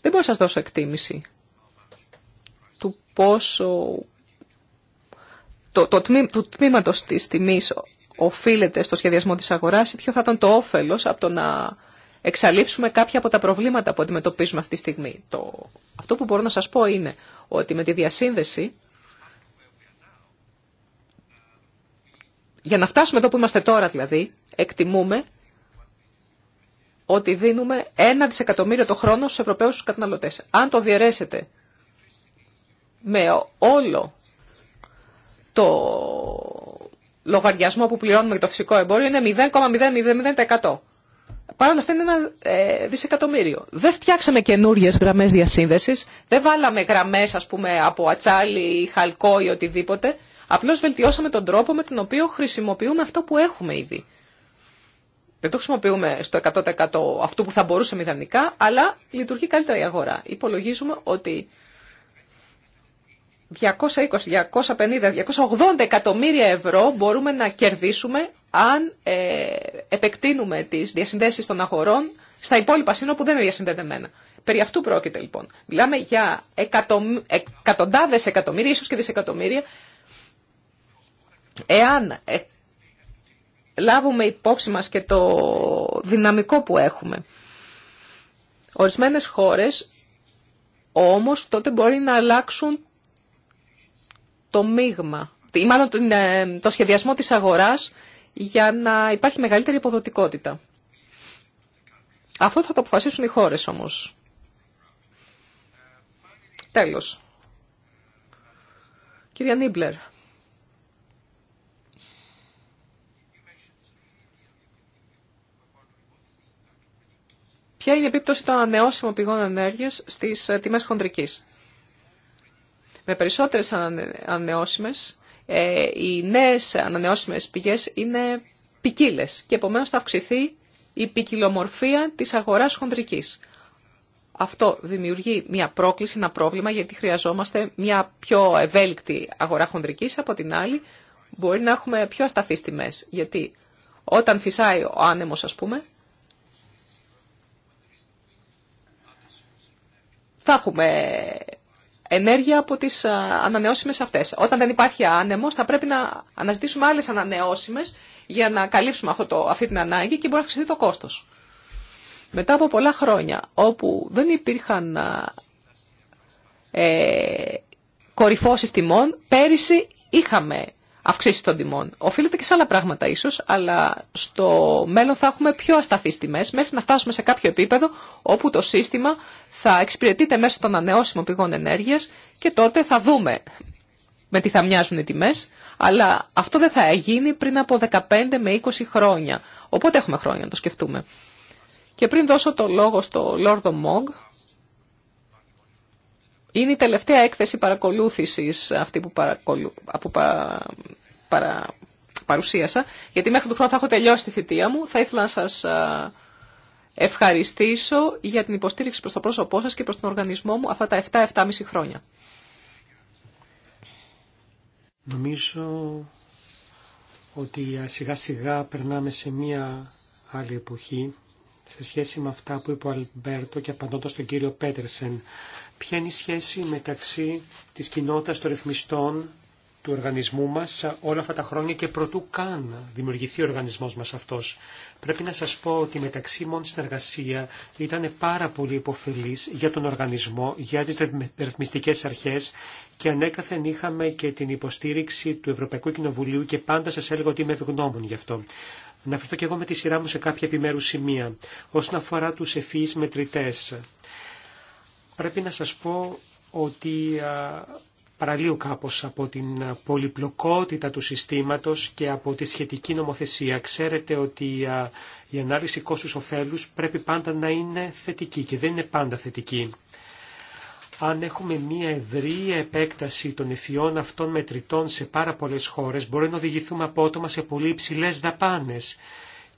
[SPEAKER 5] δεν μπορώ να σας δώσω εκτίμηση του πόσο το, το, τμήμα, του τμήματος της τιμής οφείλεται στο σχεδιασμό της αγοράς ή ποιο θα ήταν το όφελος από το να εξαλείψουμε κάποια από τα προβλήματα που αντιμετωπίζουμε αυτή τη στιγμή. Το, αυτό που μπορώ να σας πω είναι ότι με τη διασύνδεση για να φτάσουμε εδώ που είμαστε τώρα δηλαδή, εκτιμούμε ότι δίνουμε ένα δισεκατομμύριο το χρόνο στους Ευρωπαίους καταναλωτές. Αν το διαιρέσετε με όλο το λογαριασμό που πληρώνουμε για το φυσικό εμπόριο είναι 0,000%. Παρ' όλα αυτά είναι ένα ε, δισεκατομμύριο. Δεν φτιάξαμε καινούριε γραμμέ διασύνδεση, δεν βάλαμε γραμμέ, α πούμε, από ατσάλι ή χαλκό ή οτιδήποτε. Απλώ βελτιώσαμε τον τρόπο με τον οποίο χρησιμοποιούμε αυτό που έχουμε ήδη. Δεν το χρησιμοποιούμε στο 100% αυτού που θα μπορούσε μηδενικά, αλλά λειτουργεί καλύτερα η αγορά. Υπολογίζουμε ότι 220, 250, 280 εκατομμύρια ευρώ μπορούμε να κερδίσουμε αν ε, επεκτείνουμε τις διασυνδέσεις των αγορών στα υπόλοιπα σύνορα που δεν είναι διασυνδεδεμένα. Περί αυτού πρόκειται λοιπόν. Μιλάμε για εκατομ... εκατοντάδες εκατομμύρια, ίσως και δισεκατομμύρια. Εάν ε, λάβουμε υπόψη μας και το δυναμικό που έχουμε. Ορισμένες χώρες όμως τότε μπορεί να αλλάξουν το μείγμα, ή μάλλον ε, το σχεδιασμό της αγοράς για να υπάρχει μεγαλύτερη υποδοτικότητα. Αυτό θα το αποφασίσουν οι χώρες όμως. Τέλος. Κυρία Νίμπλερ. Ποια είναι η επίπτωση των ανεώσιμων πηγών ενέργειας στις ε, τιμές χοντρικής με περισσότερες ανανεώσιμες, ε, οι νέες ανανεώσιμες πηγές είναι ποικίλε και επομένως θα αυξηθεί η ποικιλομορφία της αγοράς χοντρικής. Αυτό δημιουργεί μια πρόκληση, ένα πρόβλημα, γιατί χρειαζόμαστε μια πιο ευέλικτη αγορά χοντρικής. Από την άλλη, μπορεί να έχουμε πιο ασταθείς τιμές, γιατί όταν φυσάει ο άνεμος, ας πούμε, θα έχουμε ενέργεια από τις ανανεώσιμες αυτές. Όταν δεν υπάρχει άνεμος θα πρέπει να αναζητήσουμε άλλες ανανεώσιμες για να καλύψουμε αυτό το, αυτή την ανάγκη και μπορεί να αυξηθεί το κόστος. Μετά από πολλά χρόνια όπου δεν υπήρχαν ε, κορυφώσεις τιμών, πέρυσι είχαμε αυξήσει των τιμών. Οφείλεται και σε άλλα πράγματα ίσω, αλλά στο μέλλον θα έχουμε πιο ασταθεί τιμέ μέχρι να φτάσουμε σε κάποιο επίπεδο όπου το σύστημα θα εξυπηρετείται μέσω των ανανεώσιμων πηγών ενέργεια και τότε θα δούμε με τι θα μοιάζουν οι τιμέ. Αλλά αυτό δεν θα γίνει πριν από 15 με 20 χρόνια. Οπότε έχουμε χρόνια να το σκεφτούμε. Και πριν δώσω το λόγο στο Λόρδο Μόγκ, είναι η τελευταία έκθεση παρακολούθησης αυτή που, παρακολου... παρα... παρουσίασα, γιατί μέχρι του χρόνο θα έχω τελειώσει τη θητεία μου. Θα ήθελα να σας ευχαριστήσω για την υποστήριξη προς το πρόσωπό σας και προς τον οργανισμό μου αυτά τα 7-7,5 χρόνια.
[SPEAKER 3] Νομίζω ότι σιγά σιγά περνάμε σε μία άλλη εποχή σε σχέση με αυτά που είπε ο Αλμπέρτο και απαντώντας τον κύριο Πέτερσεν ποια είναι η σχέση μεταξύ της κοινότητας των ρυθμιστών του οργανισμού μας όλα αυτά τα χρόνια και προτού καν δημιουργηθεί ο οργανισμός μας αυτός. Πρέπει να σας πω ότι μεταξύ μόνο συνεργασία ήταν πάρα πολύ υποφελής για τον οργανισμό, για τις ρυθμιστικές αρχές και ανέκαθεν είχαμε και την υποστήριξη του Ευρωπαϊκού Κοινοβουλίου και πάντα σας έλεγα ότι είμαι ευγνώμων γι' αυτό. Να και εγώ με τη σειρά μου σε κάποια επιμέρους σημεία. Όσον αφορά τους ευφύης μετρητές, πρέπει να σας πω ότι παραλύω κάπως από την πολυπλοκότητα του συστήματος και από τη σχετική νομοθεσία. Ξέρετε ότι η ανάλυση κόστους ωφέλους πρέπει πάντα να είναι θετική και δεν είναι πάντα θετική. Αν έχουμε μία ευρία επέκταση των εφιών αυτών μετρητών σε πάρα πολλές χώρες, μπορεί να οδηγηθούμε απότομα σε πολύ υψηλέ δαπάνες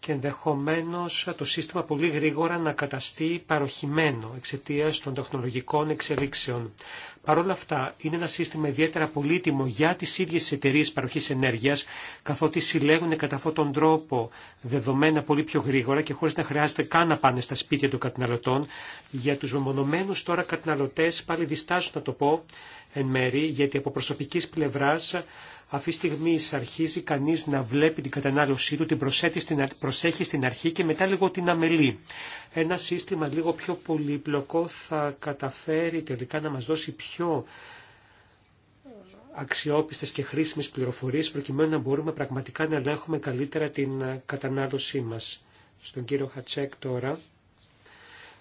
[SPEAKER 3] και ενδεχομένω το σύστημα πολύ γρήγορα να καταστεί παροχημένο εξαιτία των τεχνολογικών εξελίξεων. Παρ' όλα αυτά, είναι ένα σύστημα ιδιαίτερα πολύτιμο για τι ίδιε τι εταιρείες παροχής ενέργειας, καθότι συλλέγουν κατά αυτόν τον τρόπο δεδομένα πολύ πιο γρήγορα και χωρί να χρειάζεται καν να πάνε στα σπίτια των καταναλωτών. Για τους μεμονωμένου τώρα καταναλωτέ, πάλι διστάζω να το πω εν μέρη, γιατί από προσωπική πλευρά. Αυτή τη στιγμή αρχίζει κανείς να βλέπει την κατανάλωσή του, την προσέχει στην αρχή και μετά λίγο την αμελεί. Ένα σύστημα λίγο πιο πολύπλοκο θα καταφέρει τελικά να μας δώσει πιο αξιόπιστες και χρήσιμες πληροφορίες προκειμένου να μπορούμε πραγματικά να ελέγχουμε καλύτερα την κατανάλωσή μας. Στον κύριο Χατσέκ τώρα.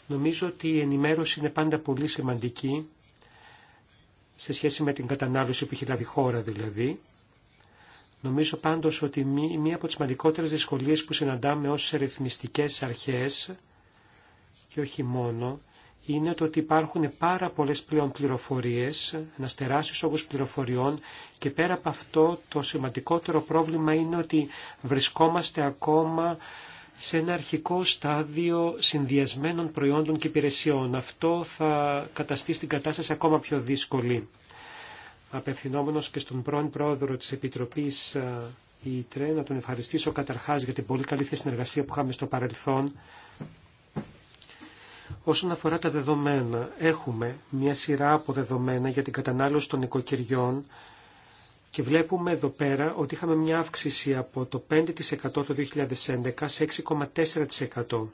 [SPEAKER 3] Νομίζω ότι η ενημέρωση είναι πάντα πολύ σημαντική σε σχέση με την κατανάλωση που έχει λάβει η χώρα δηλαδή. Νομίζω πάντως ότι μία από τις σημαντικότερες δυσκολίες που συναντάμε ως ρυθμιστικές αρχές και όχι μόνο, είναι το ότι υπάρχουν πάρα πολλές πλέον πληροφορίες, ένας τεράστιος όγκος πληροφοριών και πέρα από αυτό το σημαντικότερο πρόβλημα είναι ότι βρισκόμαστε ακόμα σε ένα αρχικό στάδιο συνδυασμένων προϊόντων και υπηρεσιών. Αυτό θα καταστήσει την κατάσταση ακόμα πιο δύσκολη απευθυνόμενος και στον πρώην πρόεδρο της Επιτροπής ΙΤΡΕ, ε, να τον ευχαριστήσω καταρχάς για την πολύ καλή συνεργασία που είχαμε στο παρελθόν. Όσον αφορά τα δεδομένα, έχουμε μια σειρά από δεδομένα για την κατανάλωση των οικοκυριών και βλέπουμε εδώ πέρα ότι είχαμε μια αύξηση από το 5% το 2011 σε 6,4%.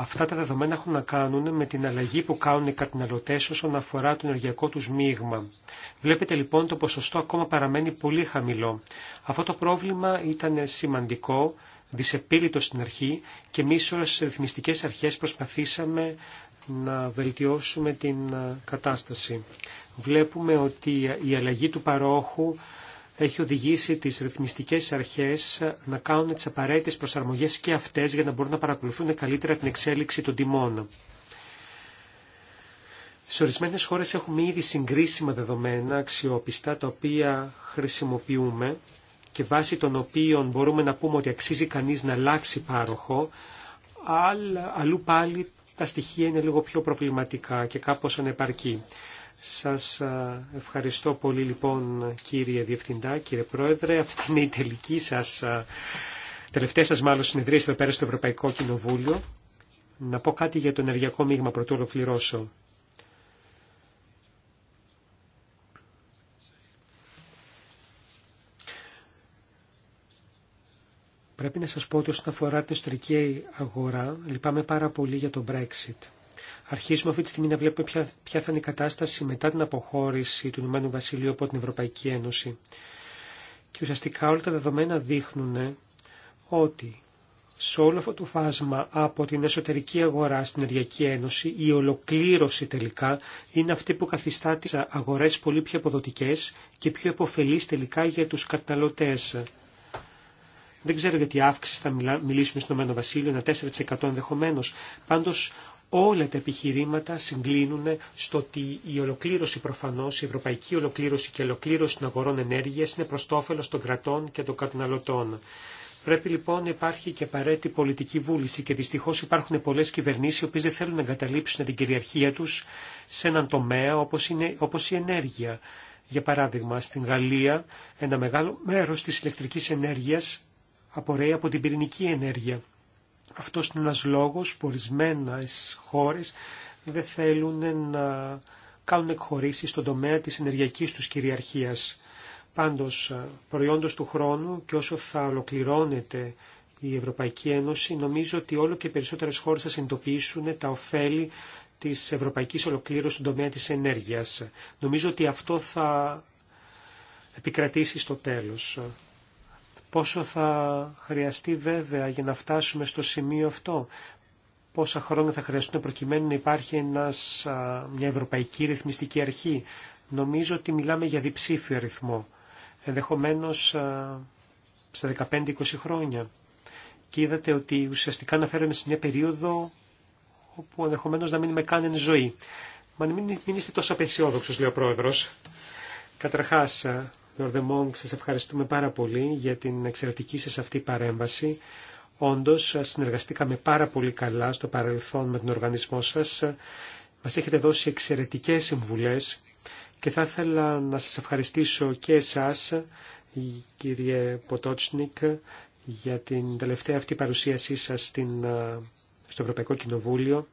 [SPEAKER 3] Αυτά τα δεδομένα έχουν να κάνουν με την αλλαγή που κάνουν οι καρτιναλωτέ όσον αφορά το ενεργειακό του μείγμα. Βλέπετε λοιπόν το ποσοστό ακόμα παραμένει πολύ χαμηλό. Αυτό το πρόβλημα ήταν σημαντικό, δυσεπίλητο στην αρχή και εμεί ω ρυθμιστικέ αρχές προσπαθήσαμε να βελτιώσουμε την κατάσταση. Βλέπουμε ότι η αλλαγή του παρόχου έχει οδηγήσει τις ρυθμιστικές αρχές να κάνουν τις απαραίτητες προσαρμογές και αυτές για να μπορούν να παρακολουθούν καλύτερα την εξέλιξη των τιμών. Σε ορισμένες χώρες έχουμε ήδη συγκρίσιμα δεδομένα αξιόπιστα τα οποία χρησιμοποιούμε και βάσει των οποίων μπορούμε να πούμε ότι αξίζει κανείς να αλλάξει πάροχο, αλλά αλλού πάλι τα στοιχεία είναι λίγο πιο προβληματικά και κάπως ανεπαρκή. Σας ευχαριστώ πολύ λοιπόν κύριε Διευθυντά, κύριε Πρόεδρε. Αυτή είναι η τελική σας, τελευταία σας μάλλον συνεδρίαση εδώ πέρα στο Ευρωπαϊκό Κοινοβούλιο. Να πω κάτι για το ενεργειακό μείγμα πρωτού ολοκληρώσω. Πρέπει να σας πω ότι όσον αφορά την ιστορική αγορά, λυπάμαι πάρα πολύ για το Brexit. Αρχίσουμε αυτή τη στιγμή να βλέπουμε ποια, θα είναι η κατάσταση μετά την αποχώρηση του Ηνωμένου Βασιλείου από την Ευρωπαϊκή Ένωση. Και ουσιαστικά όλα τα δεδομένα δείχνουν ε, ότι σε όλο αυτό το φάσμα από την εσωτερική αγορά στην Ενεργειακή Ένωση η ολοκλήρωση τελικά είναι αυτή που καθιστά τις αγορές πολύ πιο αποδοτικές και πιο επωφελείς τελικά για τους καταναλωτές. Δεν ξέρω γιατί αύξηση θα μιλήσουμε στο Ηνωμένο Βασίλειο, ένα 4% ενδεχομένω. Όλα τα επιχειρήματα συγκλίνουν στο ότι η ολοκλήρωση προφανώς, η ευρωπαϊκή ολοκλήρωση και η ολοκλήρωση των αγορών ενέργειας είναι προς το όφελος των κρατών και των καταναλωτών. Πρέπει λοιπόν να υπάρχει και απαραίτητη πολιτική βούληση και δυστυχώ υπάρχουν πολλέ κυβερνήσει οι οποίε δεν θέλουν να εγκαταλείψουν την κυριαρχία του σε έναν τομέα όπω όπως η ενέργεια. Για παράδειγμα, στην Γαλλία ένα μεγάλο μέρο τη ηλεκτρική ενέργεια απορρέει από την πυρηνική ενέργεια. Αυτός είναι ένας λόγος που ορισμένες χώρες δεν θέλουν να κάνουν εκχωρήσεις στον τομέα της ενεργειακής τους κυριαρχίας. Πάντως, ε, προϊόντος του χρόνου και όσο θα ολοκληρώνεται η Ευρωπαϊκή Ένωση, νομίζω ότι όλο και περισσότερες χώρες θα συνειδητοποιήσουν τα ωφέλη της ευρωπαϊκής ολοκλήρωσης στον τομέα της ενέργειας. Νομίζω ότι αυτό θα επικρατήσει στο τέλος. Πόσο θα χρειαστεί βέβαια για να φτάσουμε στο σημείο αυτό. Πόσα χρόνια θα χρειαστούν προκειμένου να υπάρχει ένας, μια ευρωπαϊκή ρυθμιστική αρχή. Νομίζω ότι μιλάμε για διψήφιο αριθμό. Ενδεχομένως σε 15-20 χρόνια. Και είδατε ότι ουσιαστικά αναφέρομαι σε μια περίοδο όπου ενδεχομένω να μην με κάνει ζωή. Μα μην, μην είστε τόσο απεσιόδοξο, λέει ο πρόεδρο. Καταρχά, Νορδεμόγκ, σας ευχαριστούμε πάρα πολύ για την εξαιρετική σας αυτή παρέμβαση. Όντως, συνεργαστήκαμε πάρα πολύ καλά στο παρελθόν με τον οργανισμό σας. Μας έχετε δώσει εξαιρετικές συμβουλές και θα ήθελα να σας ευχαριστήσω και εσάς, κύριε Ποτότσνικ, για την τελευταία αυτή παρουσίασή σας στην, στο Ευρωπαϊκό Κοινοβούλιο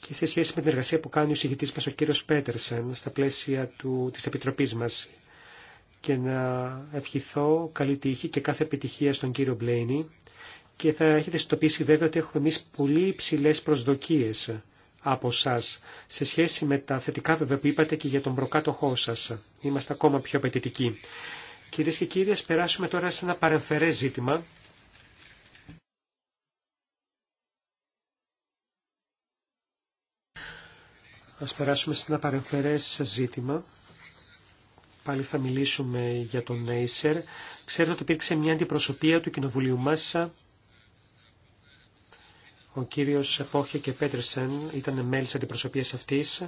[SPEAKER 3] και σε σχέση με την εργασία που κάνει ο συγητή μα ο κύριο Πέτερσεν στα πλαίσια του, της Επιτροπής μας και να ευχηθώ καλή τύχη και κάθε επιτυχία στον κύριο Μπλέινι και θα έχετε συνειδητοποιήσει βέβαια ότι έχουμε εμεί πολύ υψηλέ προσδοκίε από εσά σε σχέση με τα θετικά βέβαια που είπατε και για τον προκάτοχό σα. Είμαστε ακόμα πιο απαιτητικοί. Κυρίε και κύριοι, περάσουμε τώρα σε ένα παρεμφερέ ζήτημα Ας περάσουμε σε ένα παρεμφερές ζήτημα. Πάλι θα μιλήσουμε για τον Νέισερ. Ξέρετε ότι υπήρξε μια αντιπροσωπεία του Κοινοβουλίου Μάσα. Ο κύριος Πόχε και Πέτρεσεν ήταν μέλη τη αντιπροσωπείας αυτής,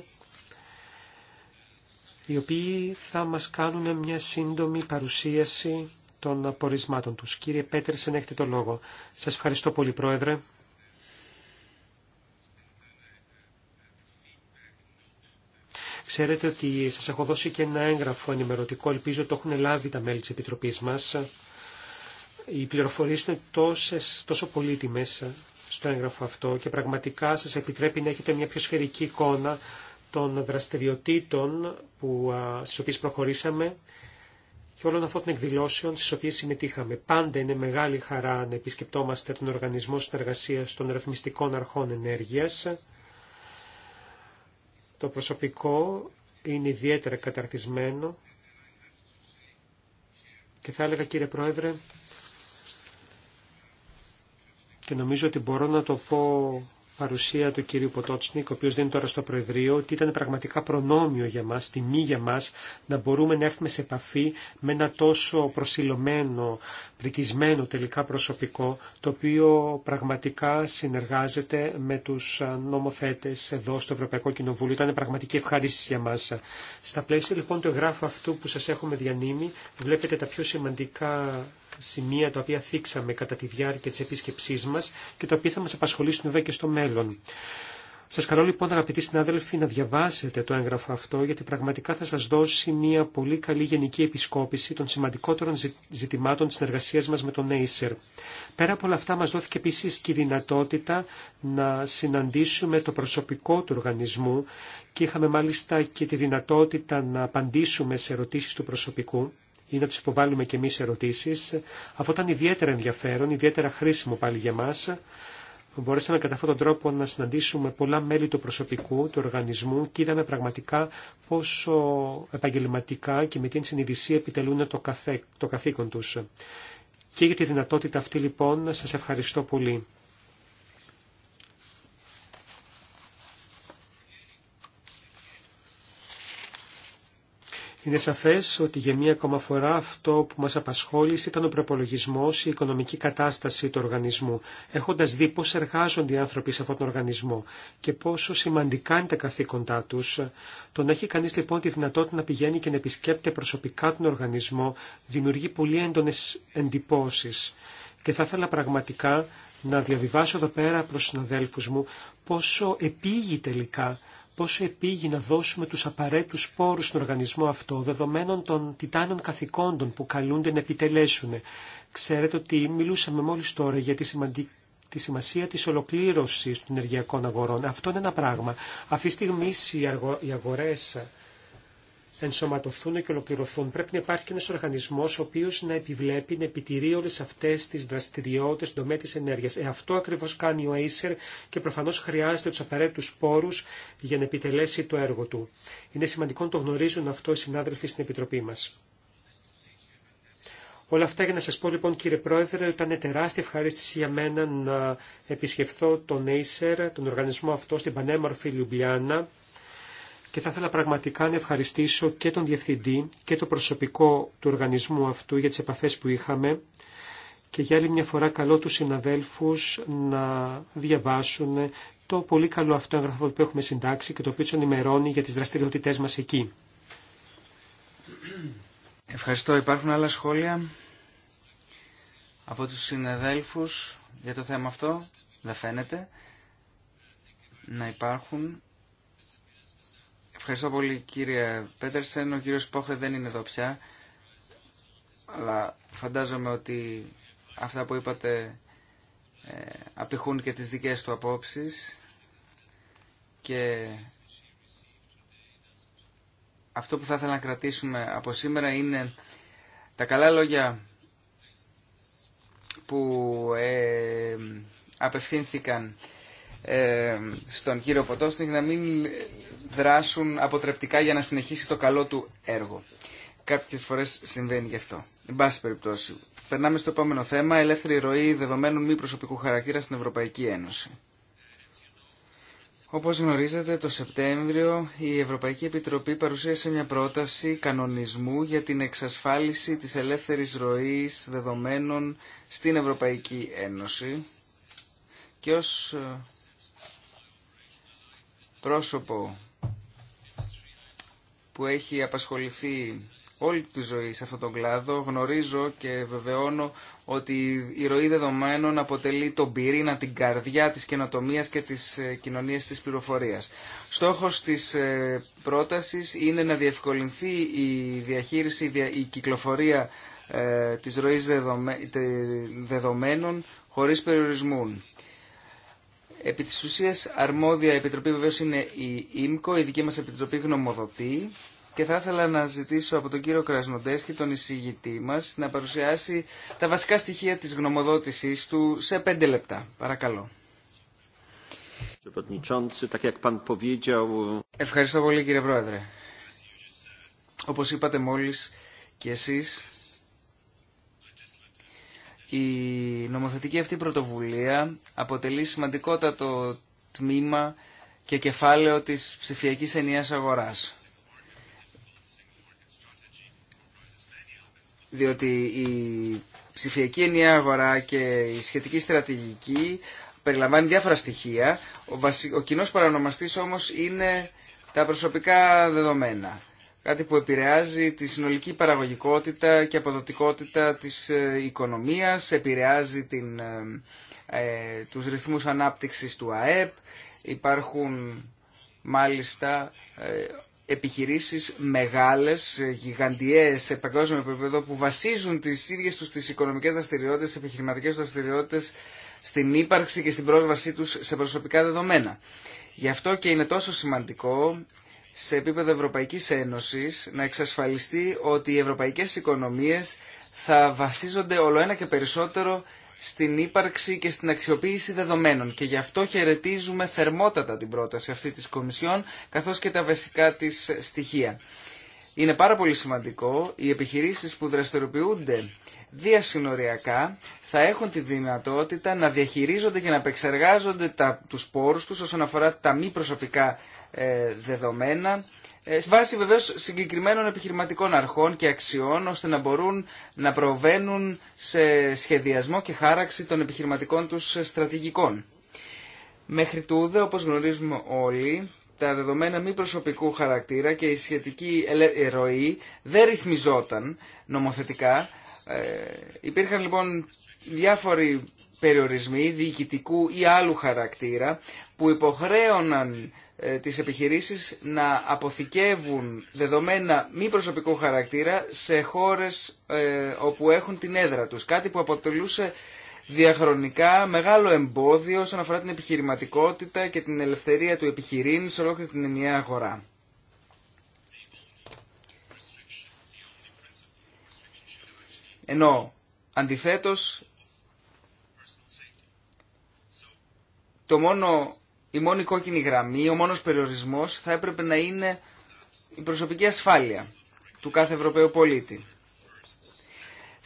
[SPEAKER 3] οι οποίοι θα μας κάνουν μια σύντομη παρουσίαση των απορισμάτων τους. Κύριε Πέτρεσεν, έχετε το λόγο. Σας ευχαριστώ πολύ, Πρόεδρε. Ξέρετε ότι σας έχω δώσει και ένα έγγραφο ενημερωτικό, ελπίζω το έχουν λάβει τα μέλη της Επιτροπής μας. Οι πληροφορίες είναι τόσες, τόσο πολύτιμες στο έγγραφο αυτό και πραγματικά σας επιτρέπει να έχετε μια πιο σφαιρική εικόνα των δραστηριοτήτων που, στις οποίες προχωρήσαμε και όλων αυτών των εκδηλώσεων στις οποίες συμμετείχαμε. Πάντα είναι μεγάλη χαρά να επισκεπτόμαστε τον Οργανισμό Συνεργασίας των Ρυθμιστικών Αρχών Ενέργειας το προσωπικό είναι ιδιαίτερα καταρτισμένο και θα έλεγα κύριε Πρόεδρε και νομίζω ότι μπορώ να το πω παρουσία του κυρίου Ποτότσνικ, ο οποίο δίνει τώρα στο Προεδρείο, ότι ήταν πραγματικά προνόμιο για μας, τιμή για μας, να μπορούμε να έρθουμε σε επαφή με ένα τόσο προσιλωμένο, πρικισμένο τελικά προσωπικό, το οποίο πραγματικά συνεργάζεται με τους νομοθέτες εδώ στο Ευρωπαϊκό Κοινοβούλιο. Ήταν πραγματική ευχαρίστηση για μας. Στα πλαίσια λοιπόν του εγγράφου αυτού που σα έχουμε διανύμει, βλέπετε τα πιο σημαντικά σημεία τα οποία θίξαμε κατά τη διάρκεια της επίσκεψής μας και τα οποία θα μας απασχολήσουν βέβαια και στο μέλλον. Σας καλώ λοιπόν αγαπητοί συνάδελφοι να διαβάσετε το έγγραφο αυτό γιατί πραγματικά θα σας δώσει μια πολύ καλή γενική επισκόπηση των σημαντικότερων ζητημάτων της συνεργασίας μας με τον Acer. Πέρα από όλα αυτά μας δόθηκε επίσης και η δυνατότητα να συναντήσουμε το προσωπικό του οργανισμού και είχαμε μάλιστα και τη δυνατότητα να απαντήσουμε σε ερωτήσεις του προσωπικού ή να τους υποβάλουμε και εμείς ερωτήσεις. Αυτό ήταν ιδιαίτερα ενδιαφέρον, ιδιαίτερα χρήσιμο πάλι για μας. Μπορέσαμε κατά αυτόν τον τρόπο να συναντήσουμε πολλά μέλη του προσωπικού, του οργανισμού και είδαμε πραγματικά πόσο επαγγελματικά και με την συνειδησία επιτελούν το, καθέ, το καθήκον τους. Και για τη δυνατότητα αυτή λοιπόν σας ευχαριστώ πολύ. Είναι σαφές ότι για μία ακόμα φορά αυτό που μας απασχόλησε ήταν ο προπολογισμό, η οικονομική κατάσταση του οργανισμού, έχοντας δει πώς εργάζονται οι άνθρωποι σε αυτόν τον οργανισμό και πόσο σημαντικά είναι τα καθήκοντά τους. Το να έχει κανείς λοιπόν τη δυνατότητα να πηγαίνει και να επισκέπτεται προσωπικά τον οργανισμό δημιουργεί πολύ έντονες εντυπώσεις. Και θα ήθελα πραγματικά να διαβιβάσω εδώ πέρα προς συναδέλφους μου πόσο επίγει τελικά πόσο επίγει να δώσουμε τους απαραίτητους πόρους στον οργανισμό αυτό, δεδομένων των τιτάνων καθηκόντων που καλούνται να επιτελέσουν. Ξέρετε ότι μιλούσαμε μόλις τώρα για τη σημαντική τη σημασία της ολοκλήρωσης των ενεργειακών αγορών. Αυτό είναι ένα πράγμα. Αυτή τη στιγμή οι αγορές ενσωματωθούν και ολοκληρωθούν. Πρέπει να υπάρχει και ένας οργανισμός ο οποίος να επιβλέπει, να επιτηρεί όλες αυτές τις δραστηριότητες στον τομέα της ενέργειας. Ε, αυτό ακριβώς κάνει ο Acer και προφανώς χρειάζεται τους απαραίτητους πόρους για να επιτελέσει το έργο του. Είναι σημαντικό να το γνωρίζουν αυτό οι συνάδελφοι στην Επιτροπή μας. Όλα αυτά για να σας πω λοιπόν κύριε Πρόεδρε ότι ήταν τεράστια ευχαρίστηση για μένα να επισκεφθώ τον Acer, τον οργανισμό αυτό στην πανέμορφη Λιουμπλιάνα και θα ήθελα πραγματικά να ευχαριστήσω και τον Διευθυντή και το προσωπικό του οργανισμού αυτού για τις επαφές που είχαμε και για άλλη μια φορά καλό τους συναδέλφους να διαβάσουν το πολύ καλό αυτό έγγραφο που έχουμε συντάξει και το οποίο ενημερώνει για τις δραστηριότητές μας εκεί. Ευχαριστώ. Υπάρχουν άλλα σχόλια
[SPEAKER 2] από τους συναδέλφους για το θέμα αυτό. Δεν φαίνεται να υπάρχουν. Ευχαριστώ πολύ κύριε Πέτερσεν. Ο κύριος Πόχε δεν είναι εδώ πια, αλλά φαντάζομαι ότι αυτά που είπατε ε, απηχούν και τις δικές του απόψεις και αυτό που θα ήθελα να κρατήσουμε από σήμερα είναι τα καλά λόγια που ε, απευθύνθηκαν ε, στον κύριο Ποτόστινγκ να μην δράσουν αποτρεπτικά για να συνεχίσει το καλό του έργο. Κάποιες φορές συμβαίνει γι' αυτό. Εν πάση Περνάμε στο επόμενο θέμα, ελεύθερη ροή δεδομένων μη προσωπικού χαρακτήρα στην Ευρωπαϊκή Ένωση. Όπως γνωρίζετε, το Σεπτέμβριο η Ευρωπαϊκή Επιτροπή παρουσίασε μια πρόταση κανονισμού για την εξασφάλιση της ελεύθερη ροή δεδομένων στην Ευρωπαϊκή Ένωση και ε, πρόσωπο που έχει απασχοληθεί όλη τη ζωή σε αυτόν τον κλάδο, γνωρίζω και βεβαιώνω ότι η ροή δεδομένων αποτελεί τον πυρήνα, την καρδιά της καινοτομίας και της ε, κοινωνίας της πληροφορίας. Στόχος της ε, πρότασης είναι να διευκολυνθεί η διαχείριση, η κυκλοφορία ε, της ροής δεδομένων χωρίς περιορισμού Επί της ουσίας αρμόδια επιτροπή βεβαίως είναι η ΙΜΚΟ, η δική μας επιτροπή γνωμοδοτή και θα ήθελα να ζητήσω από τον κύριο Κρασνοντέσκη, τον εισηγητή μας, να παρουσιάσει τα βασικά στοιχεία της γνωμοδότησής του σε πέντε λεπτά. Παρακαλώ. Ευχαριστώ πολύ κύριε Πρόεδρε. Όπως είπατε μόλις και εσείς, η νομοθετική αυτή πρωτοβουλία αποτελεί σημαντικότατο τμήμα και κεφάλαιο της ψηφιακής ενιαίας αγοράς. Διότι η ψηφιακή ενιαία αγορά και η σχετική στρατηγική περιλαμβάνει διάφορα στοιχεία. Ο, βασι... Ο κοινός παρανομαστής όμως είναι τα προσωπικά δεδομένα κάτι που επηρεάζει τη συνολική παραγωγικότητα και αποδοτικότητα της ε, οικονομίας, επηρεάζει την, ε, ε, τους ρυθμούς ανάπτυξης του ΑΕΠ, υπάρχουν μάλιστα ε, επιχειρήσεις μεγάλες, ε, γιγαντιές σε παγκόσμιο επίπεδο που βασίζουν τις ίδιες τους τις οικονομικές δραστηριότητες, τις επιχειρηματικές δραστηριότητες στην ύπαρξη και στην πρόσβασή τους σε προσωπικά δεδομένα. Γι' αυτό και είναι τόσο σημαντικό σε επίπεδο Ευρωπαϊκής Ένωσης να εξασφαλιστεί ότι οι ευρωπαϊκές οικονομίες θα βασίζονται ολοένα και περισσότερο στην ύπαρξη και στην αξιοποίηση δεδομένων και γι' αυτό χαιρετίζουμε θερμότατα την πρόταση αυτή της Κομισιόν καθώς και τα βασικά της στοιχεία. Είναι πάρα πολύ σημαντικό οι επιχειρήσεις που δραστηριοποιούνται διασυνοριακά θα έχουν τη δυνατότητα να διαχειρίζονται και να επεξεργάζονται τα, τους πόρους τους όσον αφορά τα μη προσωπικά ε, δεδομένα ε, βάσει βεβαίως συγκεκριμένων επιχειρηματικών αρχών και αξιών ώστε να μπορούν να προβαίνουν σε σχεδιασμό και χάραξη των επιχειρηματικών τους στρατηγικών. Μέχρι τούδε, όπως γνωρίζουμε όλοι, τα δεδομένα μη προσωπικού χαρακτήρα και η σχετική ε, ροή δεν ρυθμιζόταν νομοθετικά. Ε, υπήρχαν λοιπόν διάφοροι περιορισμοί διοικητικού ή άλλου χαρακτήρα που υποχρέωναν ε, τις επιχειρήσεις να αποθηκεύουν δεδομένα μη προσωπικού χαρακτήρα σε χώρες όπου έχουν την έδρα τους. Κάτι που αποτελούσε διαχρονικά μεγάλο εμπόδιο όσον αφορά την επιχειρηματικότητα και την ελευθερία του επιχειρήν σε ολόκληρη την ενιαία αγορά. Ενώ αντιθέτως το μόνο, η μόνη κόκκινη γραμμή, ο μόνος περιορισμός θα έπρεπε να είναι η προσωπική ασφάλεια του κάθε Ευρωπαίου πολίτη.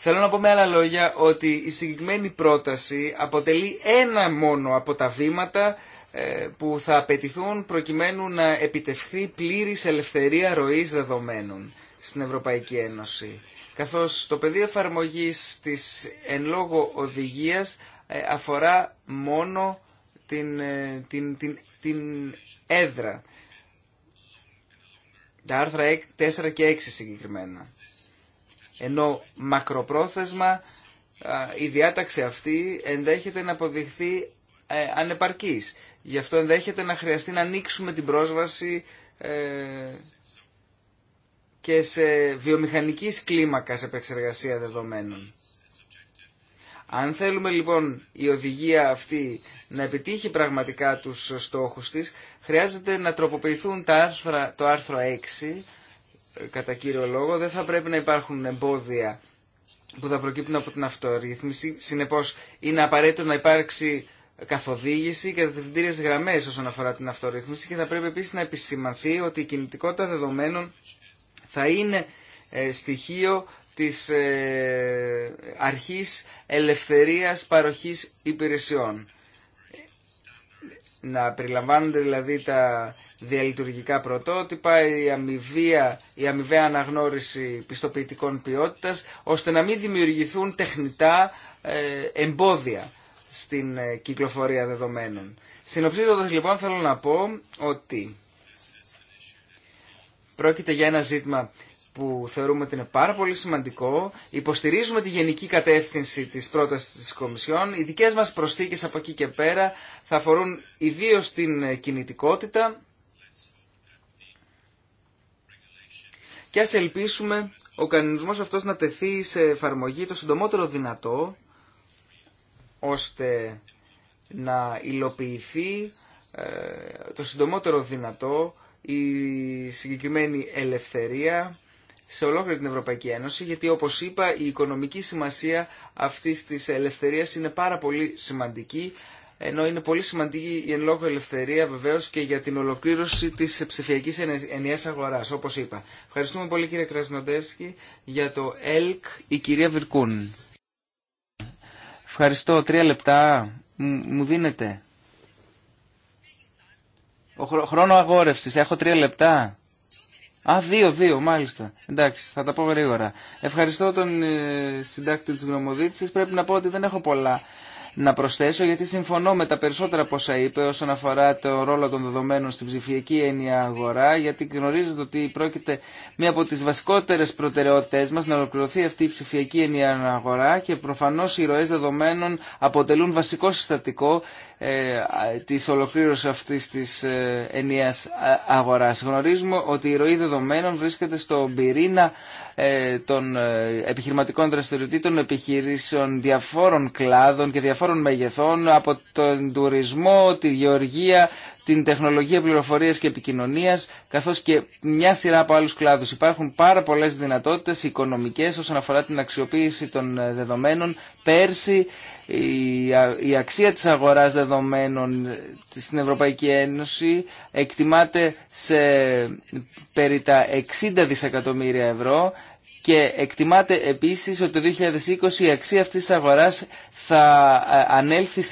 [SPEAKER 2] Θέλω να πω με άλλα λόγια ότι η συγκεκριμένη πρόταση αποτελεί ένα μόνο από τα βήματα ε, που θα απαιτηθούν προκειμένου να επιτευχθεί πλήρης ελευθερία ροής δεδομένων στην Ευρωπαϊκή Ένωση. Καθώς το πεδίο εφαρμογής της εν λόγω οδηγίας ε, αφορά μόνο την, ε, την, την, την έδρα. Τα άρθρα 4 και 6 συγκεκριμένα. Ενώ μακροπρόθεσμα η διάταξη αυτή ενδέχεται να αποδειχθεί ε, ανεπαρκής. Γι' αυτό ενδέχεται να χρειαστεί να ανοίξουμε την πρόσβαση ε, και σε βιομηχανικής κλίμακας επεξεργασία δεδομένων. Αν θέλουμε λοιπόν η οδηγία αυτή να επιτύχει πραγματικά τους στόχους της, χρειάζεται να τροποποιηθούν τα άρθρα, το άρθρο 6 κατά κύριο λόγο δεν θα πρέπει να υπάρχουν εμπόδια που θα προκύπτουν από την αυτορύθμιση. Συνεπώ, είναι απαραίτητο να υπάρξει καθοδήγηση και διευθυντήριε γραμμέ όσον αφορά την αυτορύθμιση και θα πρέπει επίση να επισημανθεί ότι η κινητικότητα δεδομένων θα είναι ε, στοιχείο της ε, αρχής ελευθερίας παροχής υπηρεσιών. Να περιλαμβάνονται δηλαδή τα διαλειτουργικά πρωτότυπα, η, αμοιβία, η αμοιβαία αναγνώριση πιστοποιητικών ποιότητας, ώστε να μην δημιουργηθούν τεχνητά ε, εμπόδια στην ε, κυκλοφορία δεδομένων. Συνοψίζοντας λοιπόν θέλω να πω ότι πρόκειται για ένα ζήτημα που θεωρούμε ότι είναι πάρα πολύ σημαντικό. Υποστηρίζουμε τη γενική κατεύθυνση της πρότασης της Κομισιόν. Οι δικές μας προσθήκες από εκεί και πέρα θα αφορούν ιδίως την κινητικότητα Και ας ελπίσουμε ο κανονισμός αυτός να τεθεί σε εφαρμογή το συντομότερο δυνατό, ώστε να υλοποιηθεί ε, το συντομότερο δυνατό η συγκεκριμένη ελευθερία σε ολόκληρη την Ευρωπαϊκή Ένωση, γιατί όπως είπα η οικονομική σημασία αυτής της ελευθερίας είναι πάρα πολύ σημαντική ενώ είναι πολύ σημαντική η εν λόγω ελευθερία βεβαίω και για την ολοκλήρωση τη ψηφιακή ενιαία αγορά, όπω είπα. Ευχαριστούμε πολύ κύριε Κρασνοντεύσκη για το ΕΛΚ, η κυρία Βυρκούν. Ευχαριστώ. Τρία λεπτά μου δίνετε. Ο χρόνο αγόρευση, Έχω τρία λεπτά. Α, δύο, δύο, μάλιστα. Εντάξει, θα τα πω γρήγορα. Ευχαριστώ τον ε, συντάκτη τη γνωμοδίτησης. Πρέπει να πω ότι δεν έχω πολλά να προσθέσω γιατί συμφωνώ με τα περισσότερα πόσα είπε όσον αφορά το ρόλο των δεδομένων στην ψηφιακή έννοια αγορά γιατί γνωρίζετε ότι πρόκειται μία από τις βασικότερες προτεραιότητες μας να ολοκληρωθεί αυτή η ψηφιακή έννοια αγορά και προφανώς οι ροές δεδομένων αποτελούν βασικό συστατικό ε, της ολοκλήρωσης αυτής της ε, ενιαίας ε, αγοράς. Γνωρίζουμε ότι η ροή δεδομένων βρίσκεται στον πυρήνα ε, των ε, επιχειρηματικών δραστηριοτήτων επιχειρήσεων διαφόρων κλάδων και διαφόρων μεγεθών από τον τουρισμό, τη γεωργία, την τεχνολογία πληροφορία και επικοινωνίας καθώς και μια σειρά από άλλους κλάδους. Υπάρχουν πάρα πολλές δυνατότητες οικονομικές όσον αφορά την αξιοποίηση των ε, δεδομένων. Πέρσι η αξία της αγοράς δεδομένων ε, στην Ευρωπαϊκή Ένωση εκτιμάται σε περί τα 60 δισεκατομμύρια ευρώ και εκτιμάται επίσης ότι το 2020 η αξία αυτής της αγοράς θα ε, ανέλθει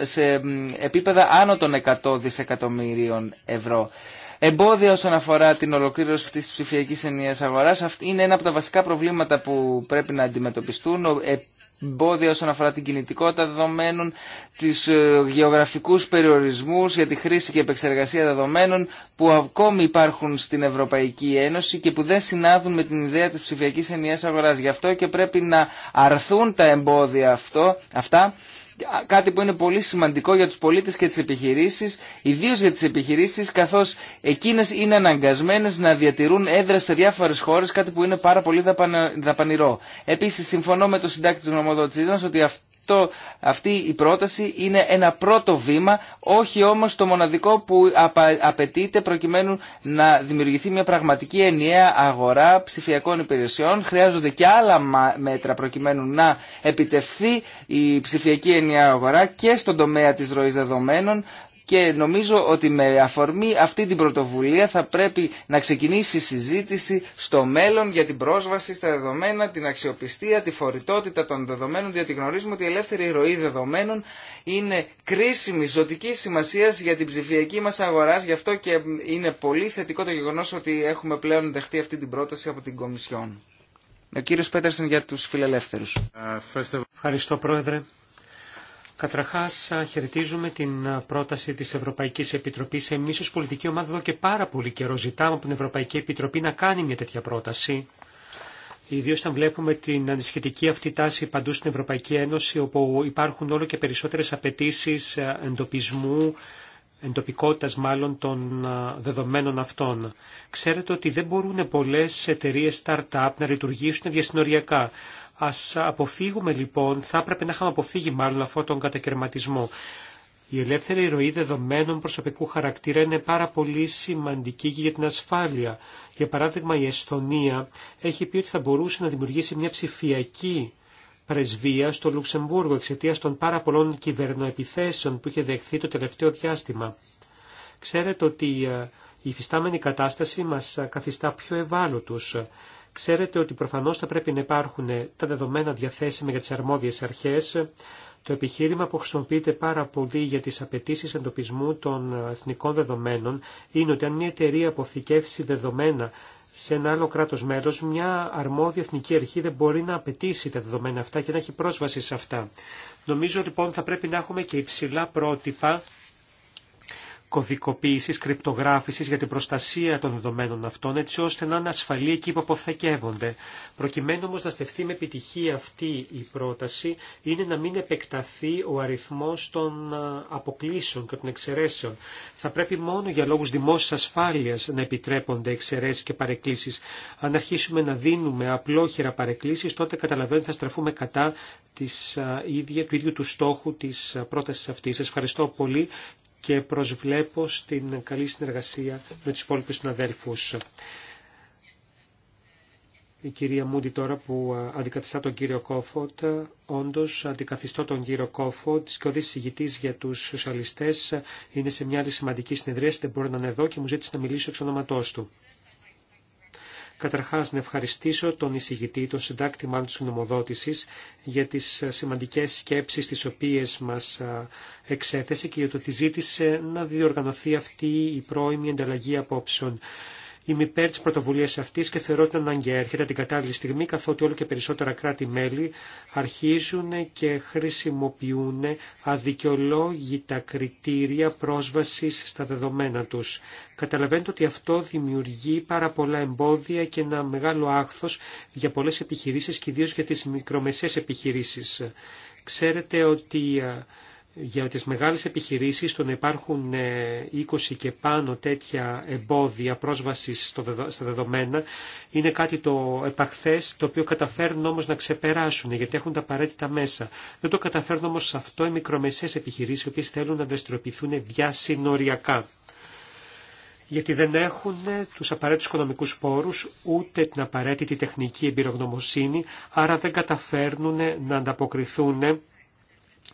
[SPEAKER 2] σε, επίπεδα άνω των 100 δισεκατομμύριων ευρώ. Εμπόδια όσον αφορά την ολοκλήρωση της ψηφιακής ψηφιακή αγοράς αγορά είναι ένα από τα βασικά προβλήματα που πρέπει να αντιμετωπιστούν. Ε, εμπόδια όσον αφορά την κινητικότητα δεδομένων, τις ε, γεωγραφικούς περιορισμούς για τη χρήση και επεξεργασία δεδομένων που ακόμη υπάρχουν στην Ευρωπαϊκή Ένωση και που δεν συνάδουν με την ιδέα της ψηφιακής ενιαίας αγοράς. Γι' αυτό και πρέπει να αρθούν τα εμπόδια αυτό, αυτά κάτι που είναι πολύ σημαντικό για τους πολίτες και τις επιχειρήσεις, ιδίως για τις επιχειρήσεις, καθώς εκείνες είναι αναγκασμένες να διατηρούν έδρα σε διάφορες χώρες, κάτι που είναι πάρα πολύ δαπανηρό. Επίσης, συμφωνώ με το συντάκτη της γνωμοδότησής ότι αυτή η πρόταση είναι ένα πρώτο βήμα, όχι όμως το μοναδικό που απαιτείται προκειμένου να δημιουργηθεί μια πραγματική ενιαία αγορά ψηφιακών υπηρεσιών. Χρειάζονται και άλλα μέτρα προκειμένου να επιτευχθεί η ψηφιακή ενιαία αγορά και στον τομέα της ροής δεδομένων και νομίζω ότι με αφορμή αυτή την πρωτοβουλία θα πρέπει να ξεκινήσει η συζήτηση στο μέλλον για την πρόσβαση στα δεδομένα, την αξιοπιστία, τη φορητότητα των δεδομένων, διότι γνωρίζουμε ότι η ελεύθερη ροή δεδομένων είναι κρίσιμη, ζωτική σημασία για την ψηφιακή μα αγορά. Γι' αυτό και είναι πολύ θετικό το γεγονό ότι έχουμε πλέον δεχτεί αυτή την
[SPEAKER 3] πρόταση από την Κομισιόν. Ο κύριος Πέτερσεν για τους φιλελεύθερους. Ευχαριστώ πρόεδρε. Καταρχάς χαιρετίζουμε την πρόταση της Ευρωπαϊκής Επιτροπής. Εμείς ως πολιτική ομάδα εδώ και πάρα πολύ καιρό ζητάμε από την Ευρωπαϊκή Επιτροπή να κάνει μια τέτοια πρόταση. Ιδίω όταν βλέπουμε την ανησυχητική αυτή τάση παντού στην Ευρωπαϊκή Ένωση, όπου υπάρχουν όλο και περισσότερες απαιτήσει εντοπισμού, εντοπικότητας μάλλον των δεδομένων αυτών. Ξέρετε ότι δεν μπορούν πολλές εταιρείες startup να λειτουργήσουν διασυνοριακά. Ας αποφύγουμε λοιπόν, θα έπρεπε να είχαμε αποφύγει μάλλον αυτόν τον κατακαιρματισμό. Η ελεύθερη ροή δεδομένων προσωπικού χαρακτήρα είναι πάρα πολύ σημαντική και για την ασφάλεια. Για παράδειγμα η Εστονία έχει πει ότι θα μπορούσε να δημιουργήσει μια ψηφιακή πρεσβεία στο Λουξεμβούργο εξαιτία των πάρα πολλών κυβερνοεπιθέσεων που είχε δεχθεί το τελευταίο διάστημα. Ξέρετε ότι ε, η υφιστάμενη κατάσταση μας καθιστά πιο ευάλωτους. Ξέρετε ότι προφανώς θα πρέπει να υπάρχουν τα δεδομένα διαθέσιμα για τις αρμόδιες αρχές, το επιχείρημα που χρησιμοποιείται πάρα πολύ για τις απαιτήσει εντοπισμού των εθνικών δεδομένων είναι ότι αν μια εταιρεία αποθηκεύσει δεδομένα σε ένα άλλο κράτος μέλος, μια αρμόδια εθνική αρχή δεν μπορεί να απαιτήσει τα δεδομένα αυτά και να έχει πρόσβαση σε αυτά. Νομίζω λοιπόν θα πρέπει να έχουμε και υψηλά πρότυπα κωδικοποίησης, κρυπτογράφησης για την προστασία των δεδομένων αυτών, έτσι ώστε να είναι ασφαλή εκεί που αποθεκεύονται. Προκειμένου όμως να στεφθεί με επιτυχία αυτή η πρόταση, είναι να μην επεκταθεί ο αριθμός των αποκλήσεων και των εξαιρέσεων. Θα πρέπει μόνο για λόγους δημόσιας ασφάλειας να επιτρέπονται εξαιρέσεις και παρεκκλήσεις. Αν αρχίσουμε να δίνουμε απλόχερα παρεκκλήσεις, τότε καταλαβαίνω ότι θα στραφούμε κατά της, ίδια, του ίδιου του στόχου της πρότασης αυτής. Σας ευχαριστώ πολύ και προσβλέπω στην καλή συνεργασία με τους υπόλοιπους συναδέλφους. Η κυρία Μούντι τώρα που αντικαθιστά τον κύριο Κόφωτ, όντως αντικαθιστώ τον κύριο Κόφωτ, ο συγητής για τους σοσιαλιστές, είναι σε μια άλλη σημαντική συνεδρία, δεν μπορεί να είναι εδώ και μου ζήτησε να μιλήσω εξ ονόματός του. Καταρχάς να ευχαριστήσω τον εισηγητή, τον συντάκτη μάλλον της για τις ε, σημαντικές σκέψεις τις οποίες μας ε, εξέθεσε και για το ότι ζήτησε να διοργανωθεί αυτή η πρώιμη ανταλλαγή απόψεων. Είμαι υπέρ τη πρωτοβουλία αυτή και θεωρώ ότι αναγκαία έρχεται την κατάλληλη στιγμή, καθότι όλο και περισσότερα κράτη-μέλη αρχίζουν και χρησιμοποιούν αδικαιολόγητα κριτήρια πρόσβαση στα δεδομένα του. Καταλαβαίνετε ότι αυτό δημιουργεί πάρα πολλά εμπόδια και ένα μεγάλο άχθο για πολλέ επιχειρήσει και ιδίω για τι μικρομεσαίε επιχειρήσει. Ξέρετε ότι για τις μεγάλες επιχειρήσεις το να υπάρχουν 20 ε, και πάνω τέτοια εμπόδια πρόσβασης στα δεδομένα είναι κάτι το επαχθές το οποίο καταφέρνουν όμως να ξεπεράσουν γιατί έχουν τα απαραίτητα μέσα. Δεν το καταφέρνουν όμως σε αυτό οι μικρομεσαίες επιχειρήσεις οι οποίες θέλουν να δραστηριοποιηθούν διασυνοριακά γιατί δεν έχουν ε, τους απαραίτητους οικονομικούς πόρους, ούτε την απαραίτητη τεχνική εμπειρογνωμοσύνη, άρα δεν καταφέρνουν ε, να ανταποκριθούν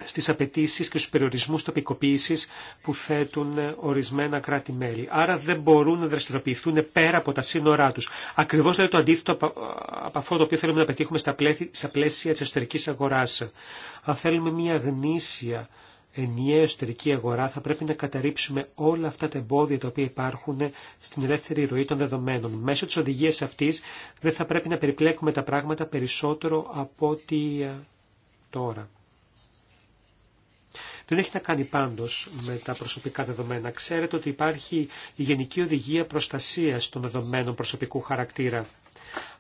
[SPEAKER 3] στις απαιτήσεις και στους περιορισμούς τοπικοποίησης που θέτουν ορισμένα κράτη-μέλη. Άρα δεν μπορούν να δραστηριοποιηθούν πέρα από τα σύνορά τους. Ακριβώς λέει δηλαδή το αντίθετο από αυτό το οποίο θέλουμε να πετύχουμε στα, στα πλαίσια της εσωτερικής αγοράς. Αν θέλουμε μια γνήσια ενιαία εσωτερική αγορά θα πρέπει να καταρρύψουμε όλα αυτά τα εμπόδια τα οποία υπάρχουν στην ελεύθερη ροή των δεδομένων. Μέσω της οδηγίας αυτής δεν θα πρέπει να περιπλέκουμε τα πράγματα περισσότερο από ό,τι ε, τώρα. Δεν έχει να κάνει πάντως με τα προσωπικά δεδομένα. Ξέρετε ότι υπάρχει η Γενική Οδηγία προστασία των Δεδομένων Προσωπικού Χαρακτήρα.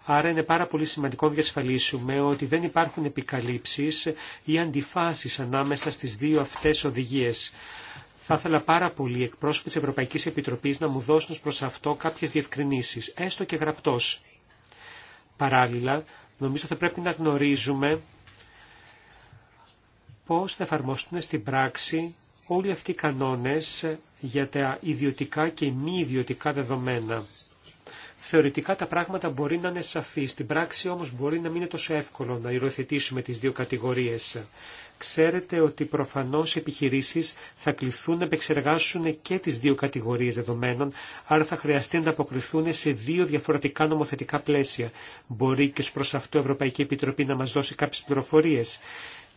[SPEAKER 3] Άρα είναι πάρα πολύ σημαντικό να διασφαλίσουμε ότι δεν υπάρχουν επικαλύψεις ή αντιφάσεις ανάμεσα στις δύο αυτές οδηγίες. Θα ήθελα πάρα πολύ οι εκπρόσωποι τη Ευρωπαϊκής Επιτροπής να μου δώσουν προς αυτό κάποιες διευκρινήσεις, έστω και γραπτός. Παράλληλα, νομίζω θα πρέπει να γνωρίζουμε πώς θα εφαρμοστούν στην πράξη όλοι αυτοί οι κανόνες για τα ιδιωτικά και μη ιδιωτικά δεδομένα. Θεωρητικά τα πράγματα μπορεί να είναι σαφή, στην πράξη όμως μπορεί να μην είναι τόσο εύκολο να υιοθετήσουμε τις δύο κατηγορίες. Ξέρετε ότι προφανώς οι επιχειρήσεις θα κληθούν να επεξεργάσουν και τις δύο κατηγορίες δεδομένων, άρα θα χρειαστεί να ανταποκριθούν σε δύο διαφορετικά νομοθετικά πλαίσια. Μπορεί και προς αυτό η Ευρωπαϊκή Επιτροπή να μας δώσει κάποιες πληροφορίες.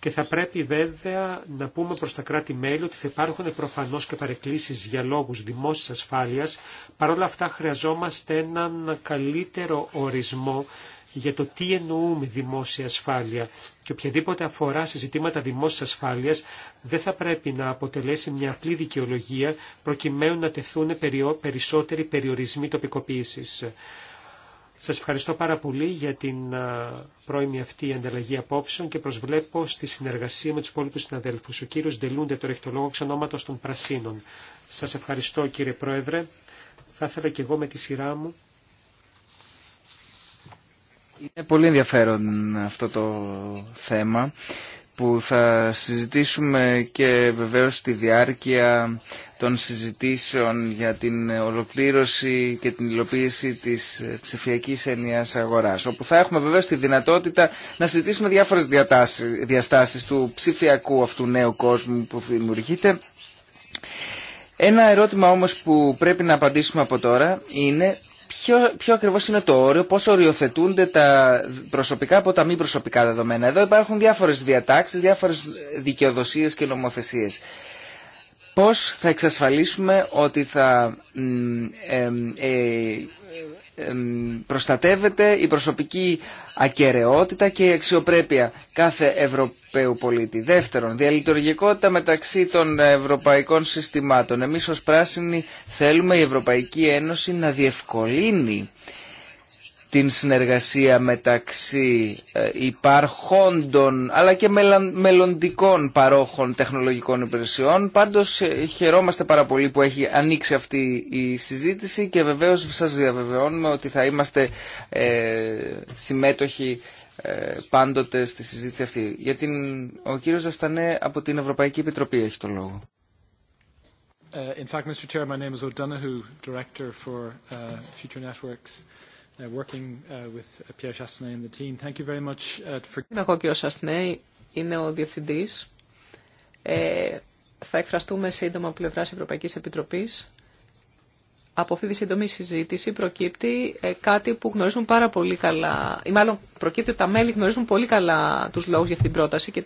[SPEAKER 3] Και θα πρέπει βέβαια να πούμε προς τα κράτη-μέλη ότι θα υπάρχουν προφανώς και παρεκκλήσεις για λόγους δημόσιας ασφάλειας. Παρ' όλα αυτά χρειαζόμαστε έναν καλύτερο ορισμό για το τι εννοούμε δημόσια ασφάλεια και οποιαδήποτε αφορά σε ζητήματα δημόσιας ασφάλειας δεν θα πρέπει να αποτελέσει μια απλή δικαιολογία προκειμένου να τεθούν περισσότεροι περιορισμοί τοπικοποίησης. Σας ευχαριστώ πάρα πολύ για την πρώιμη αυτή ανταλλαγή απόψεων και προσβλέπω στη συνεργασία με τους υπόλοιπους συναδέλφους. Ο κύριος Ντελούντε το λόγο ξανόματος των Πρασίνων. Σας ευχαριστώ κύριε Πρόεδρε. Θα ήθελα και εγώ με τη σειρά μου.
[SPEAKER 2] Είναι πολύ ενδιαφέρον αυτό το θέμα που θα συζητήσουμε και βεβαίως στη διάρκεια των συζητήσεων για την ολοκλήρωση και την υλοποίηση της ψηφιακής ενιαίας αγοράς, όπου θα έχουμε βεβαίως τη δυνατότητα να συζητήσουμε διάφορες διαστάσεις του ψηφιακού αυτού νέου κόσμου που δημιουργείται. Ένα ερώτημα όμως που πρέπει να απαντήσουμε από τώρα είναι ποιο, ποιο ακριβώς είναι το όριο, πώ οριοθετούνται τα προσωπικά από τα μη προσωπικά δεδομένα. Εδώ υπάρχουν διάφορες διατάξει, διάφορες δικαιοδοσίε και νομοθεσίες. Πώς θα εξασφαλίσουμε ότι θα ε, προστατεύεται η προσωπική ακαιρεότητα και η αξιοπρέπεια κάθε Ευρωπαίου πολίτη. Δεύτερον, διαλειτουργικότητα μεταξύ των ευρωπαϊκών συστημάτων. Εμείς ως πράσινοι θέλουμε η Ευρωπαϊκή Ένωση να διευκολύνει την συνεργασία μεταξύ ε, υπαρχόντων αλλά και μελλοντικών παρόχων τεχνολογικών υπηρεσιών. Πάντως ε, χαιρόμαστε πάρα πολύ που έχει ανοίξει αυτή η συζήτηση και βεβαίως σας διαβεβαιώνουμε ότι θα είμαστε ε, συμμέτοχοι ε, πάντοτε στη συζήτηση αυτή. Γιατί ο κύριος Ζαστανέ από την Ευρωπαϊκή Επιτροπή έχει το λόγο.
[SPEAKER 3] Uh, in fact, Mr. Chair, my name is O'Donoghue, Director for uh, Future Networks. Uh, working
[SPEAKER 5] uh, with uh, Pierre Είναι ο κύριος είναι ο διευθυντής. Ε, θα εκφραστούμε σύντομα από πλευράς Ευρωπαϊκής Επιτροπής. Από αυτή τη σύντομη συζήτηση προκύπτει ε, κάτι που γνωρίζουν πάρα πολύ καλά, ή μάλλον προκύπτει ότι τα μέλη γνωρίζουν πολύ καλά τους λόγους για αυτή την πρόταση και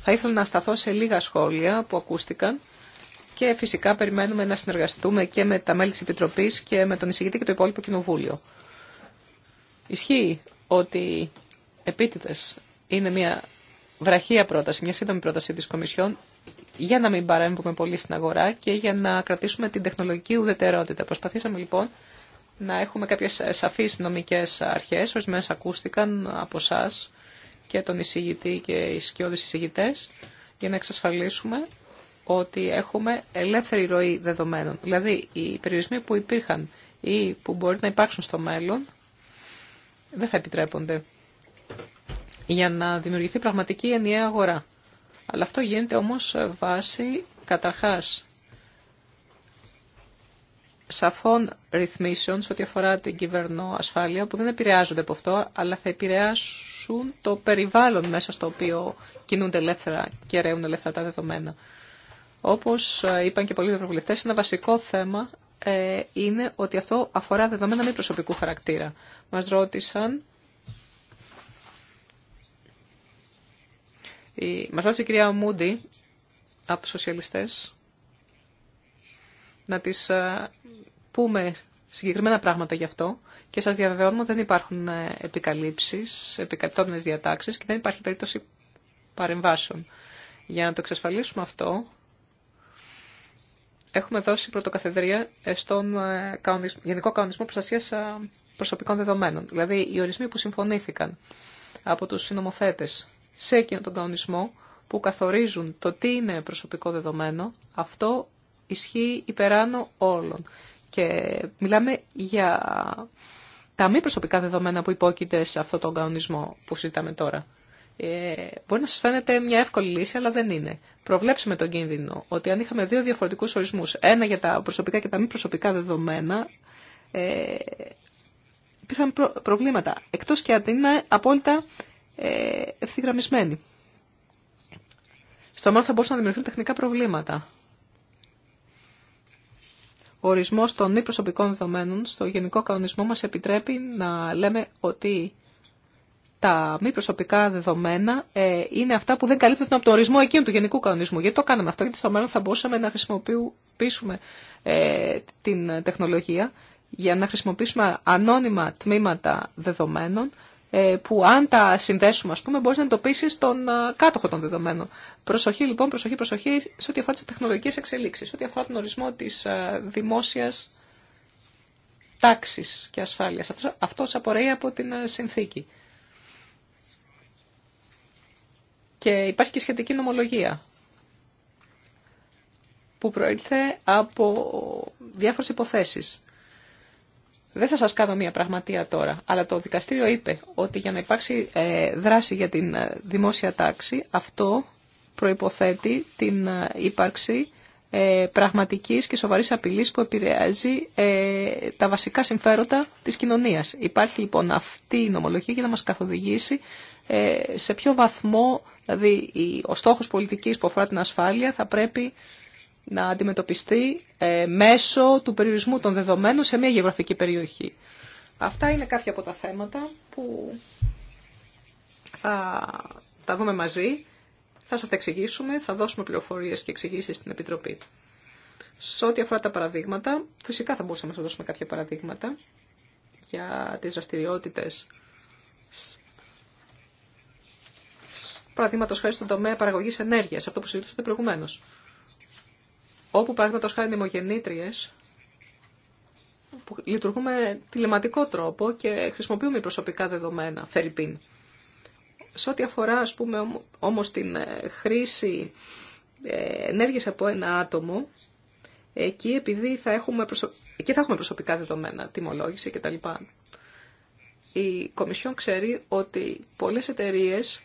[SPEAKER 5] θα ήθελα να σταθώ σε λίγα σχόλια που ακούστηκαν και φυσικά περιμένουμε να συνεργαστούμε και με τα μέλη της Επιτροπής και με τον εισηγητή και το υπόλοιπο Κοινοβούλιο. Ισχύει ότι επίτηδες είναι μια βραχία πρόταση, μια σύντομη πρόταση τη Κομισιόν για να μην παρέμβουμε πολύ στην αγορά και για να κρατήσουμε την τεχνολογική ουδετερότητα. Προσπαθήσαμε λοιπόν να έχουμε κάποιε σαφείς νομικέ αρχέ, ορισμένε ακούστηκαν από εσά και τον εισηγητή και οι σκιώδεις εισηγητέ, για να εξασφαλίσουμε ότι έχουμε ελεύθερη ροή δεδομένων. Δηλαδή, οι περιορισμοί που υπήρχαν ή που μπορεί να υπάρξουν στο μέλλον δεν θα επιτρέπονται για να δημιουργηθεί πραγματική ενιαία αγορά. Αλλά αυτό γίνεται όμως βάση, καταρχάς σαφών ρυθμίσεων σε ό,τι αφορά την κυβερνό ασφάλεια που δεν επηρεάζονται από αυτό, αλλά θα επηρεάσουν το περιβάλλον μέσα στο οποίο κινούνται ελεύθερα και ρέουν ελεύθερα τα δεδομένα. Όπως είπαν και πολλοί ευρωβουλευτές, ένα βασικό θέμα ε, είναι ότι αυτό αφορά δεδομένα μη προσωπικού χαρακτήρα. Μας ρώτησαν... Η... Μας ρώτησε η κυρία Μούντι από τους σοσιαλιστές να τις ε, πούμε συγκεκριμένα πράγματα γι' αυτό και σας διαβεβαιώνουμε ότι δεν υπάρχουν ε, επικαλύψεις, επικαλυπτόμενες διατάξεις και δεν υπάρχει περίπτωση παρεμβάσεων. Για να το εξασφαλίσουμε αυτό, έχουμε δώσει πρωτοκαθεδρία στον ε, Γενικό Κανονισμό προστασία ε, Προσωπικών Δεδομένων. Δηλαδή, οι ορισμοί που συμφωνήθηκαν από τους συνομοθέτες σε εκείνον τον κανονισμό που καθορίζουν το τι είναι προσωπικό δεδομένο, αυτό ισχύει υπεράνω όλων. Και μιλάμε για τα μη προσωπικά δεδομένα που υπόκειται σε αυτόν τον κανονισμό που συζητάμε τώρα. Ε, μπορεί να σα φαίνεται μια εύκολη λύση, αλλά δεν είναι. Προβλέψουμε τον κίνδυνο ότι αν είχαμε δύο διαφορετικούς ορισμούς, ένα για τα προσωπικά και τα μη προσωπικά δεδομένα, ε, υπήρχαν προβλήματα, εκτός και αν είναι απόλυτα ε, ευθυγραμμισμένοι. Στο μέλλον θα μπορούσαν να δημιουργηθούν τεχνικά προβλήματα. Ο ορισμός των μη προσωπικών δεδομένων στο γενικό κανονισμό μας επιτρέπει να λέμε ότι τα μη προσωπικά δεδομένα ε, είναι αυτά που δεν καλύπτονται από τον ορισμό εκείνου του γενικού κανονισμού. Γιατί το κάναμε αυτό, γιατί στο μέλλον θα μπορούσαμε να χρησιμοποιήσουμε ε, την τεχνολογία για να χρησιμοποιήσουμε ανώνυμα τμήματα δεδομένων ε, που αν τα συνδέσουμε, ας πούμε, μπορείς να εντοπίσει τον κάτοχο των δεδομένων. Προσοχή λοιπόν, προσοχή, προσοχή σε ό,τι αφορά τις τεχνολογικές εξελίξεις, σε ό,τι αφορά τον ορισμό της δημόσιας τάξης και ασφάλειας. Αυτός, αυτός απορρέει από την συνθήκη. Και υπάρχει και σχετική νομολογία που προήλθε από διάφορες υποθέσεις. Δεν θα σας κάνω μια πραγματεία τώρα, αλλά το δικαστήριο είπε ότι για να υπάρξει ε, δράση για την ε, δημόσια τάξη, αυτό προϋποθέτει την ε, ύπαρξη πραγματικής και σοβαρής απειλής που επηρεάζει τα βασικά συμφέροντα της κοινωνίας. Υπάρχει λοιπόν αυτή η νομολογία για να μας καθοδηγήσει ε, σε ποιο βαθμό δηλαδή, ο στόχος πολιτικής που αφορά την ασφάλεια θα πρέπει να αντιμετωπιστεί ε, μέσω του περιορισμού των δεδομένων σε μια γεωγραφική περιοχή. Αυτά είναι κάποια από τα θέματα που θα τα δούμε μαζί, θα σας τα εξηγήσουμε, θα δώσουμε πληροφορίες και εξηγήσεις στην Επιτροπή. Σε ό,τι αφορά τα παραδείγματα, φυσικά θα μπορούσαμε να δώσουμε κάποια παραδείγματα για τις δραστηριότητε παραδείγματο χάρη στον τομέα παραγωγή ενέργεια, αυτό που συζητούσατε προηγουμένω. Όπου παραδείγματο χάρη νημογεννήτριε που λειτουργούν τηλεματικό τρόπο και χρησιμοποιούμε προσωπικά δεδομένα, φερρυπίν. Σε ό,τι αφορά, ας πούμε, όμως την ε, χρήση ε, ενέργειας από ένα άτομο, εκεί επειδή θα έχουμε, εκεί θα έχουμε προσωπικά δεδομένα, τιμολόγηση κτλ. Η Κομισιόν ξέρει ότι πολλές εταιρείες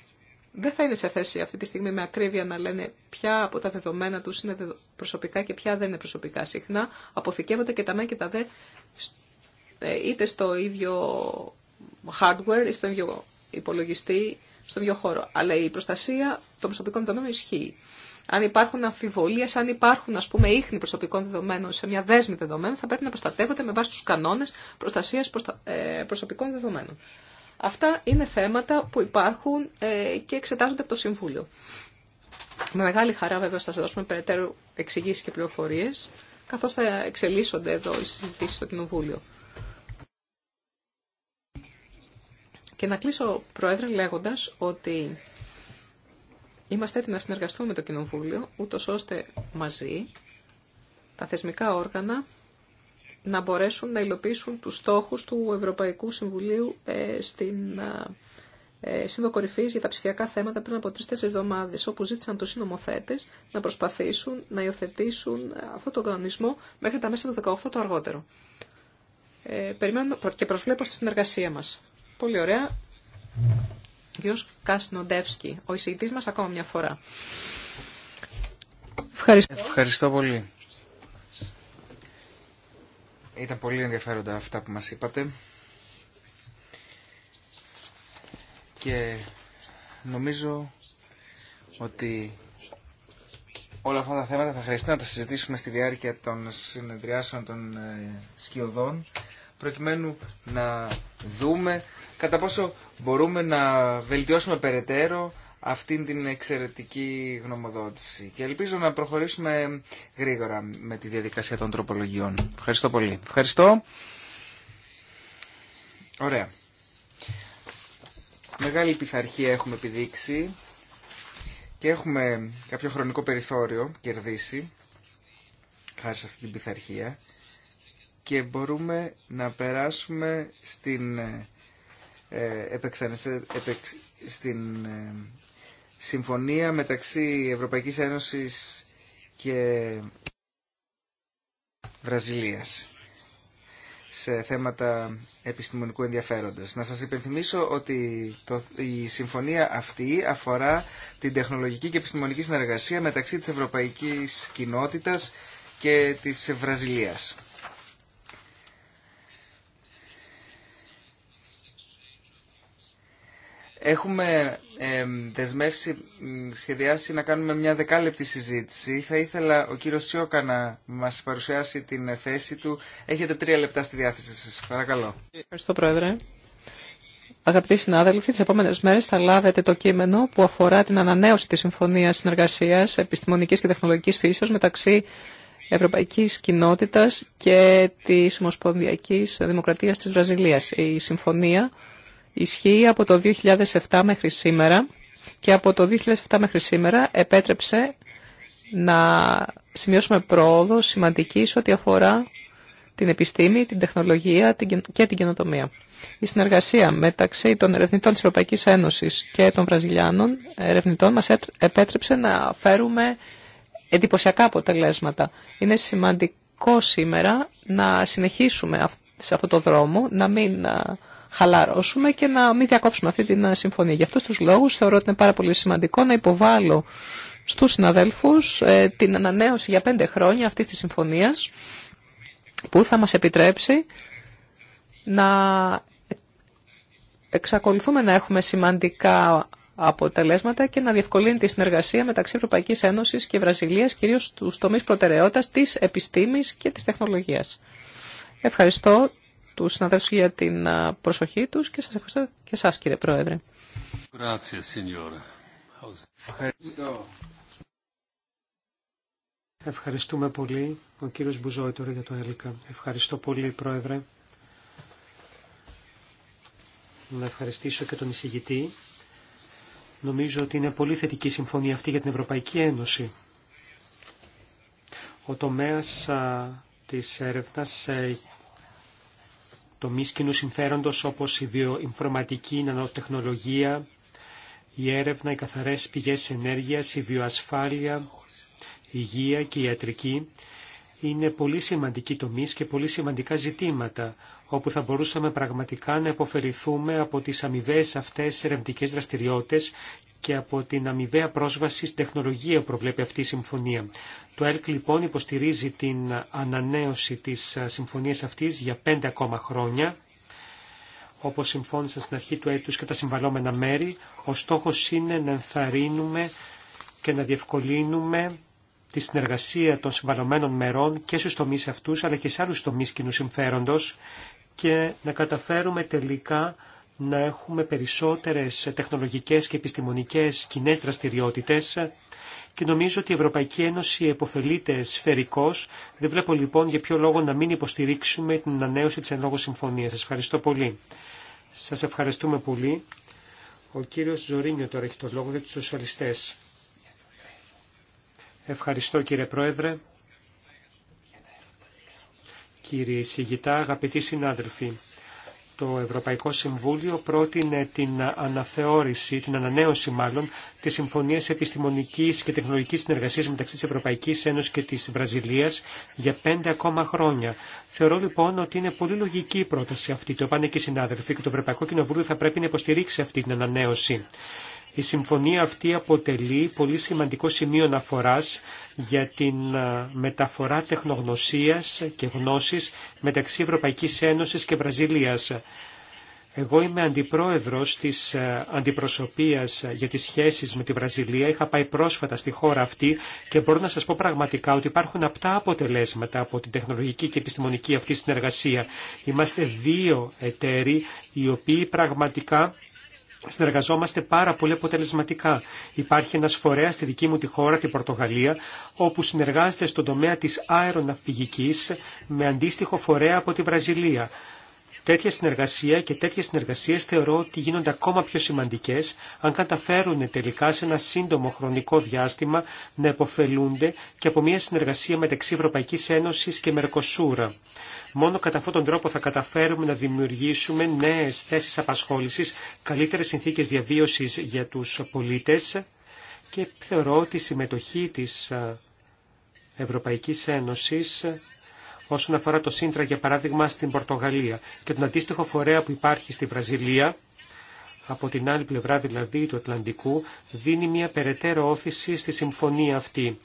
[SPEAKER 5] δεν θα είναι σε θέση αυτή τη στιγμή με ακρίβεια να λένε ποια από τα δεδομένα τους είναι προσωπικά και ποια δεν είναι προσωπικά. Συχνά αποθηκεύονται και τα μέ και τα δε ε, είτε στο ίδιο hardware ή στον ίδιο υπολογιστή, στον ίδιο χώρο. Αλλά η στο ιδιο υπολογιστη στον ιδιο χωρο αλλα η προστασια των προσωπικών δεδομένων ισχύει. Αν υπάρχουν αμφιβολίες, αν υπάρχουν ας πούμε ίχνη προσωπικών δεδομένων σε μια δέσμη δεδομένων, θα πρέπει να προστατεύονται με βάση τους κανόνες προστασίας ε, προσωπικών δεδομένων. Αυτά είναι θέματα που υπάρχουν ε, και εξετάζονται από το Συμβούλιο. Με μεγάλη χαρά βέβαια θα σας δώσουμε περαιτέρω εξηγήσεις και πληροφορίες, καθώς θα εξελίσσονται εδώ οι συζητήσεις στο Κοινοβούλιο. Και να κλείσω, Πρόεδρε, λέγοντας ότι είμαστε έτοιμοι να συνεργαστούμε με το Κοινοβούλιο, ούτως ώστε μαζί τα θεσμικά όργανα να μπορέσουν να υλοποιήσουν τους στόχους του Ευρωπαϊκού Συμβουλίου ε, στην ε, ε, Σύνοδο για τα ψηφιακά θέματα πριν από τρει-τέσσερι εβδομάδε, όπου ζήτησαν του συνομοθέτε να προσπαθήσουν να υιοθετήσουν αυτόν τον κανονισμό μέχρι τα μέσα του 18 το αργότερο. Ε, περιμένω και προσβλέπω στη συνεργασία μα. Πολύ ωραία. Ο Κάσνοντεύσκη, ο εισηγητή μα ακόμα μια φορά.
[SPEAKER 2] Ευχαριστώ πολύ. Ήταν πολύ ενδιαφέροντα αυτά που μας είπατε. Και νομίζω ότι όλα αυτά τα θέματα θα χρειαστεί να τα συζητήσουμε στη διάρκεια των συνεδριάσεων των ε, σκιωδών προκειμένου να δούμε κατά πόσο μπορούμε να βελτιώσουμε περαιτέρω αυτήν την εξαιρετική γνωμοδότηση. Και ελπίζω να προχωρήσουμε γρήγορα με τη διαδικασία των τροπολογιών. Ευχαριστώ πολύ. Ευχαριστώ. Ωραία. Μεγάλη πειθαρχία έχουμε επιδείξει και έχουμε κάποιο χρονικό περιθώριο κερδίσει χάρη σε αυτή την πειθαρχία και μπορούμε να περάσουμε στην, ε, στην ε, συμφωνία μεταξύ Ευρωπαϊκής Ένωσης και Βραζιλίας σε θέματα επιστημονικού ενδιαφέροντος. Να σας υπενθυμίσω ότι το, η συμφωνία αυτή αφορά την τεχνολογική και επιστημονική συνεργασία μεταξύ της Ευρωπαϊκής Κοινότητας και της Βραζιλίας. Έχουμε ε, δεσμεύσει, σχεδιάσει να κάνουμε μια δεκάλεπτη συζήτηση. Θα ήθελα ο κύριος Τσιόκα να μας παρουσιάσει την θέση του. Έχετε τρία λεπτά στη διάθεση σας. Παρακαλώ.
[SPEAKER 5] Ευχαριστώ Πρόεδρε. Αγαπητοί συνάδελφοι, τις επόμενες μέρες θα λάβετε το κείμενο που αφορά την ανανέωση της Συμφωνίας Συνεργασίας Επιστημονικής και Τεχνολογικής Φύσεως μεταξύ Ευρωπαϊκής Κοινότητας και της Ομοσπονδιακής Δημοκρατίας της Βραζιλίας. Η συμφωνία Ισχύει από το 2007 μέχρι σήμερα και από το 2007 μέχρι σήμερα επέτρεψε να σημειώσουμε πρόοδο σημαντική σε ό,τι αφορά την επιστήμη, την τεχνολογία και την καινοτομία. Η συνεργασία μεταξύ των ερευνητών της Ευρωπαϊκής Ένωσης και των Βραζιλιάνων ερευνητών μας επέτρεψε να φέρουμε εντυπωσιακά αποτελέσματα. Είναι σημαντικό σήμερα να συνεχίσουμε σε αυτό τον δρόμο, να μην χαλαρώσουμε και να μην διακόψουμε αυτή την ε, συμφωνία. Γι' αυτούς τους λόγους θεωρώ ότι είναι πάρα πολύ σημαντικό να υποβάλω στους συναδέλφους ε, την ανανέωση για πέντε χρόνια αυτής της συμφωνίας που θα μας επιτρέψει να εξακολουθούμε να έχουμε σημαντικά αποτελέσματα και να διευκολύνει τη συνεργασία μεταξύ Ευρωπαϊκής Ένωσης και Βραζιλίας, κυρίως στους τομείς προτεραιότητας της επιστήμης και της τεχνολογίας. Ευχαριστώ τους συναδέλφους για την προσοχή τους και σας
[SPEAKER 3] ευχαριστώ και σας κύριε Πρόεδρε. Ευχαριστούμε πολύ ο κύριος Μπουζόητορ για το έλικα. Ευχαριστώ πολύ Πρόεδρε. Να ευχαριστήσω και τον εισηγητή. Νομίζω ότι είναι πολύ θετική συμφωνία αυτή για την Ευρωπαϊκή Ένωση. Ο τομέας της έρευνας ε, τομείς κοινού συμφέροντος όπως η βιοινφορματική, η νανοτεχνολογία, η έρευνα, οι καθαρές πηγές ενέργειας, η βιοασφάλεια, η υγεία και η ιατρική είναι πολύ σημαντικοί τομείς και πολύ σημαντικά ζητήματα όπου θα μπορούσαμε πραγματικά να υποφεληθούμε από τις αμοιβέ αυτές ερευνητικέ δραστηριότητες και από την αμοιβαία πρόσβαση στην τεχνολογία που προβλέπει αυτή η συμφωνία. Το ΕΛΚ λοιπόν υποστηρίζει την ανανέωση της συμφωνίας αυτής για πέντε ακόμα χρόνια, όπως συμφώνησαν στην αρχή του έτους και τα συμβαλόμενα μέρη. Ο στόχος είναι να ενθαρρύνουμε και να διευκολύνουμε τη συνεργασία των συμβαλωμένων μερών και στους τομείς αυτούς, αλλά και σε άλλους τομείς κοινού συμφέροντος και να καταφέρουμε τελικά να έχουμε περισσότερες τεχνολογικές και επιστημονικές κοινέ δραστηριότητες και νομίζω ότι η Ευρωπαϊκή Ένωση επωφελείται σφαιρικώς. Δεν βλέπω λοιπόν για ποιο λόγο να μην υποστηρίξουμε την ανανέωση της εν συμφωνίας. Σας ευχαριστώ πολύ. Σας ευχαριστούμε πολύ. Ο κύριος Ζωρίνιο τώρα έχει το λόγο για τους σοσιαλιστές. Ευχαριστώ κύριε Πρόεδρε. Κύριε Σιγητά, αγαπητοί συνάδελφοι το Ευρωπαϊκό Συμβούλιο πρότεινε την αναθεώρηση, την ανανέωση μάλλον, της Συμφωνίας Επιστημονικής και Τεχνολογικής Συνεργασίας μεταξύ της Ευρωπαϊκής Ένωσης και της Βραζιλίας για πέντε ακόμα χρόνια. Θεωρώ λοιπόν ότι είναι πολύ λογική η πρόταση αυτή, το πάνε και οι συνάδελφοι, και το Ευρωπαϊκό Κοινοβούλιο θα πρέπει να υποστηρίξει αυτή την ανανέωση. Η συμφωνία αυτή αποτελεί πολύ σημαντικό σημείο αναφοράς για την ε, μεταφορά τεχνογνωσίας και γνώσης μεταξύ Ευρωπαϊκής Ένωσης και Βραζιλίας. Εγώ είμαι αντιπρόεδρος της ε, αντιπροσωπείας για τις σχέσεις με τη Βραζιλία. Είχα πάει πρόσφατα στη χώρα αυτή και μπορώ να σας πω πραγματικά ότι υπάρχουν απτά αποτελέσματα από την τεχνολογική και επιστημονική αυτή συνεργασία. Είμαστε δύο εταίροι οι οποίοι πραγματικά συνεργαζόμαστε πάρα πολύ αποτελεσματικά. Υπάρχει ένας φορέας στη δική μου τη χώρα, την Πορτογαλία, όπου συνεργάζεται στον τομέα της αεροναυπηγικής με αντίστοιχο φορέα από τη Βραζιλία τέτοια συνεργασία και τέτοιες συνεργασίες θεωρώ ότι γίνονται ακόμα πιο σημαντικές αν καταφέρουν τελικά σε ένα σύντομο χρονικό διάστημα να επωφελούνται και από μια συνεργασία μεταξύ Ευρωπαϊκής Ένωσης και Μερκοσούρα. Μόνο κατά αυτόν τον τρόπο θα καταφέρουμε να δημιουργήσουμε νέες θέσεις απασχόλησης, καλύτερες συνθήκες διαβίωσης για τους πολίτες και θεωρώ ότι η συμμετοχή της ε, Ευρωπαϊκής Ένωσης όσον αφορά το Σύντρα, για παράδειγμα, στην Πορτογαλία και τον αντίστοιχο φορέα που υπάρχει στη Βραζιλία, από την άλλη πλευρά δηλαδή του Ατλαντικού, δίνει μια περαιτέρω όθηση στη συμφωνία αυτή.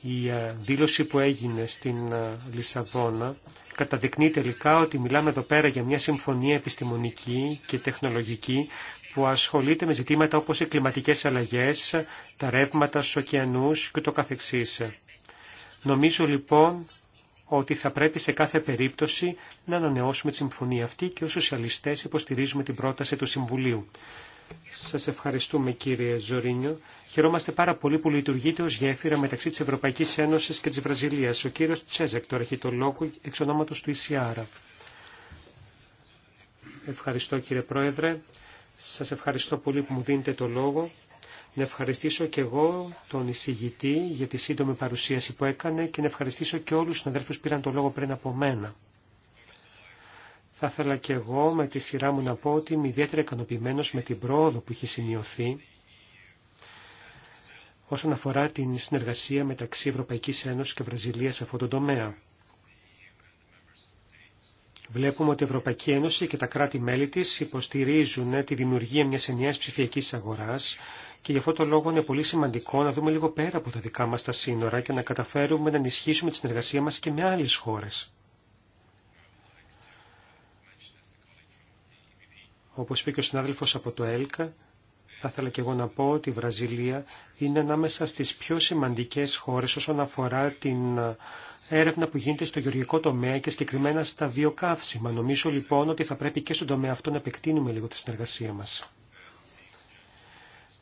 [SPEAKER 3] Η ε, δήλωση που έγινε στην ε, Λισαβόνα καταδεικνύει τελικά ότι μιλάμε εδώ πέρα για μια συμφωνία επιστημονική και τεχνολογική που ασχολείται με ζητήματα όπως οι κλιματικές αλλαγές, τα ρεύματα στους ωκεανούς και το καθεξής. Νομίζω λοιπόν ότι θα πρέπει σε κάθε περίπτωση να ανανεώσουμε τη συμφωνία αυτή και ως σοσιαλιστές υποστηρίζουμε την πρόταση του Συμβουλίου. Σας ευχαριστούμε κύριε Ζωρίνιο. Χαιρόμαστε πάρα πολύ που λειτουργείτε ως γέφυρα μεταξύ της Ευρωπαϊκής Ένωσης και της Βραζιλίας. Ο κύριος Τσέζεκ τώρα έχει το λόγο εξ του ΙΣΙΑΡΑ. Ευχαριστώ κύριε Πρόεδρε. Σας ευχαριστώ πολύ που μου δίνετε το λόγο. Να ευχαριστήσω και εγώ τον εισηγητή για τη σύντομη παρουσίαση που έκανε και να ευχαριστήσω και όλους τους αδέρφους που πήραν το λόγο πριν από μένα. Θα ήθελα και εγώ με τη σειρά μου να πω ότι είμαι ιδιαίτερα ικανοποιημένο με την πρόοδο που έχει σημειωθεί όσον αφορά την συνεργασία μεταξύ Ευρωπαϊκής Ένωσης και Βραζιλίας σε αυτόν τον τομέα. Βλέπουμε ότι η Ευρωπαϊκή Ένωση και τα κράτη-μέλη της υποστηρίζουν ε, τη δημιουργία μιας ενιαίας ψηφιακής αγοράς και γι' αυτό το λόγο είναι πολύ σημαντικό να δούμε λίγο πέρα από τα δικά μας τα σύνορα και να καταφέρουμε να ενισχύσουμε τη συνεργασία μας και με άλλες χώρες. Όπως είπε και ο συνάδελφος από το ΕΛΚΑ, θα ήθελα και εγώ να πω ότι η Βραζιλία είναι ανάμεσα στις πιο σημαντικές χώρες όσον αφορά την έρευνα που γίνεται στο γεωργικό τομέα και συγκεκριμένα στα βιοκαύσιμα. Νομίζω λοιπόν ότι θα πρέπει και στον τομέα αυτό να επεκτείνουμε λίγο τη συνεργασία μας.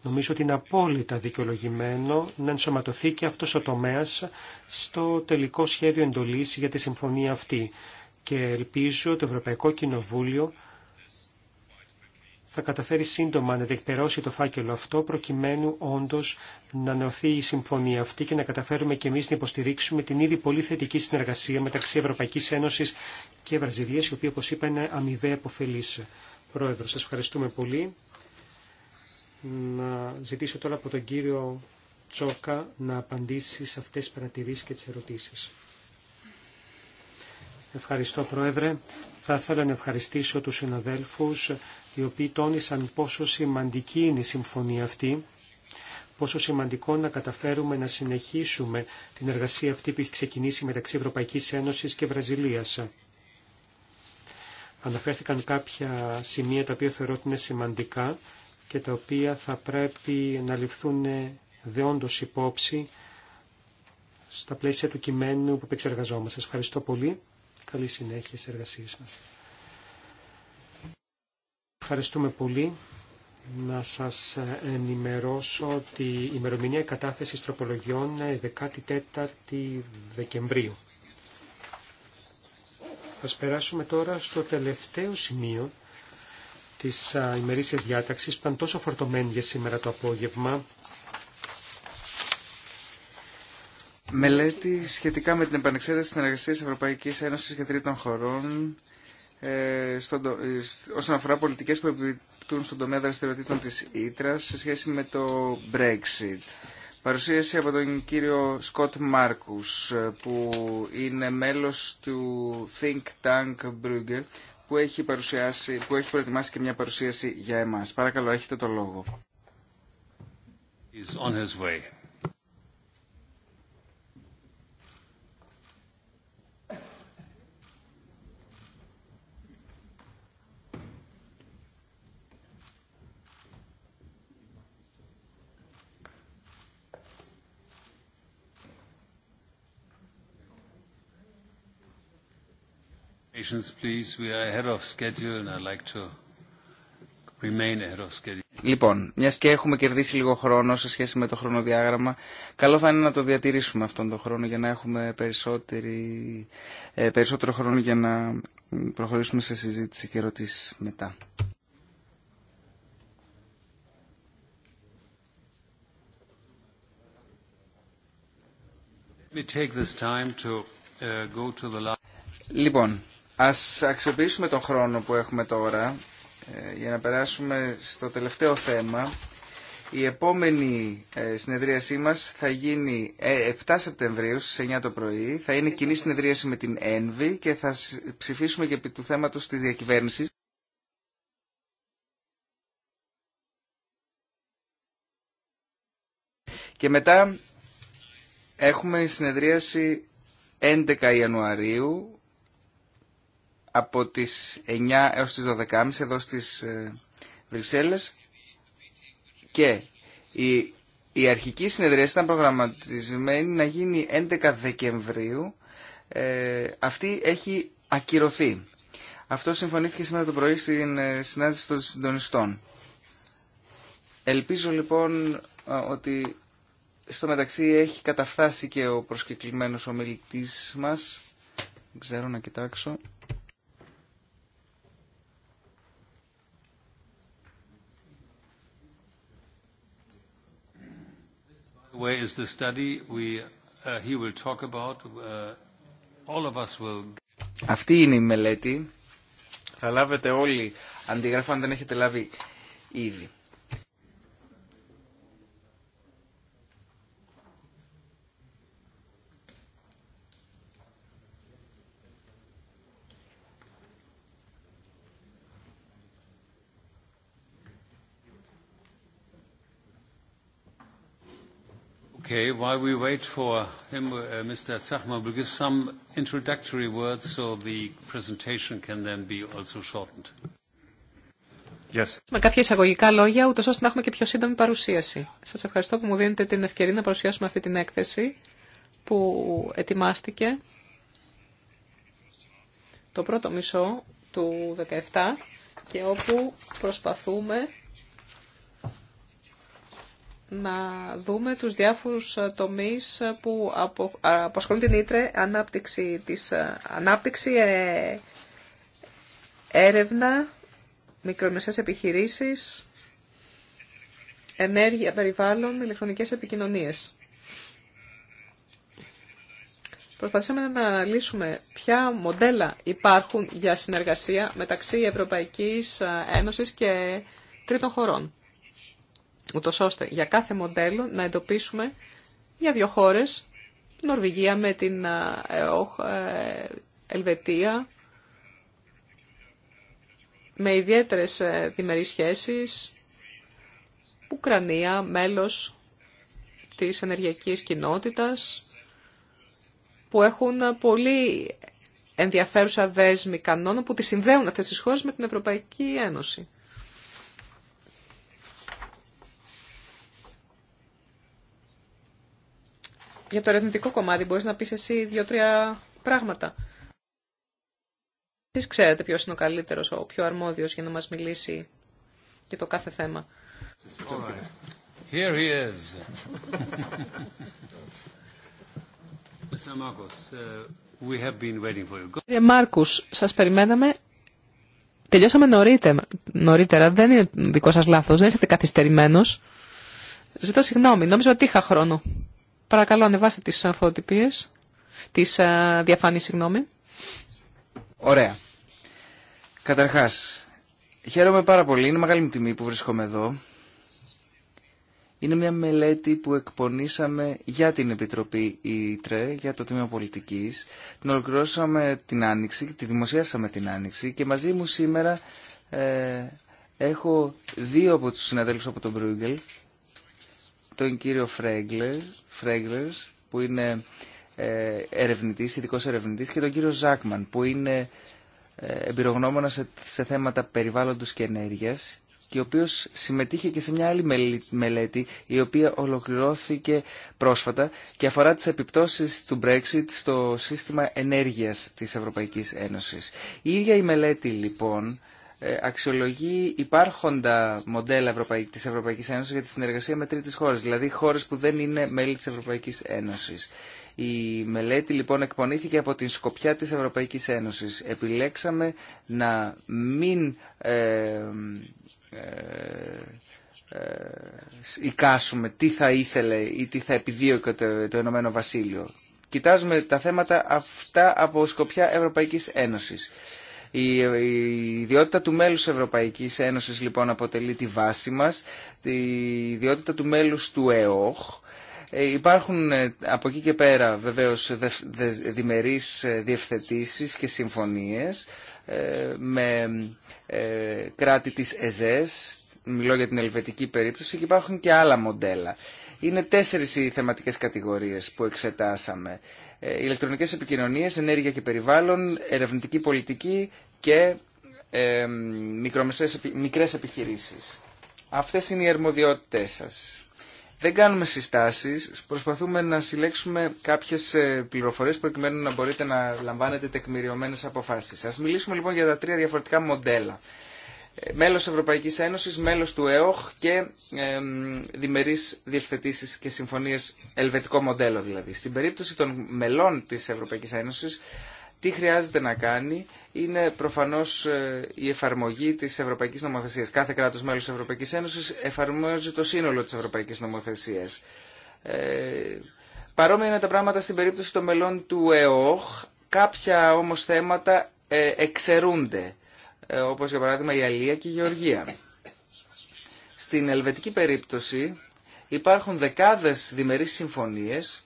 [SPEAKER 3] Νομίζω ότι είναι απόλυτα δικαιολογημένο να ενσωματωθεί και αυτός ο τομέας στο τελικό σχέδιο εντολής για τη συμφωνία αυτή. Και ελπίζω το Ευρωπαϊκό Κοινοβούλιο θα καταφέρει σύντομα να διεκπαιρώσει το φάκελο αυτό προκειμένου όντως να νεωθεί η συμφωνία αυτή και να καταφέρουμε και εμείς να υποστηρίξουμε την ήδη πολύ θετική συνεργασία μεταξύ Ευρωπαϊκής Ένωσης και Βραζιλίας, η οποία όπως είπα είναι αμοιβαία αποφελής. Πρόεδρο, σας ευχαριστούμε πολύ. Να ζητήσω τώρα από τον κύριο Τσόκα να απαντήσει σε αυτές τις παρατηρήσεις και τις ερωτήσεις. Ευχαριστώ Πρόεδρε. Θα ήθελα να ευχαριστήσω τους συναδέλφους οι οποίοι τόνισαν πόσο σημαντική είναι η συμφωνία αυτή, πόσο σημαντικό να καταφέρουμε να συνεχίσουμε την εργασία αυτή που έχει ξεκινήσει μεταξύ Ευρωπαϊκής Ένωσης και Βραζιλίας. Αναφέρθηκαν κάποια σημεία τα οποία θεωρώ ότι είναι σημαντικά και τα οποία θα πρέπει να ληφθούν δεόντως υπόψη στα πλαίσια του κειμένου που επεξεργαζόμαστε. Σας ευχαριστώ πολύ. Καλή συνέχεια στις εργασίες μας. Ευχαριστούμε πολύ. Να σας ε, ενημερώσω ότι η ημερομηνία κατάθεσης τροπολογιών είναι 14 Δεκεμβρίου. Θα περάσουμε τώρα στο τελευταίο σημείο της ε, ημερήσιας διάταξης που ήταν τόσο φορτωμένη για σήμερα το απόγευμα.
[SPEAKER 2] Μελέτη σχετικά με την επανεξέταση της συνεργασίας Ευρωπαϊκής Ένωσης και τρίτων χωρών ε, ε όσον αφορά πολιτικές που επιπτούν στον τομέα δραστηριοτήτων της Ήτρας σε σχέση με το Brexit. Παρουσίαση από τον κύριο Σκοτ Μάρκους ε, που είναι μέλος του Think Tank Brugge που έχει, παρουσιάσει, που έχει προετοιμάσει και μια παρουσίαση για εμάς. Παρακαλώ, έχετε το λόγο. Λοιπόν, μια και έχουμε κερδίσει λίγο χρόνο σε σχέση με το χρονοδιάγραμμα, καλό θα είναι να το διατηρήσουμε αυτόν τον χρόνο για να έχουμε ε, περισσότερο χρόνο για να προχωρήσουμε σε συζήτηση και ερωτήσει μετά. Λοιπόν, Ας αξιοποιήσουμε τον χρόνο που έχουμε τώρα ε, για να περάσουμε στο τελευταίο θέμα. Η επόμενη ε, συνεδρίασή μας θα γίνει 7 ε, Σεπτεμβρίου στις 9 το πρωί. Θα είναι κοινή συνεδρίαση με την ΕΝΒΗ και θα ψηφίσουμε και επί του θέματος της διακυβέρνησης. Και μετά έχουμε συνεδρίαση 11 Ιανουαρίου από τις 9 έως τις 12.30 εδώ στις ε, Βρυξέλλες και η, η αρχική συνεδρία ήταν προγραμματισμένη να γίνει 11 Δεκεμβρίου. Ε, αυτή έχει ακυρωθεί. Αυτό συμφωνήθηκε σήμερα το πρωί στην ε, συνάντηση των συντονιστών. Ελπίζω λοιπόν ε, ότι στο μεταξύ έχει καταφτάσει και ο προσκεκλημένος ομιλητής μας. Δεν ξέρω να κοιτάξω.
[SPEAKER 1] Where is the study we, uh, he will talk about? Uh,
[SPEAKER 2] all of us will... Αυτή είναι η μελέτη. Θα λάβετε όλοι αντιγράφω αν δεν έχετε λάβει ήδη.
[SPEAKER 1] Με
[SPEAKER 5] κάποια εισαγωγικά λόγια, ούτως ώστε να έχουμε και πιο σύντομη παρουσίαση. Σας ευχαριστώ που μου δίνετε την ευκαιρία να παρουσιάσουμε αυτή την έκθεση που ετοιμάστηκε το πρώτο μισό του 2017 και όπου προσπαθούμε να δούμε τους διάφορους ε, τομείς ε, που ε, απασχολούν την Ήτρε, ανάπτυξη, της, ανάπτυξη έρευνα, μικρομεσαίες επιχειρήσεις, ενέργεια, περιβάλλον, ηλεκτρονικές επικοινωνίες. Προσπαθήσαμε να αναλύσουμε ποια μοντέλα υπάρχουν για συνεργασία μεταξύ Ευρωπαϊκής Ένωσης και τρίτων χωρών ούτως ώστε για κάθε μοντέλο να εντοπίσουμε για δύο χώρες, Νορβηγία με την ε, ε, Ελβετία, με ιδιαίτερες ε, διμερείς σχέσεις, Ουκρανία, μέλος της ενεργειακής κοινότητας, που έχουν πολύ ενδιαφέρουσα δέσμη κανόνων που τη συνδέουν αυτές τις χώρες με την Ευρωπαϊκή Ένωση. για το ερευνητικό κομμάτι μπορείς να πεις εσύ δύο-τρία πράγματα. Εσείς ξέρετε ποιος είναι ο καλύτερος, ο πιο αρμόδιος για να μας μιλήσει για το κάθε θέμα.
[SPEAKER 1] Here he is.
[SPEAKER 5] Κύριε Μάρκους, σας περιμέναμε. Τελειώσαμε νωρίτερα. νωρίτερα. Δεν είναι δικό σας λάθος. Δεν έχετε καθυστερημένος. Ζητώ συγγνώμη. Νόμιζα ότι είχα χρόνο. Παρακαλώ ανεβάστε τις φωτοτυπίες, τις α, συγγνώμη.
[SPEAKER 2] Ωραία. Καταρχάς, χαίρομαι πάρα πολύ. Είναι μεγάλη μου τιμή που βρίσκομαι εδώ. Είναι μια μελέτη που εκπονήσαμε για την Επιτροπή ΙΤΡΕ, για το Τμήμα Πολιτικής. Την ολοκληρώσαμε την Άνοιξη, τη δημοσίασαμε την Άνοιξη και μαζί μου σήμερα ε, έχω δύο από τους συναδέλφους από τον Μπρούγκελ, τον κύριο Φρέγκλερ Φρέγκλερς που είναι ε, ερευνητής, ειδικός ερευνητής και τον κύριο Ζάκμαν που είναι ε, εμπειρογνώμονα σε θέματα περιβάλλοντος και ενέργειας και ο οποίος συμμετείχε και σε μια άλλη μελέτη η οποία ολοκληρώθηκε πρόσφατα και αφορά τις επιπτώσεις του Brexit στο σύστημα ενέργειας της Ευρωπαϊκής Ένωσης. Η ίδια η μελέτη λοιπόν ε, αξιολογεί υπάρχοντα μοντέλα της Ευρωπαϊκής Ένωσης για τη συνεργασία με τρίτες χώρες, δηλαδή χώρες που δεν είναι μέλη της Ευρωπαϊκής Ένωσης. Η μελέτη λοιπόν εκπονήθηκε από την σκοπιά της Ευρωπαϊκής Ένωσης. Επιλέξαμε να μην ε, ε, ε, εικάσουμε τι θα ήθελε ή τι θα επιδίωκε το, το Βασίλειο. Κοιτάζουμε τα θέματα αυτά από σκοπιά Ευρωπαϊκής Ένωσης. Η, ιδιότητα του μέλους Ευρωπαϊκής Ένωσης λοιπόν αποτελεί τη βάση μας, η ιδιότητα του μέλους του ΕΟΧ, ε, Υπάρχουν ε, από εκεί και πέρα βεβαίως διμερείς ε, διευθετήσεις και συμφωνίες με κράτη της ΕΖΕΣ, μιλώ για την ελβετική περίπτωση και υπάρχουν και άλλα μοντέλα. Είναι τέσσερις οι θεματικές κατηγορίες που εξετάσαμε. Ηλεκτρονικές επικοινωνίες, ενέργεια και περιβάλλον, ερευνητική πολιτική και ε, μικρές επιχειρήσεις. Αυτές είναι οι αρμοδιότητές σας. Δεν κάνουμε συστάσεις, προσπαθούμε να συλλέξουμε κάποιες ε, πληροφορίες προκειμένου να μπορείτε να λαμβάνετε τεκμηριωμένες αποφάσεις. Ας μιλήσουμε λοιπόν για τα τρία διαφορετικά μοντέλα. Ε, μέλος Ευρωπαϊκής Ένωσης, μέλος του ΕΟΧ και ε, διμερείς διευθετήσεις και συμφωνίες, ελβετικό μοντέλο δηλαδή. Στην περίπτωση των μελών της Ευρωπαϊκής Ένωσης, τι χρειάζεται να κάνει είναι προφανώς ε, η εφαρμογή της Ευρωπαϊκής Νομοθεσίας. Κάθε κράτο μέλο της Ευρωπαϊκής Ένωσης εφαρμόζει το σύνολο της Ευρωπαϊκής Νομοθεσίας. Ε, παρόμοια είναι τα πράγματα στην περίπτωση των μελών του ΕΟΧ, κάποια όμως θέματα ε, εξαιρούνται, ε, όπως για παράδειγμα η Αλία και η Γεωργία. Στην ελβετική περίπτωση υπάρχουν δεκάδες διμερείς συμφωνίες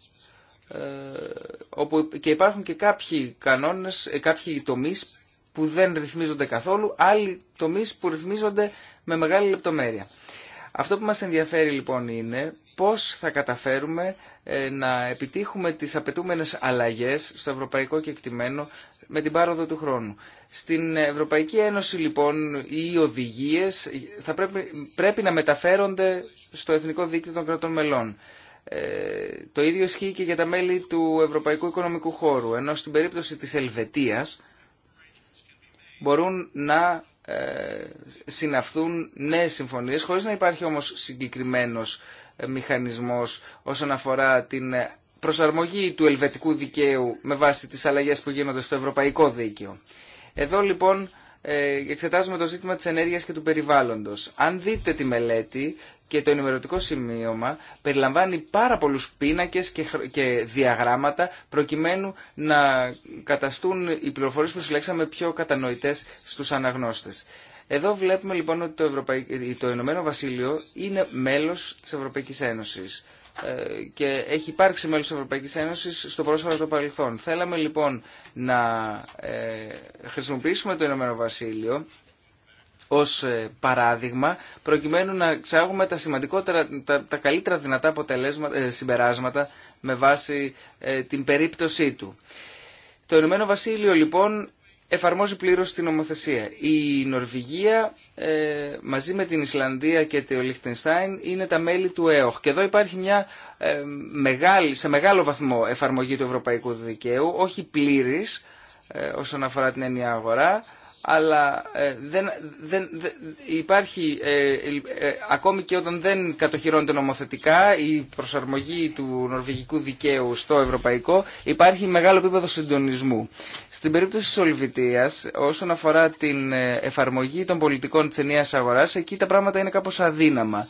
[SPEAKER 2] και υπάρχουν και κάποιοι κανόνες, κάποιοι τομείς που δεν ρυθμίζονται καθόλου, άλλοι τομεί που ρυθμίζονται με μεγάλη λεπτομέρεια. Αυτό που μας ενδιαφέρει λοιπόν είναι πώς θα καταφέρουμε ε, να επιτύχουμε τις απαιτούμενες αλλαγές στο ευρωπαϊκό κεκτημένο με την πάροδο του χρόνου. Στην Ευρωπαϊκή Ένωση λοιπόν οι οδηγίες θα πρέπει, πρέπει να μεταφέρονται στο Εθνικό Δίκτυο των Κρατών Μελών. Ε, το ίδιο ισχύει και για τα μέλη του Ευρωπαϊκού Οικονομικού Χώρου, ενώ στην περίπτωση της Ελβετίας μπορούν να ε, συναυθούν νέες συμφωνίες χωρίς να υπάρχει όμως συγκεκριμένος ε, μηχανισμός όσον αφορά την ε, προσαρμογή του ελβετικού δικαίου με βάση τις αλλαγές που γίνονται στο ευρωπαϊκό δίκαιο. Εδώ λοιπόν εξετάζουμε το ζήτημα της ενέργειας και του περιβάλλοντος. Αν δείτε τη μελέτη και το ενημερωτικό σημείωμα περιλαμβάνει πάρα πολλούς πίνακες και διαγράμματα προκειμένου να καταστούν οι πληροφορίες που συλλέξαμε πιο κατανοητές στους αναγνώστες. Εδώ βλέπουμε λοιπόν ότι το, Ευρωπαϊ... το Βασίλειο είναι μέλος της Ευρωπαϊκής Ένωσης ε, και έχει υπάρξει μέλος της Ευρωπαϊκής Ένωσης στο πρόσφατο παρελθόν. Θέλαμε λοιπόν να ε, χρησιμοποιήσουμε το Ηνωμένο Βασίλειο ως ε, παράδειγμα προκειμένου να ξάγουμε τα σημαντικότερα, τα, καλύτερα δυνατά αποτελέσματα, ε, συμπεράσματα με βάση ε, την περίπτωσή του. Το Ηνωμένο Βασίλειο λοιπόν εφαρμόζει πλήρως την νομοθεσία. Η Νορβηγία μαζί με την Ισλανδία και το Λιχτενστάιν είναι τα μέλη του ΕΟΧ. Και εδώ υπάρχει μια ε, σε μεγάλο βαθμό εφαρμογή του ευρωπαϊκού δικαίου, όχι πλήρης όσον αφορά την έννοια αγορά, αλλά ε, δεν, δεν, υπάρχει ε, ε, ακόμη και όταν δεν κατοχυρώνεται νομοθετικά η προσαρμογή του νορβηγικού δικαίου στο ευρωπαϊκό υπάρχει μεγάλο επίπεδο συντονισμού. Στην περίπτωση της Ολυβητίας όσον αφορά την εφαρμογή των πολιτικών της ενιαίας αγοράς εκεί τα πράγματα είναι κάπως αδύναμα.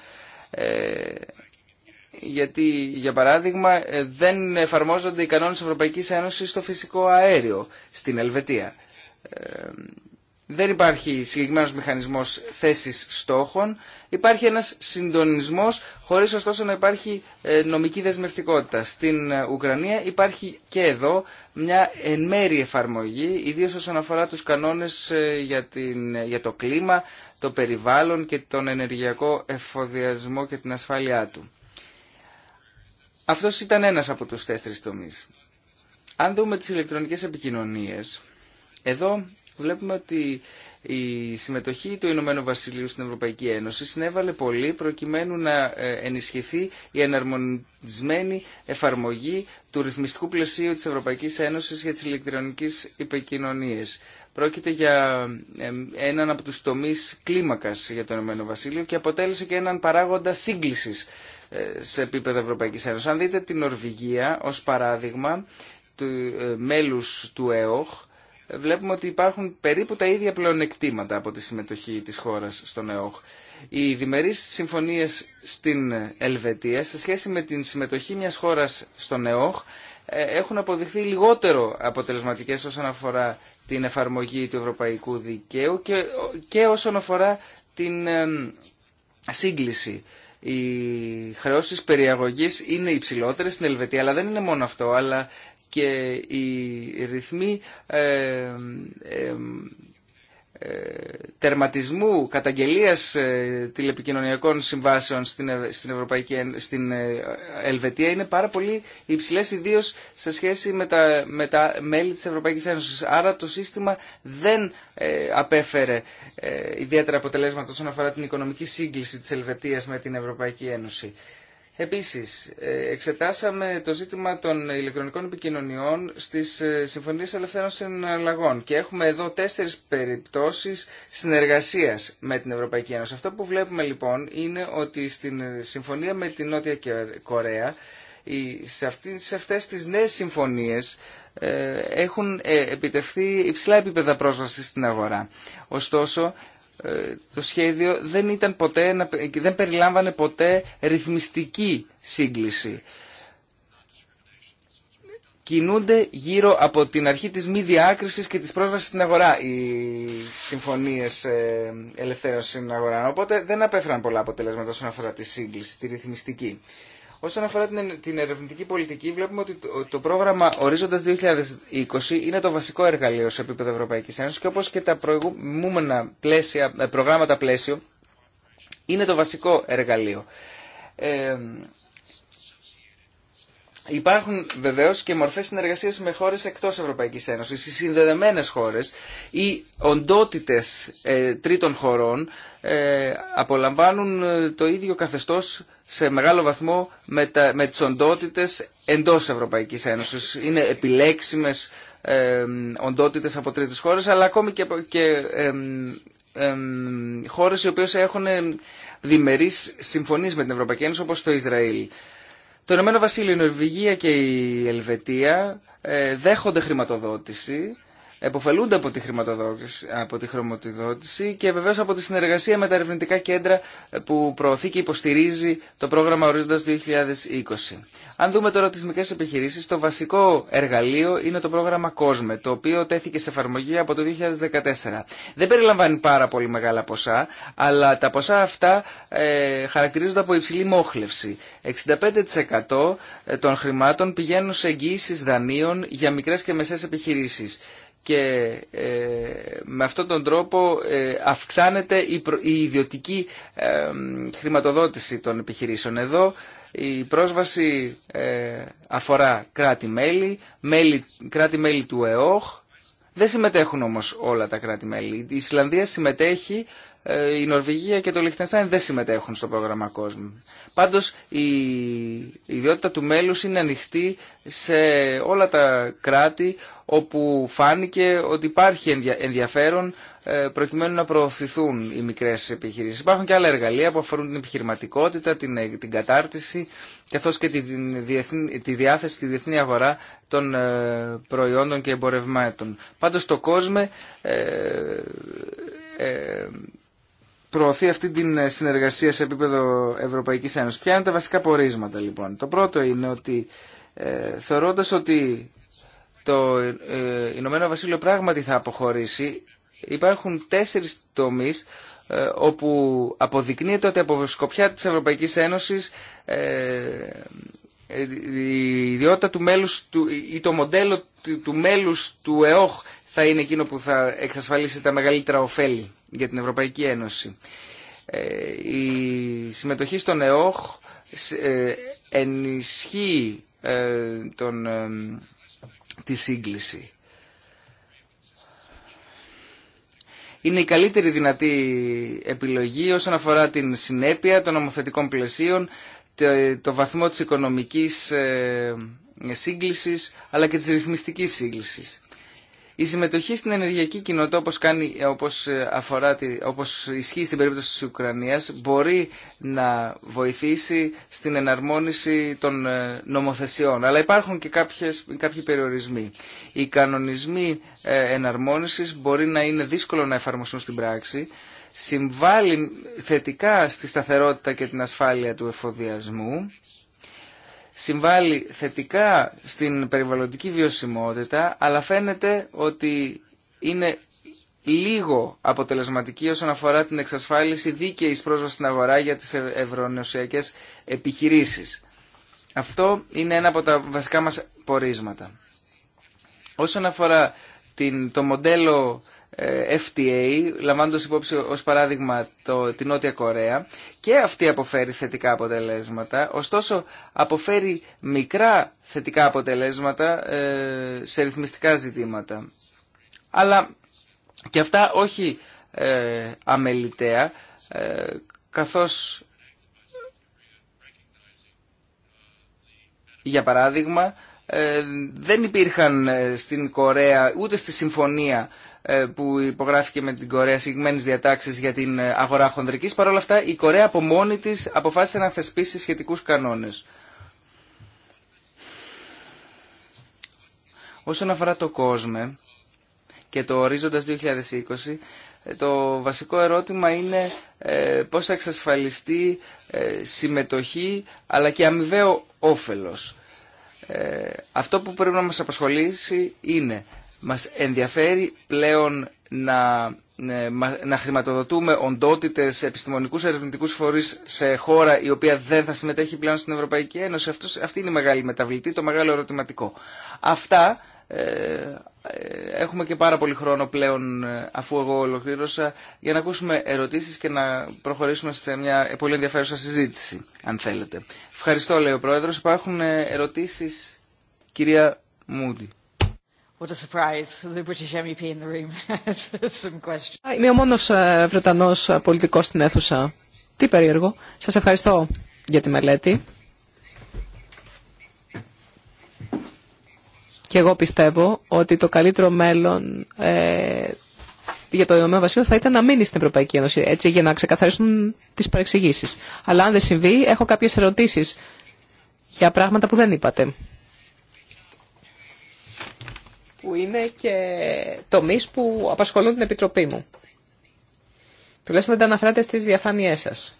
[SPEAKER 2] γιατί, για παράδειγμα, δεν εφαρμόζονται οι κανόνες Ευρωπαϊκής Ένωσης στο φυσικό αέριο στην Ελβετία δεν υπάρχει συγκεκριμένος μηχανισμός θέσης στόχων, υπάρχει ένας συντονισμός χωρίς ωστόσο να υπάρχει ε, νομική δεσμευτικότητα. Στην ε, Ουκρανία υπάρχει και εδώ μια εν μέρη εφαρμογή, ιδίως όσον αφορά τους κανόνες ε, για, για το κλίμα, το περιβάλλον και τον ενεργειακό εφοδιασμό και την ασφάλειά του. Αυτός ήταν ένας από τους τέσσερις τομείς. Αν δούμε τις ηλεκτρονικές επικοινωνίες, εδώ βλέπουμε ότι η συμμετοχή του Ηνωμένου Βασιλείου στην Ευρωπαϊκή Ένωση συνέβαλε πολύ προκειμένου να ε, ενισχυθεί η εναρμονισμένη εφαρμογή του ρυθμιστικού πλαισίου της Ευρωπαϊκής Ένωσης για τις ηλεκτρονικές επικοινωνίες. Πρόκειται για ε, έναν από τους τομείς κλίμακας για το Ηνωμένο Βασίλειο και αποτέλεσε και έναν παράγοντα σύγκλησης ε, σε επίπεδο Ευρωπαϊκής Ένωσης. Αν δείτε την Νορβηγία ως παράδειγμα του μέλους του ΕΟΧ, βλέπουμε ότι υπάρχουν περίπου τα ίδια πλεονεκτήματα από τη συμμετοχή της χώρας στον ΕΟΧ. Οι διμερείς συμφωνίες στην Ελβετία σε σχέση με τη συμμετοχή μιας χώρας στον ΕΟΧ ε, έχουν αποδειχθεί λιγότερο αποτελεσματικές όσον αφορά την εφαρμογή του ευρωπαϊκού δικαίου και, και όσον αφορά την σύγκληση. Οι χρεώσεις περιαγωγής είναι υψηλότερες στην Ελβετία, αλλά δεν είναι μόνο αυτό, αλλά και οι ρυθμοί ε, ε, ε τερματισμού καταγγελίας ε, τηλεπικοινωνιακών συμβάσεων στην, στην, Ευρωπαϊκή, στην ε, Ελβετία είναι πάρα πολύ υψηλές ιδίω σε σχέση με τα, μέλη της Ευρωπαϊκής Ένωσης. Άρα το σύστημα δεν απέφερε ιδιαίτερα αποτελέσματα όσον αφορά την οικονομική σύγκληση της Ελβετίας με την Ευρωπαϊκή Ένωση. Επίσης, ε, εξετάσαμε το ζήτημα των ηλεκτρονικών επικοινωνιών στις ε, Συμφωνίες Ελευθέρων Συναλλαγών και έχουμε εδώ τέσσερις περιπτώσεις συνεργασίας με την Ευρωπαϊκή Ένωση. Αυτό που βλέπουμε λοιπόν είναι ότι στην ε, συμφωνία με την Νότια Κορέα, σε αυτές τις νέες συμφωνίες έχουν επιτευχθεί υψηλά επίπεδα πρόσβαση στην αγορά. Ωστόσο, ε, το σχέδιο δεν, ήταν ποτέ, δεν περιλάμβανε ποτέ ρυθμιστική σύγκληση. Κινούνται γύρω από την αρχή της μη διάκρισης και της πρόσβασης στην αγορά οι συμφωνίες ε, ελευθέρωσης στην αγορά. Οπότε δεν απέφεραν πολλά αποτελέσματα όσον αφορά τη σύγκληση, τη ρυθμιστική. Όσον αφορά την ερευνητική πολιτική, βλέπουμε ότι το πρόγραμμα ορίζοντα 2020 είναι το βασικό εργαλείο σε επίπεδο Ευρωπαϊκής Ένωσης και όπως και τα προηγούμενα πλαίσια, ε, προγράμματα πλαίσιο, είναι το βασικό εργαλείο. Ε, Υπάρχουν βεβαίω και μορφέ συνεργασία με χώρε εκτό Ευρωπαϊκή Ένωση. Οι συνδεδεμένε χώρε, ή οντότητε ε, τρίτων χωρών ε, απολαμβάνουν ε, το ίδιο καθεστώς σε μεγάλο βαθμό με, τα, με τις οντότητες εντός Ευρωπαϊκής Ένωσης. Είναι επιλέξιμες ε, οντότητες από τρίτες χώρες, αλλά ακόμη και, και χώρες οι οποίες έχουν ε, διμερείς συμφωνίες με την Ευρωπαϊκή Ένωση, όπως το Ισραήλ. Το Ηνωμένο Βασίλειο, η Νορβηγία και η Ελβετία δέχονται χρηματοδότηση εποφελούνται από τη, από τη και βεβαίω από τη συνεργασία με τα ερευνητικά κέντρα που προωθεί και υποστηρίζει το πρόγραμμα ορίζοντα 2020. Αν δούμε τώρα τι μικρέ επιχειρήσει, το βασικό εργαλείο είναι το πρόγραμμα COSME, το οποίο τέθηκε σε εφαρμογή από το 2014. Δεν περιλαμβάνει πάρα πολύ μεγάλα ποσά, αλλά τα ποσά αυτά ε, χαρακτηρίζονται από υψηλή μόχλευση. 65% ε, των χρημάτων πηγαίνουν σε εγγύησει δανείων για μικρέ και μεσέ επιχειρήσει και ε, με αυτόν τον τρόπο ε, αυξάνεται η ιδιωτική ε, χρηματοδότηση των επιχειρήσεων. Εδώ η πρόσβαση αφορά κράτη-μέλη, κράτη-μέλη του ΕΟΧ. Δεν συμμετέχουν όμως όλα τα κράτη-μέλη. Η Ισλανδία συμμετέχει ε, η Νορβηγία και το Λιχτενστάιν δεν συμμετέχουν στο πρόγραμμα κόσμου. Πάντως η ιδιότητα του μέλους είναι ανοιχτή σε όλα τα κράτη όπου φάνηκε ότι υπάρχει ενδιαφέρον ε, προκειμένου να προωθηθούν οι μικρές επιχειρήσεις. Υπάρχουν και άλλα εργαλεία που αφορούν την επιχειρηματικότητα, την, ε, κατάρτιση καθώς και τη, τη διάθεση στη διεθνή αγορά των προϊόντων και εμπορευμάτων. Πάντως το κόσμο προωθεί αυτή την ε, συνεργασία σε επίπεδο Ευρωπαϊκής Ένωσης. Ποια είναι τα βασικά πορίσματα λοιπόν. Το πρώτο είναι ότι ε, θεωρώντας ότι το ε, Ηνωμένο Βασίλειο πράγματι θα αποχωρήσει υπάρχουν τέσσερις τομείς ε, όπου αποδεικνύεται ότι από σκοπιά της Ευρωπαϊκής Ένωσης ε, η ιδιότητα του μέλους του, ή το μοντέλο του, του μέλους του ΕΟΧ θα είναι εκείνο που θα εξασφαλίσει τα μεγαλύτερα ωφέλη για την Ευρωπαϊκή Ένωση. Ε, η συμμετοχή στον ΕΟΧ ε, ενισχύει ε, τον, τη σύγκληση. Είναι η καλύτερη δυνατή επιλογή όσον αφορά την συνέπεια των νομοθετικών πλαισίων, το βαθμό της οικονομικής σύγκλησης αλλά και της ρυθμιστικής σύγκλησης. Η συμμετοχή στην ενεργειακή κοινότητα, όπως, κάνει, όπως, ε, αφορά, όπως ισχύει στην περίπτωση της Ουκρανίας, μπορεί να βοηθήσει στην εναρμόνιση των ε, νομοθεσιών. Αλλά υπάρχουν και κάποιες, κάποιοι περιορισμοί. Οι κανονισμοί ε, εναρμόνισης μπορεί να είναι δύσκολο να εφαρμοστούν στην πράξη, συμβάλλει θετικά στη σταθερότητα και την ασφάλεια του εφοδιασμού, συμβάλλει θετικά στην περιβαλλοντική βιωσιμότητα, αλλά φαίνεται ότι είναι λίγο αποτελεσματική όσον αφορά την εξασφάλιση δίκαιης πρόσβασης στην αγορά για τις ευρωνοσιακές επιχειρήσεις. Αυτό είναι ένα από τα βασικά μας πορίσματα. Όσον αφορά την, το μοντέλο ε, FTA, λαμβάνοντας υπόψη ως παράδειγμα το, την Νότια Κορέα και αυτή αποφέρει θετικά αποτελέσματα, ωστόσο αποφέρει μικρά θετικά αποτελέσματα ε, σε ρυθμιστικά ζητήματα. Αλλά και αυτά όχι ε, αμεληταία, ε, καθώς για παράδειγμα δεν υπήρχαν στην Κορέα ούτε στη συμφωνία ε, που υπογράφηκε με την Κορέα συγκεκριμένε διατάξει για την αγορά χονδρική. Παρ' όλα αυτά, η Κορέα από μόνη τη αποφάσισε να θεσπίσει σχετικού κανόνε. Όσον αφορά το κόσμο και το ορίζοντας 2020, ε, το βασικό ερώτημα είναι ε, πώς θα εξασφαλιστεί συμμετοχή αλλά και αμοιβαίο όφελος. Αυτό που πρέπει να μας απασχολήσει είναι μας ενδιαφέρει πλέον να, ε, να χρηματοδοτούμε οντότητες επιστημονικούς ερευνητικούς φορείς σε χώρα η οποία δεν θα συμμετέχει πλέον στην Ευρωπαϊκή Ένωση. Αυτός, αυτή είναι η μεγάλη μεταβλητή, το μεγάλο ερωτηματικό. Αυτά ε, ε, έχουμε και πάρα πολύ χρόνο πλέον αφού εγώ ολοκλήρωσα για να ακούσουμε ερωτήσεις και να προχωρήσουμε σε μια πολύ ενδιαφέρουσα συζήτηση αν θέλετε. Ευχαριστώ λέει ο Πρόεδρος. Υπάρχουν ερωτήσεις κυρία
[SPEAKER 5] Μούντι
[SPEAKER 1] surprise, the British MEP in the room some
[SPEAKER 5] Είμαι ο μόνος ε, Βρετανός ε, πολιτικός στην αίθουσα. Τι περίεργο. Σας ευχαριστώ για τη μελέτη. Και εγώ πιστεύω ότι το καλύτερο μέλλον ε, για το Ηνωμένο θα ήταν να μείνει στην Ευρωπαϊκή Ένωση, έτσι, για να ξεκαθαρίσουν τις παρεξηγήσεις. Αλλά αν δεν συμβεί, έχω κάποιες ερωτήσεις για πράγματα που δεν είπατε που είναι και τομείς που απασχολούν την Επιτροπή μου. Τουλάχιστον δεν τα αναφέρατε στις διαφάνειές σας.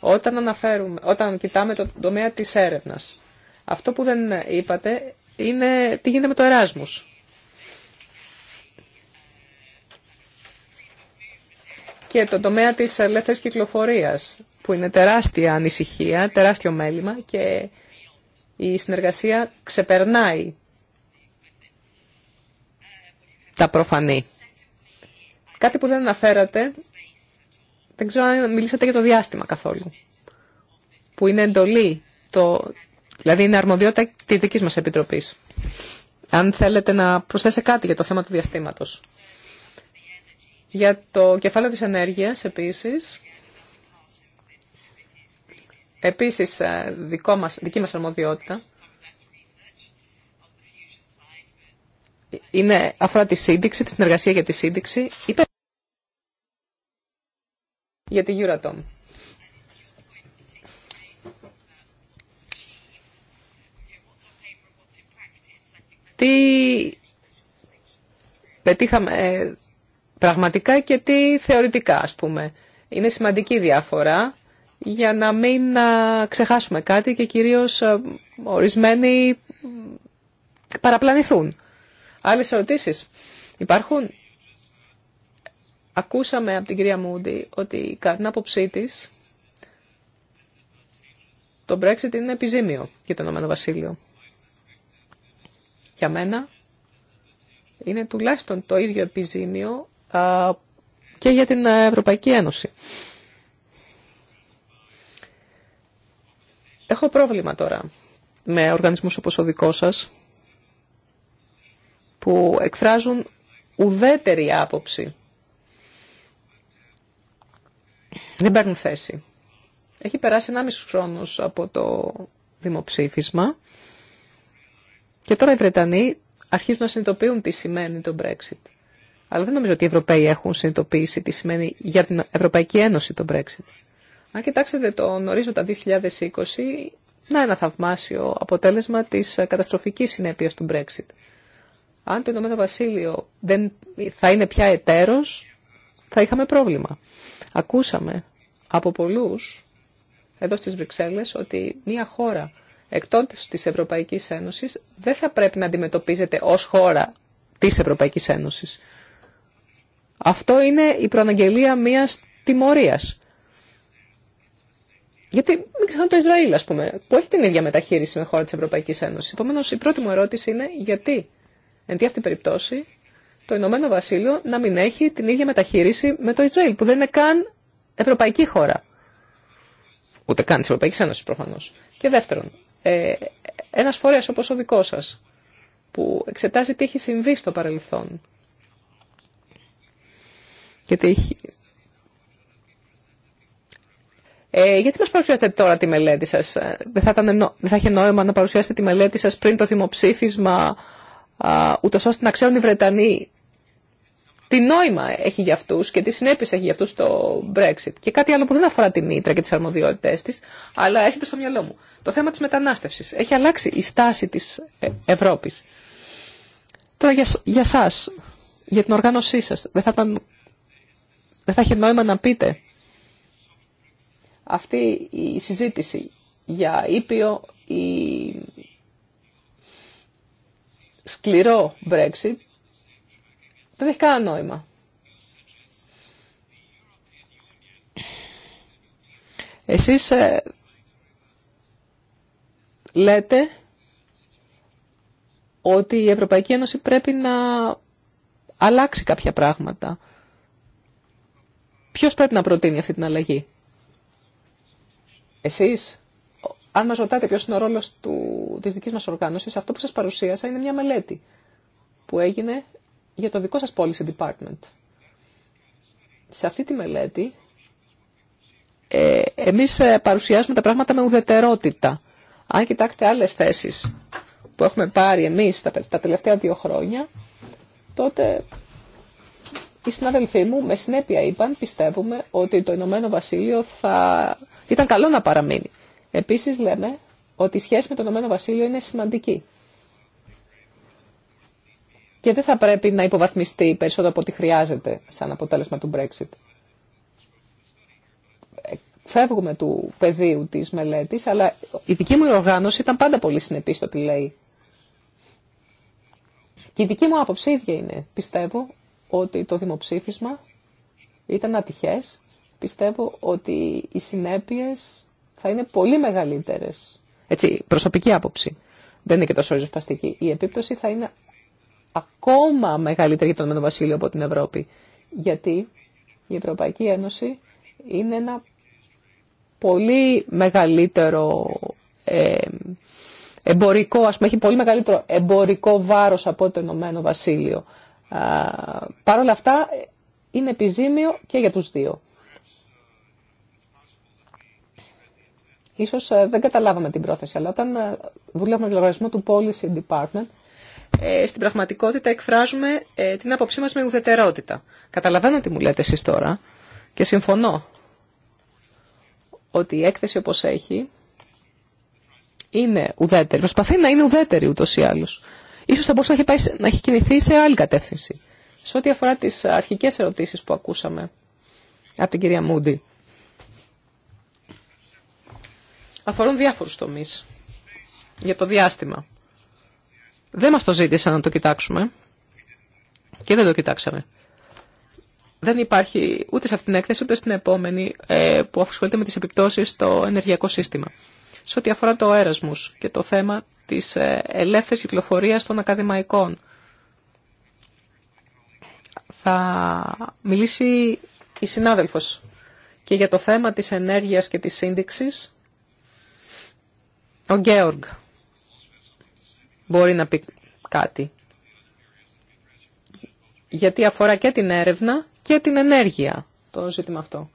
[SPEAKER 5] Όταν, αναφέρουμε, όταν κοιτάμε το τομέα της έρευνας, αυτό που δεν είπατε είναι τι γίνεται με το Εράσμους. Και το τομέα της ελεύθερης κυκλοφορίας, που είναι τεράστια ανησυχία, τεράστιο μέλημα και η συνεργασία ξεπερνάει τα προφανή. Κάτι που δεν αναφέρατε, δεν ξέρω αν μιλήσατε για το διάστημα καθόλου, που είναι εντολή, το, δηλαδή είναι αρμοδιότητα της δική μας Επιτροπής. Αν θέλετε να προσθέσετε κάτι για το θέμα του διαστήματος. Για το κεφάλαιο της ενέργειας, επίσης, επίσης ε, δικό μας, δική μας αρμοδιότητα, είναι, αφορά τη σύνδεξη, τη συνεργασία για τη σύνδεξη, είπε για τη Euratom. Τι πετύχαμε ε, πραγματικά και τι θεωρητικά, ας πούμε. Είναι σημαντική διάφορα για να μην ξεχάσουμε κάτι και κυρίως ε, ορισμένοι παραπλανηθούν. Άλλε ερωτήσει. υπάρχουν. Ακούσαμε από την κυρία Μούντι ότι κατά την άποψή τη το Brexit είναι επιζήμιο για το Ηνωμένο Βασίλειο. Για μένα είναι τουλάχιστον το ίδιο επιζήμιο και για την Ευρωπαϊκή Ένωση. Έχω πρόβλημα τώρα με οργανισμούς όπως ο δικός σας που εκφράζουν ουδέτερη άποψη. Δεν παίρνουν θέση. Έχει περάσει μισό χρόνος από το δημοψήφισμα και τώρα οι Βρετανοί αρχίζουν να συνειδητοποιούν τι σημαίνει το Brexit. Αλλά δεν νομίζω ότι οι Ευρωπαίοι έχουν συνειδητοποιήσει τι σημαίνει για την Ευρωπαϊκή Ένωση το Brexit. Αν κοιτάξετε τον ορίζοντα 2020, να ένα θαυμάσιο αποτέλεσμα της καταστροφικής συνέπειας του Brexit. Αν το Ηνωμένο Βασίλειο δεν θα είναι πια εταίρος, θα είχαμε πρόβλημα. Ακούσαμε από πολλούς εδώ στις Βρυξέλλες ότι μια χώρα εκτός της Ευρωπαϊκής Ένωσης δεν θα πρέπει να αντιμετωπίζεται ως χώρα της Ευρωπαϊκής Ένωσης. Αυτό είναι η προαναγγελία μιας τιμωρίας. Γιατί μην ξεχνάμε το Ισραήλ, ας πούμε, που έχει την ίδια μεταχείριση με χώρα της Ευρωπαϊκής Ένωσης. Επομένως, η πρώτη μου ερώτηση είναι γιατί Εν τη αυτή περιπτώσει, το Ηνωμένο Βασίλειο να μην έχει την ίδια μεταχείριση με το Ισραήλ, που δεν είναι καν ευρωπαϊκή χώρα. Ούτε καν τη Ευρωπαϊκή Ένωση προφανώ. Και δεύτερον, ε, ένα φορέα όπω ο δικό σα, που εξετάζει τι έχει συμβεί στο παρελθόν ε, γιατί μας παρουσιάσετε τώρα τη μελέτη σας. Ε, δεν θα, είχε νόημα να παρουσιάσετε τη μελέτη σα πριν το δημοψήφισμα ούτως ώστε να ξέρουν οι Βρετανοί τι νόημα έχει για αυτού και τι συνέπειε έχει για αυτού το Brexit. Και κάτι άλλο που δεν αφορά την ήτρα και τι αρμοδιότητέ τη, αλλά έρχεται στο μυαλό μου. Το θέμα τη μετανάστευση. Έχει αλλάξει η στάση τη ε, Ευρώπη. Τώρα για, για σας, για την οργάνωσή σας, δεν θα, ήταν, δεν θα είχε νόημα να πείτε αυτή η συζήτηση για ήπιο ή σκληρό Brexit δεν έχει κανένα νόημα. Εσείς ε, λέτε ότι η Ευρωπαϊκή Ένωση πρέπει να αλλάξει κάποια πράγματα. Ποιος πρέπει να προτείνει αυτή την αλλαγή. Εσείς αν μα ρωτάτε ποιο είναι ο ρόλος τη της μα μας οργάνωσης, αυτό που σας παρουσίασα είναι μια μελέτη που έγινε για το δικό σας policy department. Σε αυτή τη μελέτη ε, εμείς ε, παρουσιάζουμε τα πράγματα με ουδετερότητα. Αν κοιτάξετε άλλες θέσεις που έχουμε πάρει εμείς τα, τελευταία δύο χρόνια, τότε οι συνάδελφοί μου με συνέπεια είπαν, πιστεύουμε, ότι το Ηνωμένο Βασίλειο θα... ήταν καλό να παραμείνει. Επίσης λέμε ότι η σχέση με το Ηνωμένο Βασίλειο είναι σημαντική και δεν θα πρέπει να υποβαθμιστεί περισσότερο από ό,τι χρειάζεται σαν αποτέλεσμα του Brexit. Ε, φεύγουμε του πεδίου της μελέτης, αλλά η δική μου οργάνωση ήταν πάντα πολύ συνεπή στο τι λέει. Και η δική μου άποψη ίδια είναι. Πιστεύω ότι το δημοψήφισμα ήταν ατυχές. Πιστεύω ότι οι συνέπειες θα είναι πολύ μεγαλύτερε Έτσι, προσωπική άποψη. Δεν είναι και τόσο ριζοσπαστική. Η επίπτωση θα είναι ακόμα μεγαλύτερη για τον Ηνωμένο Βασίλειο από την Ευρώπη. Γιατί η Ευρωπαϊκή Ένωση είναι ένα πολύ μεγαλύτερο ε, εμπορικό, ας πούμε, έχει πολύ μεγαλύτερο εμπορικό βάρος από το Ηνωμένο Βασίλειο. Παρ' όλα αυτά είναι επιζήμιο και για τους δύο. Ίσως ε, δεν καταλάβαμε την πρόθεση, αλλά όταν ε, δουλεύουμε με λογαριασμό του Policy Department, ε, στην πραγματικότητα εκφράζουμε την άποψή μας με ουδετερότητα. Καταλαβαίνω τι μου λέτε εσείς τώρα και συμφωνώ ότι η έκθεση όπως έχει είναι ουδέτερη. Προσπαθεί να είναι ουδέτερη ούτως ή άλλως. Ίσως θα μπορούσε να έχει, πάει, να έχει κινηθεί σε άλλη κατεύθυνση. Σε ό,τι αφορά τις αρχικές ερωτήσεις που ακούσαμε από την κυρία Μούντι αφορούν διάφορους τομείς για το διάστημα. Δεν μας το ζήτησαν να το κοιτάξουμε και δεν το κοιτάξαμε. Δεν υπάρχει ούτε σε αυτήν την έκθεση ούτε στην επόμενη ε, που ασχολείται με τις επιπτώσεις στο ενεργειακό σύστημα. Σε ό,τι αφορά το έρασμους και το θέμα της ε, ελεύθερης κυκλοφορίας των ακαδημαϊκών. Θα μιλήσει η συνάδελφος και για το θέμα της ενέργειας και της σύνδεξης ο Γκέοργ μπορεί να πει κάτι. Γιατί αφορά και την έρευνα και την ενέργεια το ζήτημα αυτό.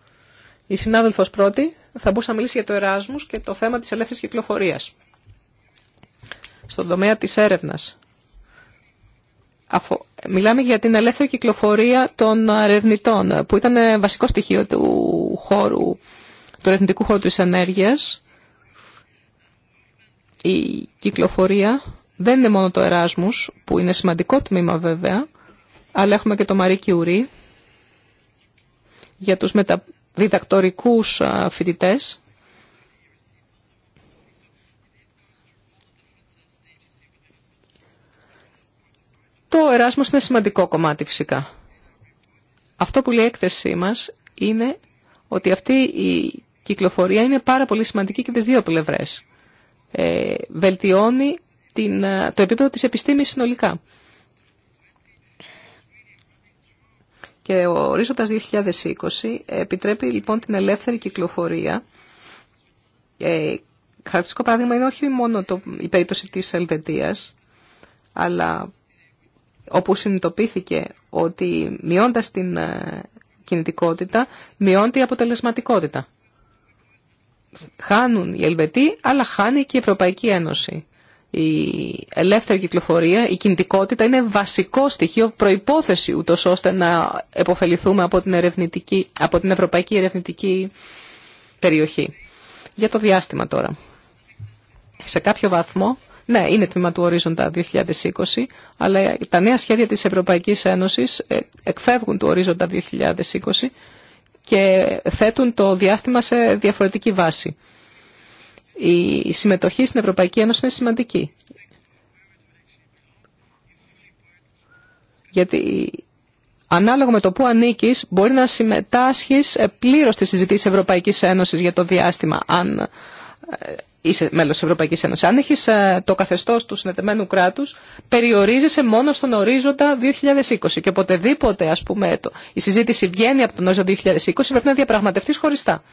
[SPEAKER 5] Η συνάδελφος πρώτη θα μπορούσε να μιλήσει για το Εράσμους και το θέμα της ελεύθερης κυκλοφορίας. Στον τομέα της έρευνας. Μιλάμε για την ελεύθερη κυκλοφορία των ερευνητών, που ήταν βασικό στοιχείο του, χώρου, του ερευνητικού χώρου της ενέργειας η κυκλοφορία δεν είναι μόνο το Εράσμους, που είναι σημαντικό τμήμα βέβαια, αλλά έχουμε και το μαρίκιουρι Κιουρί για τους μεταδιδακτορικούς φοιτητέ. Το Εράσμος είναι σημαντικό κομμάτι φυσικά. Αυτό που λέει η έκθεσή μας είναι ότι αυτή η κυκλοφορία είναι πάρα πολύ σημαντική και τις δύο πλευρές. Ε, βελτιώνει την, ε, το επίπεδο της επιστήμης συνολικά. Και ο ορίζοντας 2020 επιτρέπει λοιπόν την ελεύθερη κυκλοφορία. Ε, χαρακτηριστικό παράδειγμα είναι όχι μόνο το, η περίπτωση της Ελβετίας, αλλά όπου συνειδητοποιήθηκε ότι μειώντας την ε, κινητικότητα, μειώνεται η αποτελεσματικότητα χάνουν οι Ελβετοί, αλλά χάνει και η Ευρωπαϊκή Ένωση. Η ελεύθερη κυκλοφορία, η κινητικότητα είναι βασικό στοιχείο, προϋπόθεση ούτω ώστε να επωφεληθούμε από την, ερευνητική, από την Ευρωπαϊκή Ερευνητική Περιοχή. Για το διάστημα τώρα. Σε κάποιο βαθμό, ναι, είναι τμήμα του ορίζοντα 2020, αλλά τα νέα σχέδια της Ευρωπαϊκής Ένωσης ε, εκφεύγουν του ορίζοντα 2020 και θέτουν το διάστημα σε διαφορετική βάση. Η συμμετοχή στην Ευρωπαϊκή Ένωση είναι σημαντική. Γιατί ανάλογα με το που ανήκεις μπορεί να συμμετάσχεις πλήρως στη συζήτηση Ευρωπαϊκής Ένωσης για το διάστημα αν είσαι μέλος της Ευρωπαϊκής Ένωσης, αν έχεις ε, το καθεστώς του συνεδεμένου κράτους, περιορίζεσαι μόνο στον ορίζοντα 2020 και οποτεδήποτε ας πούμε, το, η συζήτηση βγαίνει από τον ορίζοντα 2020 πρέπει να διαπραγματευτείς χωριστά.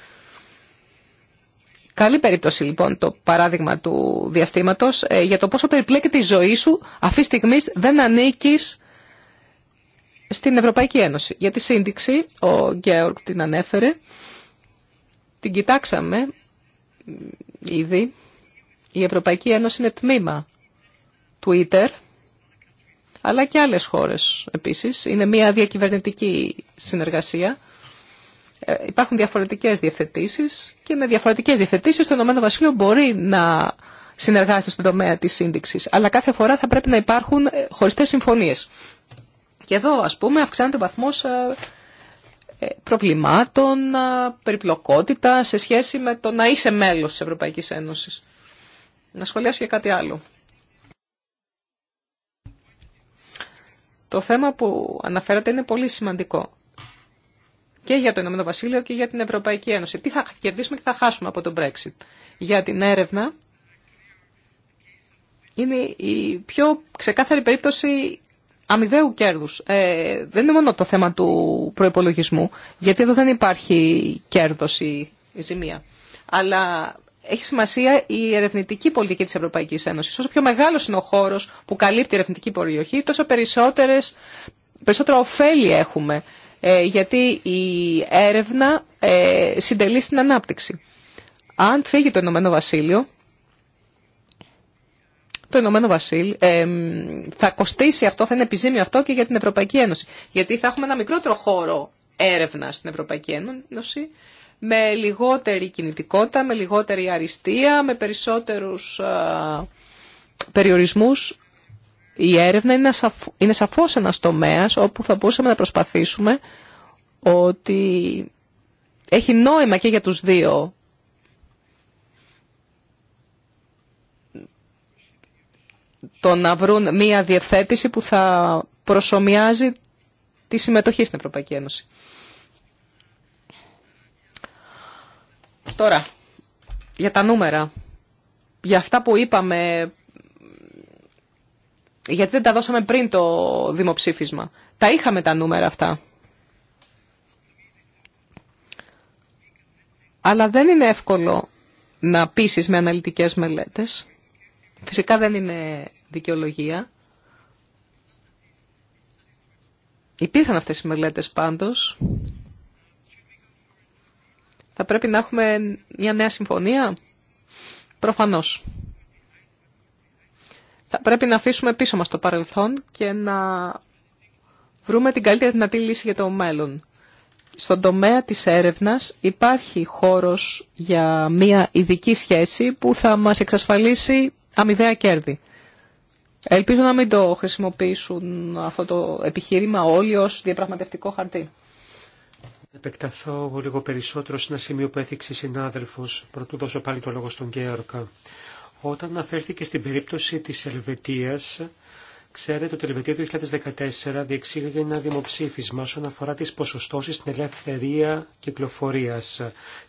[SPEAKER 5] Καλή περίπτωση λοιπόν το παράδειγμα του διαστήματος ε, για το πόσο περιπλέκεται η ζωή σου αυτή τη στιγμή δεν ανήκει στην Ευρωπαϊκή Ένωση. Για τη σύνδεξη, ο Γκέορκ την ανέφερε, την κοιτάξαμε ήδη, η Ευρωπαϊκή Ένωση είναι τμήμα ΙΤΕΡ, αλλά και άλλες χώρες επίσης. Είναι μια διακυβερνητική συνεργασία. Ε, υπάρχουν διαφορετικές διευθετήσεις και με διαφορετικές διευθετήσεις το Ηνωμένο μπορεί να συνεργάζεται στον τομέα της σύνδεξης. Αλλά κάθε φορά θα πρέπει να υπάρχουν ε, χωριστές συμφωνίες. Και εδώ, ας πούμε, αυξάνεται ο βαθμός ε, ε, προβλημάτων, περιπλοκότητα σε σχέση με το να είσαι μέλος της Ευρωπαϊκής Ένωσης. Να σχολιάσω και κάτι άλλο. Το θέμα που αναφέρατε είναι πολύ σημαντικό. Και για το Ηνωμένο Βασίλειο και για την Ευρωπαϊκή Ένωση. Τι θα κερδίσουμε και θα χάσουμε από τον Brexit. Για την έρευνα είναι η πιο ξεκάθαρη περίπτωση αμοιβαίου κέρδους. Ε, δεν είναι μόνο το θέμα του προϋπολογισμού, γιατί εδώ δεν υπάρχει κέρδος ή ζημία. Αλλά έχει σημασία η ερευνητική πολιτική της Ευρωπαϊκής Ένωσης. Όσο πιο μεγάλος είναι ο χώρος που καλύπτει η ερευνητική περιοχή, τόσο περισσότερες, περισσότερα ωφέλη έχουμε, ε, γιατί η έρευνα γιατι η ερευνα συντελει στην ανάπτυξη. Αν φύγει το Ηνωμένο Βασίλειο, το Ηνωμένο Βασίλ, θα κοστίσει αυτό, θα είναι επιζήμιο αυτό και για την Ευρωπαϊκή Ένωση. Γιατί θα έχουμε ένα μικρότερο χώρο έρευνα στην Ευρωπαϊκή Ένωση με λιγότερη κινητικότητα, με λιγότερη αριστεία, με περισσότερους περιορισμού. περιορισμούς. Η έρευνα είναι, σαφ, είναι σαφώς ένας τομέας όπου θα μπορούσαμε να προσπαθήσουμε ότι έχει νόημα και για τους δύο το να βρουν μία διευθέτηση που θα προσωμιάζει τη συμμετοχή στην Ευρωπαϊκή Ένωση. Τώρα, για τα νούμερα. Για αυτά που είπαμε, γιατί δεν τα δώσαμε πριν το δημοψήφισμα. Τα είχαμε τα νούμερα αυτά. Αλλά δεν είναι εύκολο να πείσεις με αναλυτικές μελέτες. Φυσικά δεν είναι δικαιολογία. Υπήρχαν αυτές οι μελέτες πάντως. Θα πρέπει να έχουμε μια νέα συμφωνία. Προφανώς. Θα πρέπει να αφήσουμε πίσω μας το παρελθόν και να βρούμε την καλύτερη δυνατή λύση για το μέλλον. Στον τομέα της έρευνας υπάρχει χώρος για μια ειδική σχέση που θα μας εξασφαλίσει αμοιβαία κέρδη. Ελπίζω να μην το χρησιμοποιήσουν αυτό το επιχείρημα όλοι ως διαπραγματευτικό χαρτί.
[SPEAKER 3] Επεκταθώ λίγο περισσότερο σε ένα σημείο που έθιξε συνάδελφος, πρωτού δώσω πάλι το λόγο στον Γκέορκα. Όταν αναφέρθηκε στην περίπτωση της Ελβετίας, Ξέρετε ότι η Ελβετία το 2014 διεξήγαγε ένα δημοψήφισμα όσον αφορά τις ποσοστώσεις στην ελευθερία κυκλοφορίας.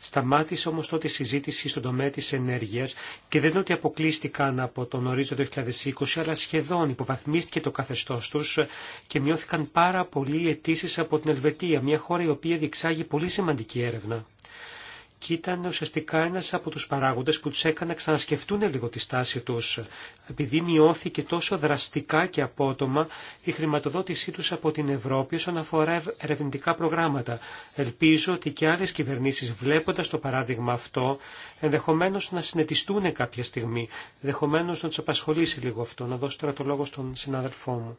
[SPEAKER 3] Σταμάτησε όμως τότε η συζήτηση στον τομέα της ενέργειας και δεν είναι ότι αποκλείστηκαν από τον ορίζοντα 2020, αλλά σχεδόν υποβαθμίστηκε το καθεστώς τους και μειώθηκαν πάρα πολλοί αιτήσει από την Ελβετία, μια χώρα η οποία διεξάγει πολύ σημαντική έρευνα και ήταν ουσιαστικά ένας από τους παράγοντες που τους έκανε να ξανασκεφτούν λίγο τη στάση τους, επειδή μειώθηκε τόσο δραστικά και απότομα η χρηματοδότησή τους από την Ευρώπη όσον αφορά ερευνητικά προγράμματα. Ελπίζω ότι και άλλες κυβερνήσεις βλέποντας το παράδειγμα αυτό, ενδεχομένως να συνετιστούν κάποια στιγμή, ενδεχομένως να τους απασχολήσει λίγο αυτό, να δώσω τώρα το λόγο στον συνάδελφό μου.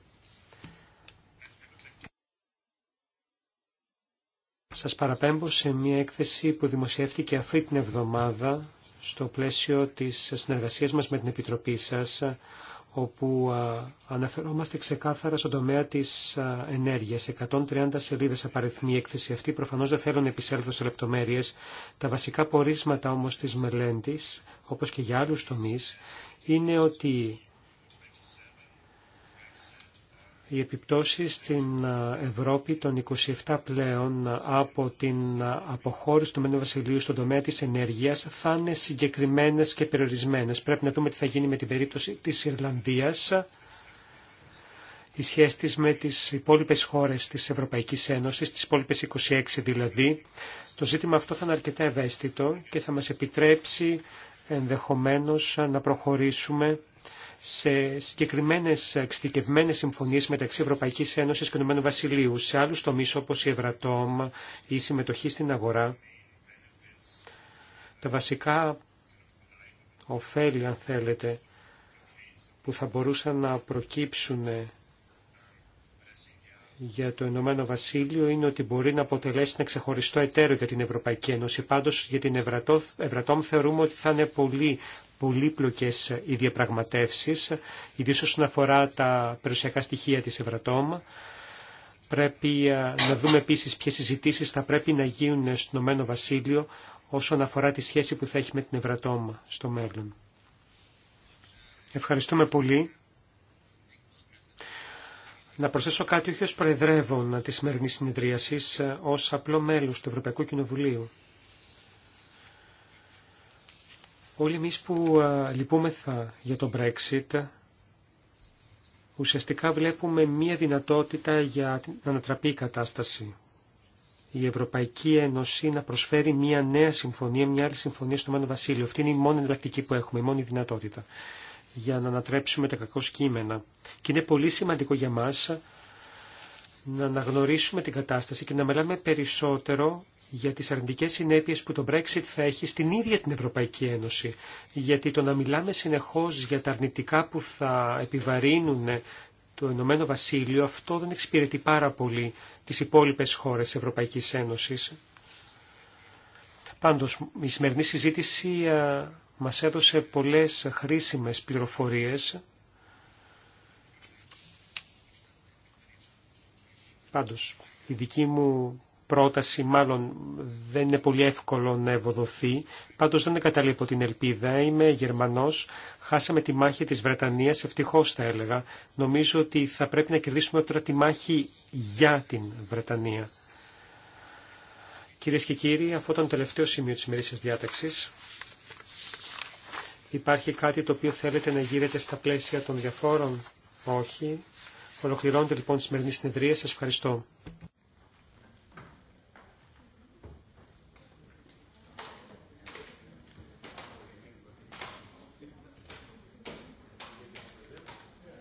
[SPEAKER 3] Σας παραπέμπω σε μια έκθεση που δημοσιεύτηκε αυτή την εβδομάδα στο πλαίσιο της συνεργασίας μας με την Επιτροπή σας, όπου αναφερόμαστε ξεκάθαρα στον τομέα της ενέργειας. 130 σελίδες απαριθμεί η έκθεση αυτή. Προφανώς δεν θέλω να επισέλθω σε λεπτομέρειες. Τα βασικά πορίσματα όμως της μελέντης, όπως και για άλλους τομείς, είναι ότι οι επιπτώσεις στην ε, Ευρώπη των 27 πλέον ε, από την ε, αποχώρηση του Μένου Βασιλείου στον τομέα της ενέργειας θα είναι συγκεκριμένες και περιορισμένες. Πρέπει να δούμε τι θα γίνει με την περίπτωση της Ιρλανδίας, Οι σχέση της με τις υπόλοιπες χώρες της Ευρωπαϊκής Ένωσης, τις υπόλοιπες 26 δηλαδή. Το ζήτημα αυτό θα είναι αρκετά ευαίσθητο και θα μας επιτρέψει ενδεχομένως να προχωρήσουμε σε συγκεκριμένε εξειδικευμένε συμφωνίε μεταξύ Ευρωπαϊκή Ένωση και Ηνωμένου Βασιλείου, σε άλλου τομεί όπω η Ευρατόμ ή η συμμετοχη στην αγορά. Τα βασικά ωφέλη, αν θέλετε, που θα μπορούσαν να προκύψουν για το Ηνωμένο Βασίλειο είναι ότι μπορεί να αποτελέσει ένα ξεχωριστό εταίρο για την Ευρωπαϊκή Ένωση. Πάντως για την Ευρατόμ θεωρούμε ότι θα είναι πολύ πολύπλοκες ε, οι διαπραγματεύσεις, ιδίως όσον αφορά τα περιουσιακά στοιχεία της Ευρατόμα. Πρέπει ε, να δούμε επίσης ποιες συζητήσεις θα πρέπει να γίνουν στον Ηνωμένο Βασίλειο όσον αφορά τη σχέση που θα έχει με την Ευρατώμα στο μέλλον. Ευχαριστούμε πολύ. Να προσθέσω κάτι όχι ως προεδρεύων της σημερινής συνεδρίασης, ε, ως απλό μέλος του Ευρωπαϊκού Κοινοβουλίου. Όλοι εμείς που λυπούμεθα για το Brexit, ουσιαστικά βλέπουμε μία δυνατότητα για να ανατραπεί η κατάσταση. Η Ευρωπαϊκή Ένωση να προσφέρει μία νέα συμφωνία, μία άλλη συμφωνία στο Μένο Βασίλειο. Αυτή είναι η μόνη εναλλακτική που έχουμε, η μόνη δυνατότητα για να ανατρέψουμε τα κακό κείμενα. Και είναι πολύ σημαντικό για μας να αναγνωρίσουμε την κατάσταση και να μιλάμε περισσότερο για τις αρνητικές συνέπειες που το Brexit θα έχει στην ίδια την Ευρωπαϊκή Ένωση. Γιατί το να μιλάμε συνεχώς για τα αρνητικά που θα επιβαρύνουν το Ηνωμένο Βασίλειο, αυτό δεν εξυπηρετεί πάρα πολύ τις υπόλοιπες χώρες της Ευρωπαϊκής Ένωσης. Πάντως, η σημερινή συζήτηση μας έδωσε πολλές χρήσιμες πληροφορίες. Πάντως, η δική μου πρόταση μάλλον δεν είναι πολύ εύκολο να ευοδοθεί. Πάντως δεν εγκαταλείπω την ελπίδα. Είμαι Γερμανός. Χάσαμε τη μάχη της Βρετανίας, ευτυχώς θα έλεγα. Νομίζω ότι θα πρέπει να κερδίσουμε τώρα τη μάχη για την Βρετανία. Κυρίε και κύριοι, αυτό ήταν το τελευταίο σημείο της ημερήσιας διάταξης. Υπάρχει κάτι το οποίο θέλετε να γύρετε στα πλαίσια των διαφόρων. Όχι. Ολοκληρώνεται λοιπόν τη σημερινή συνεδρία. Σας ευχαριστώ.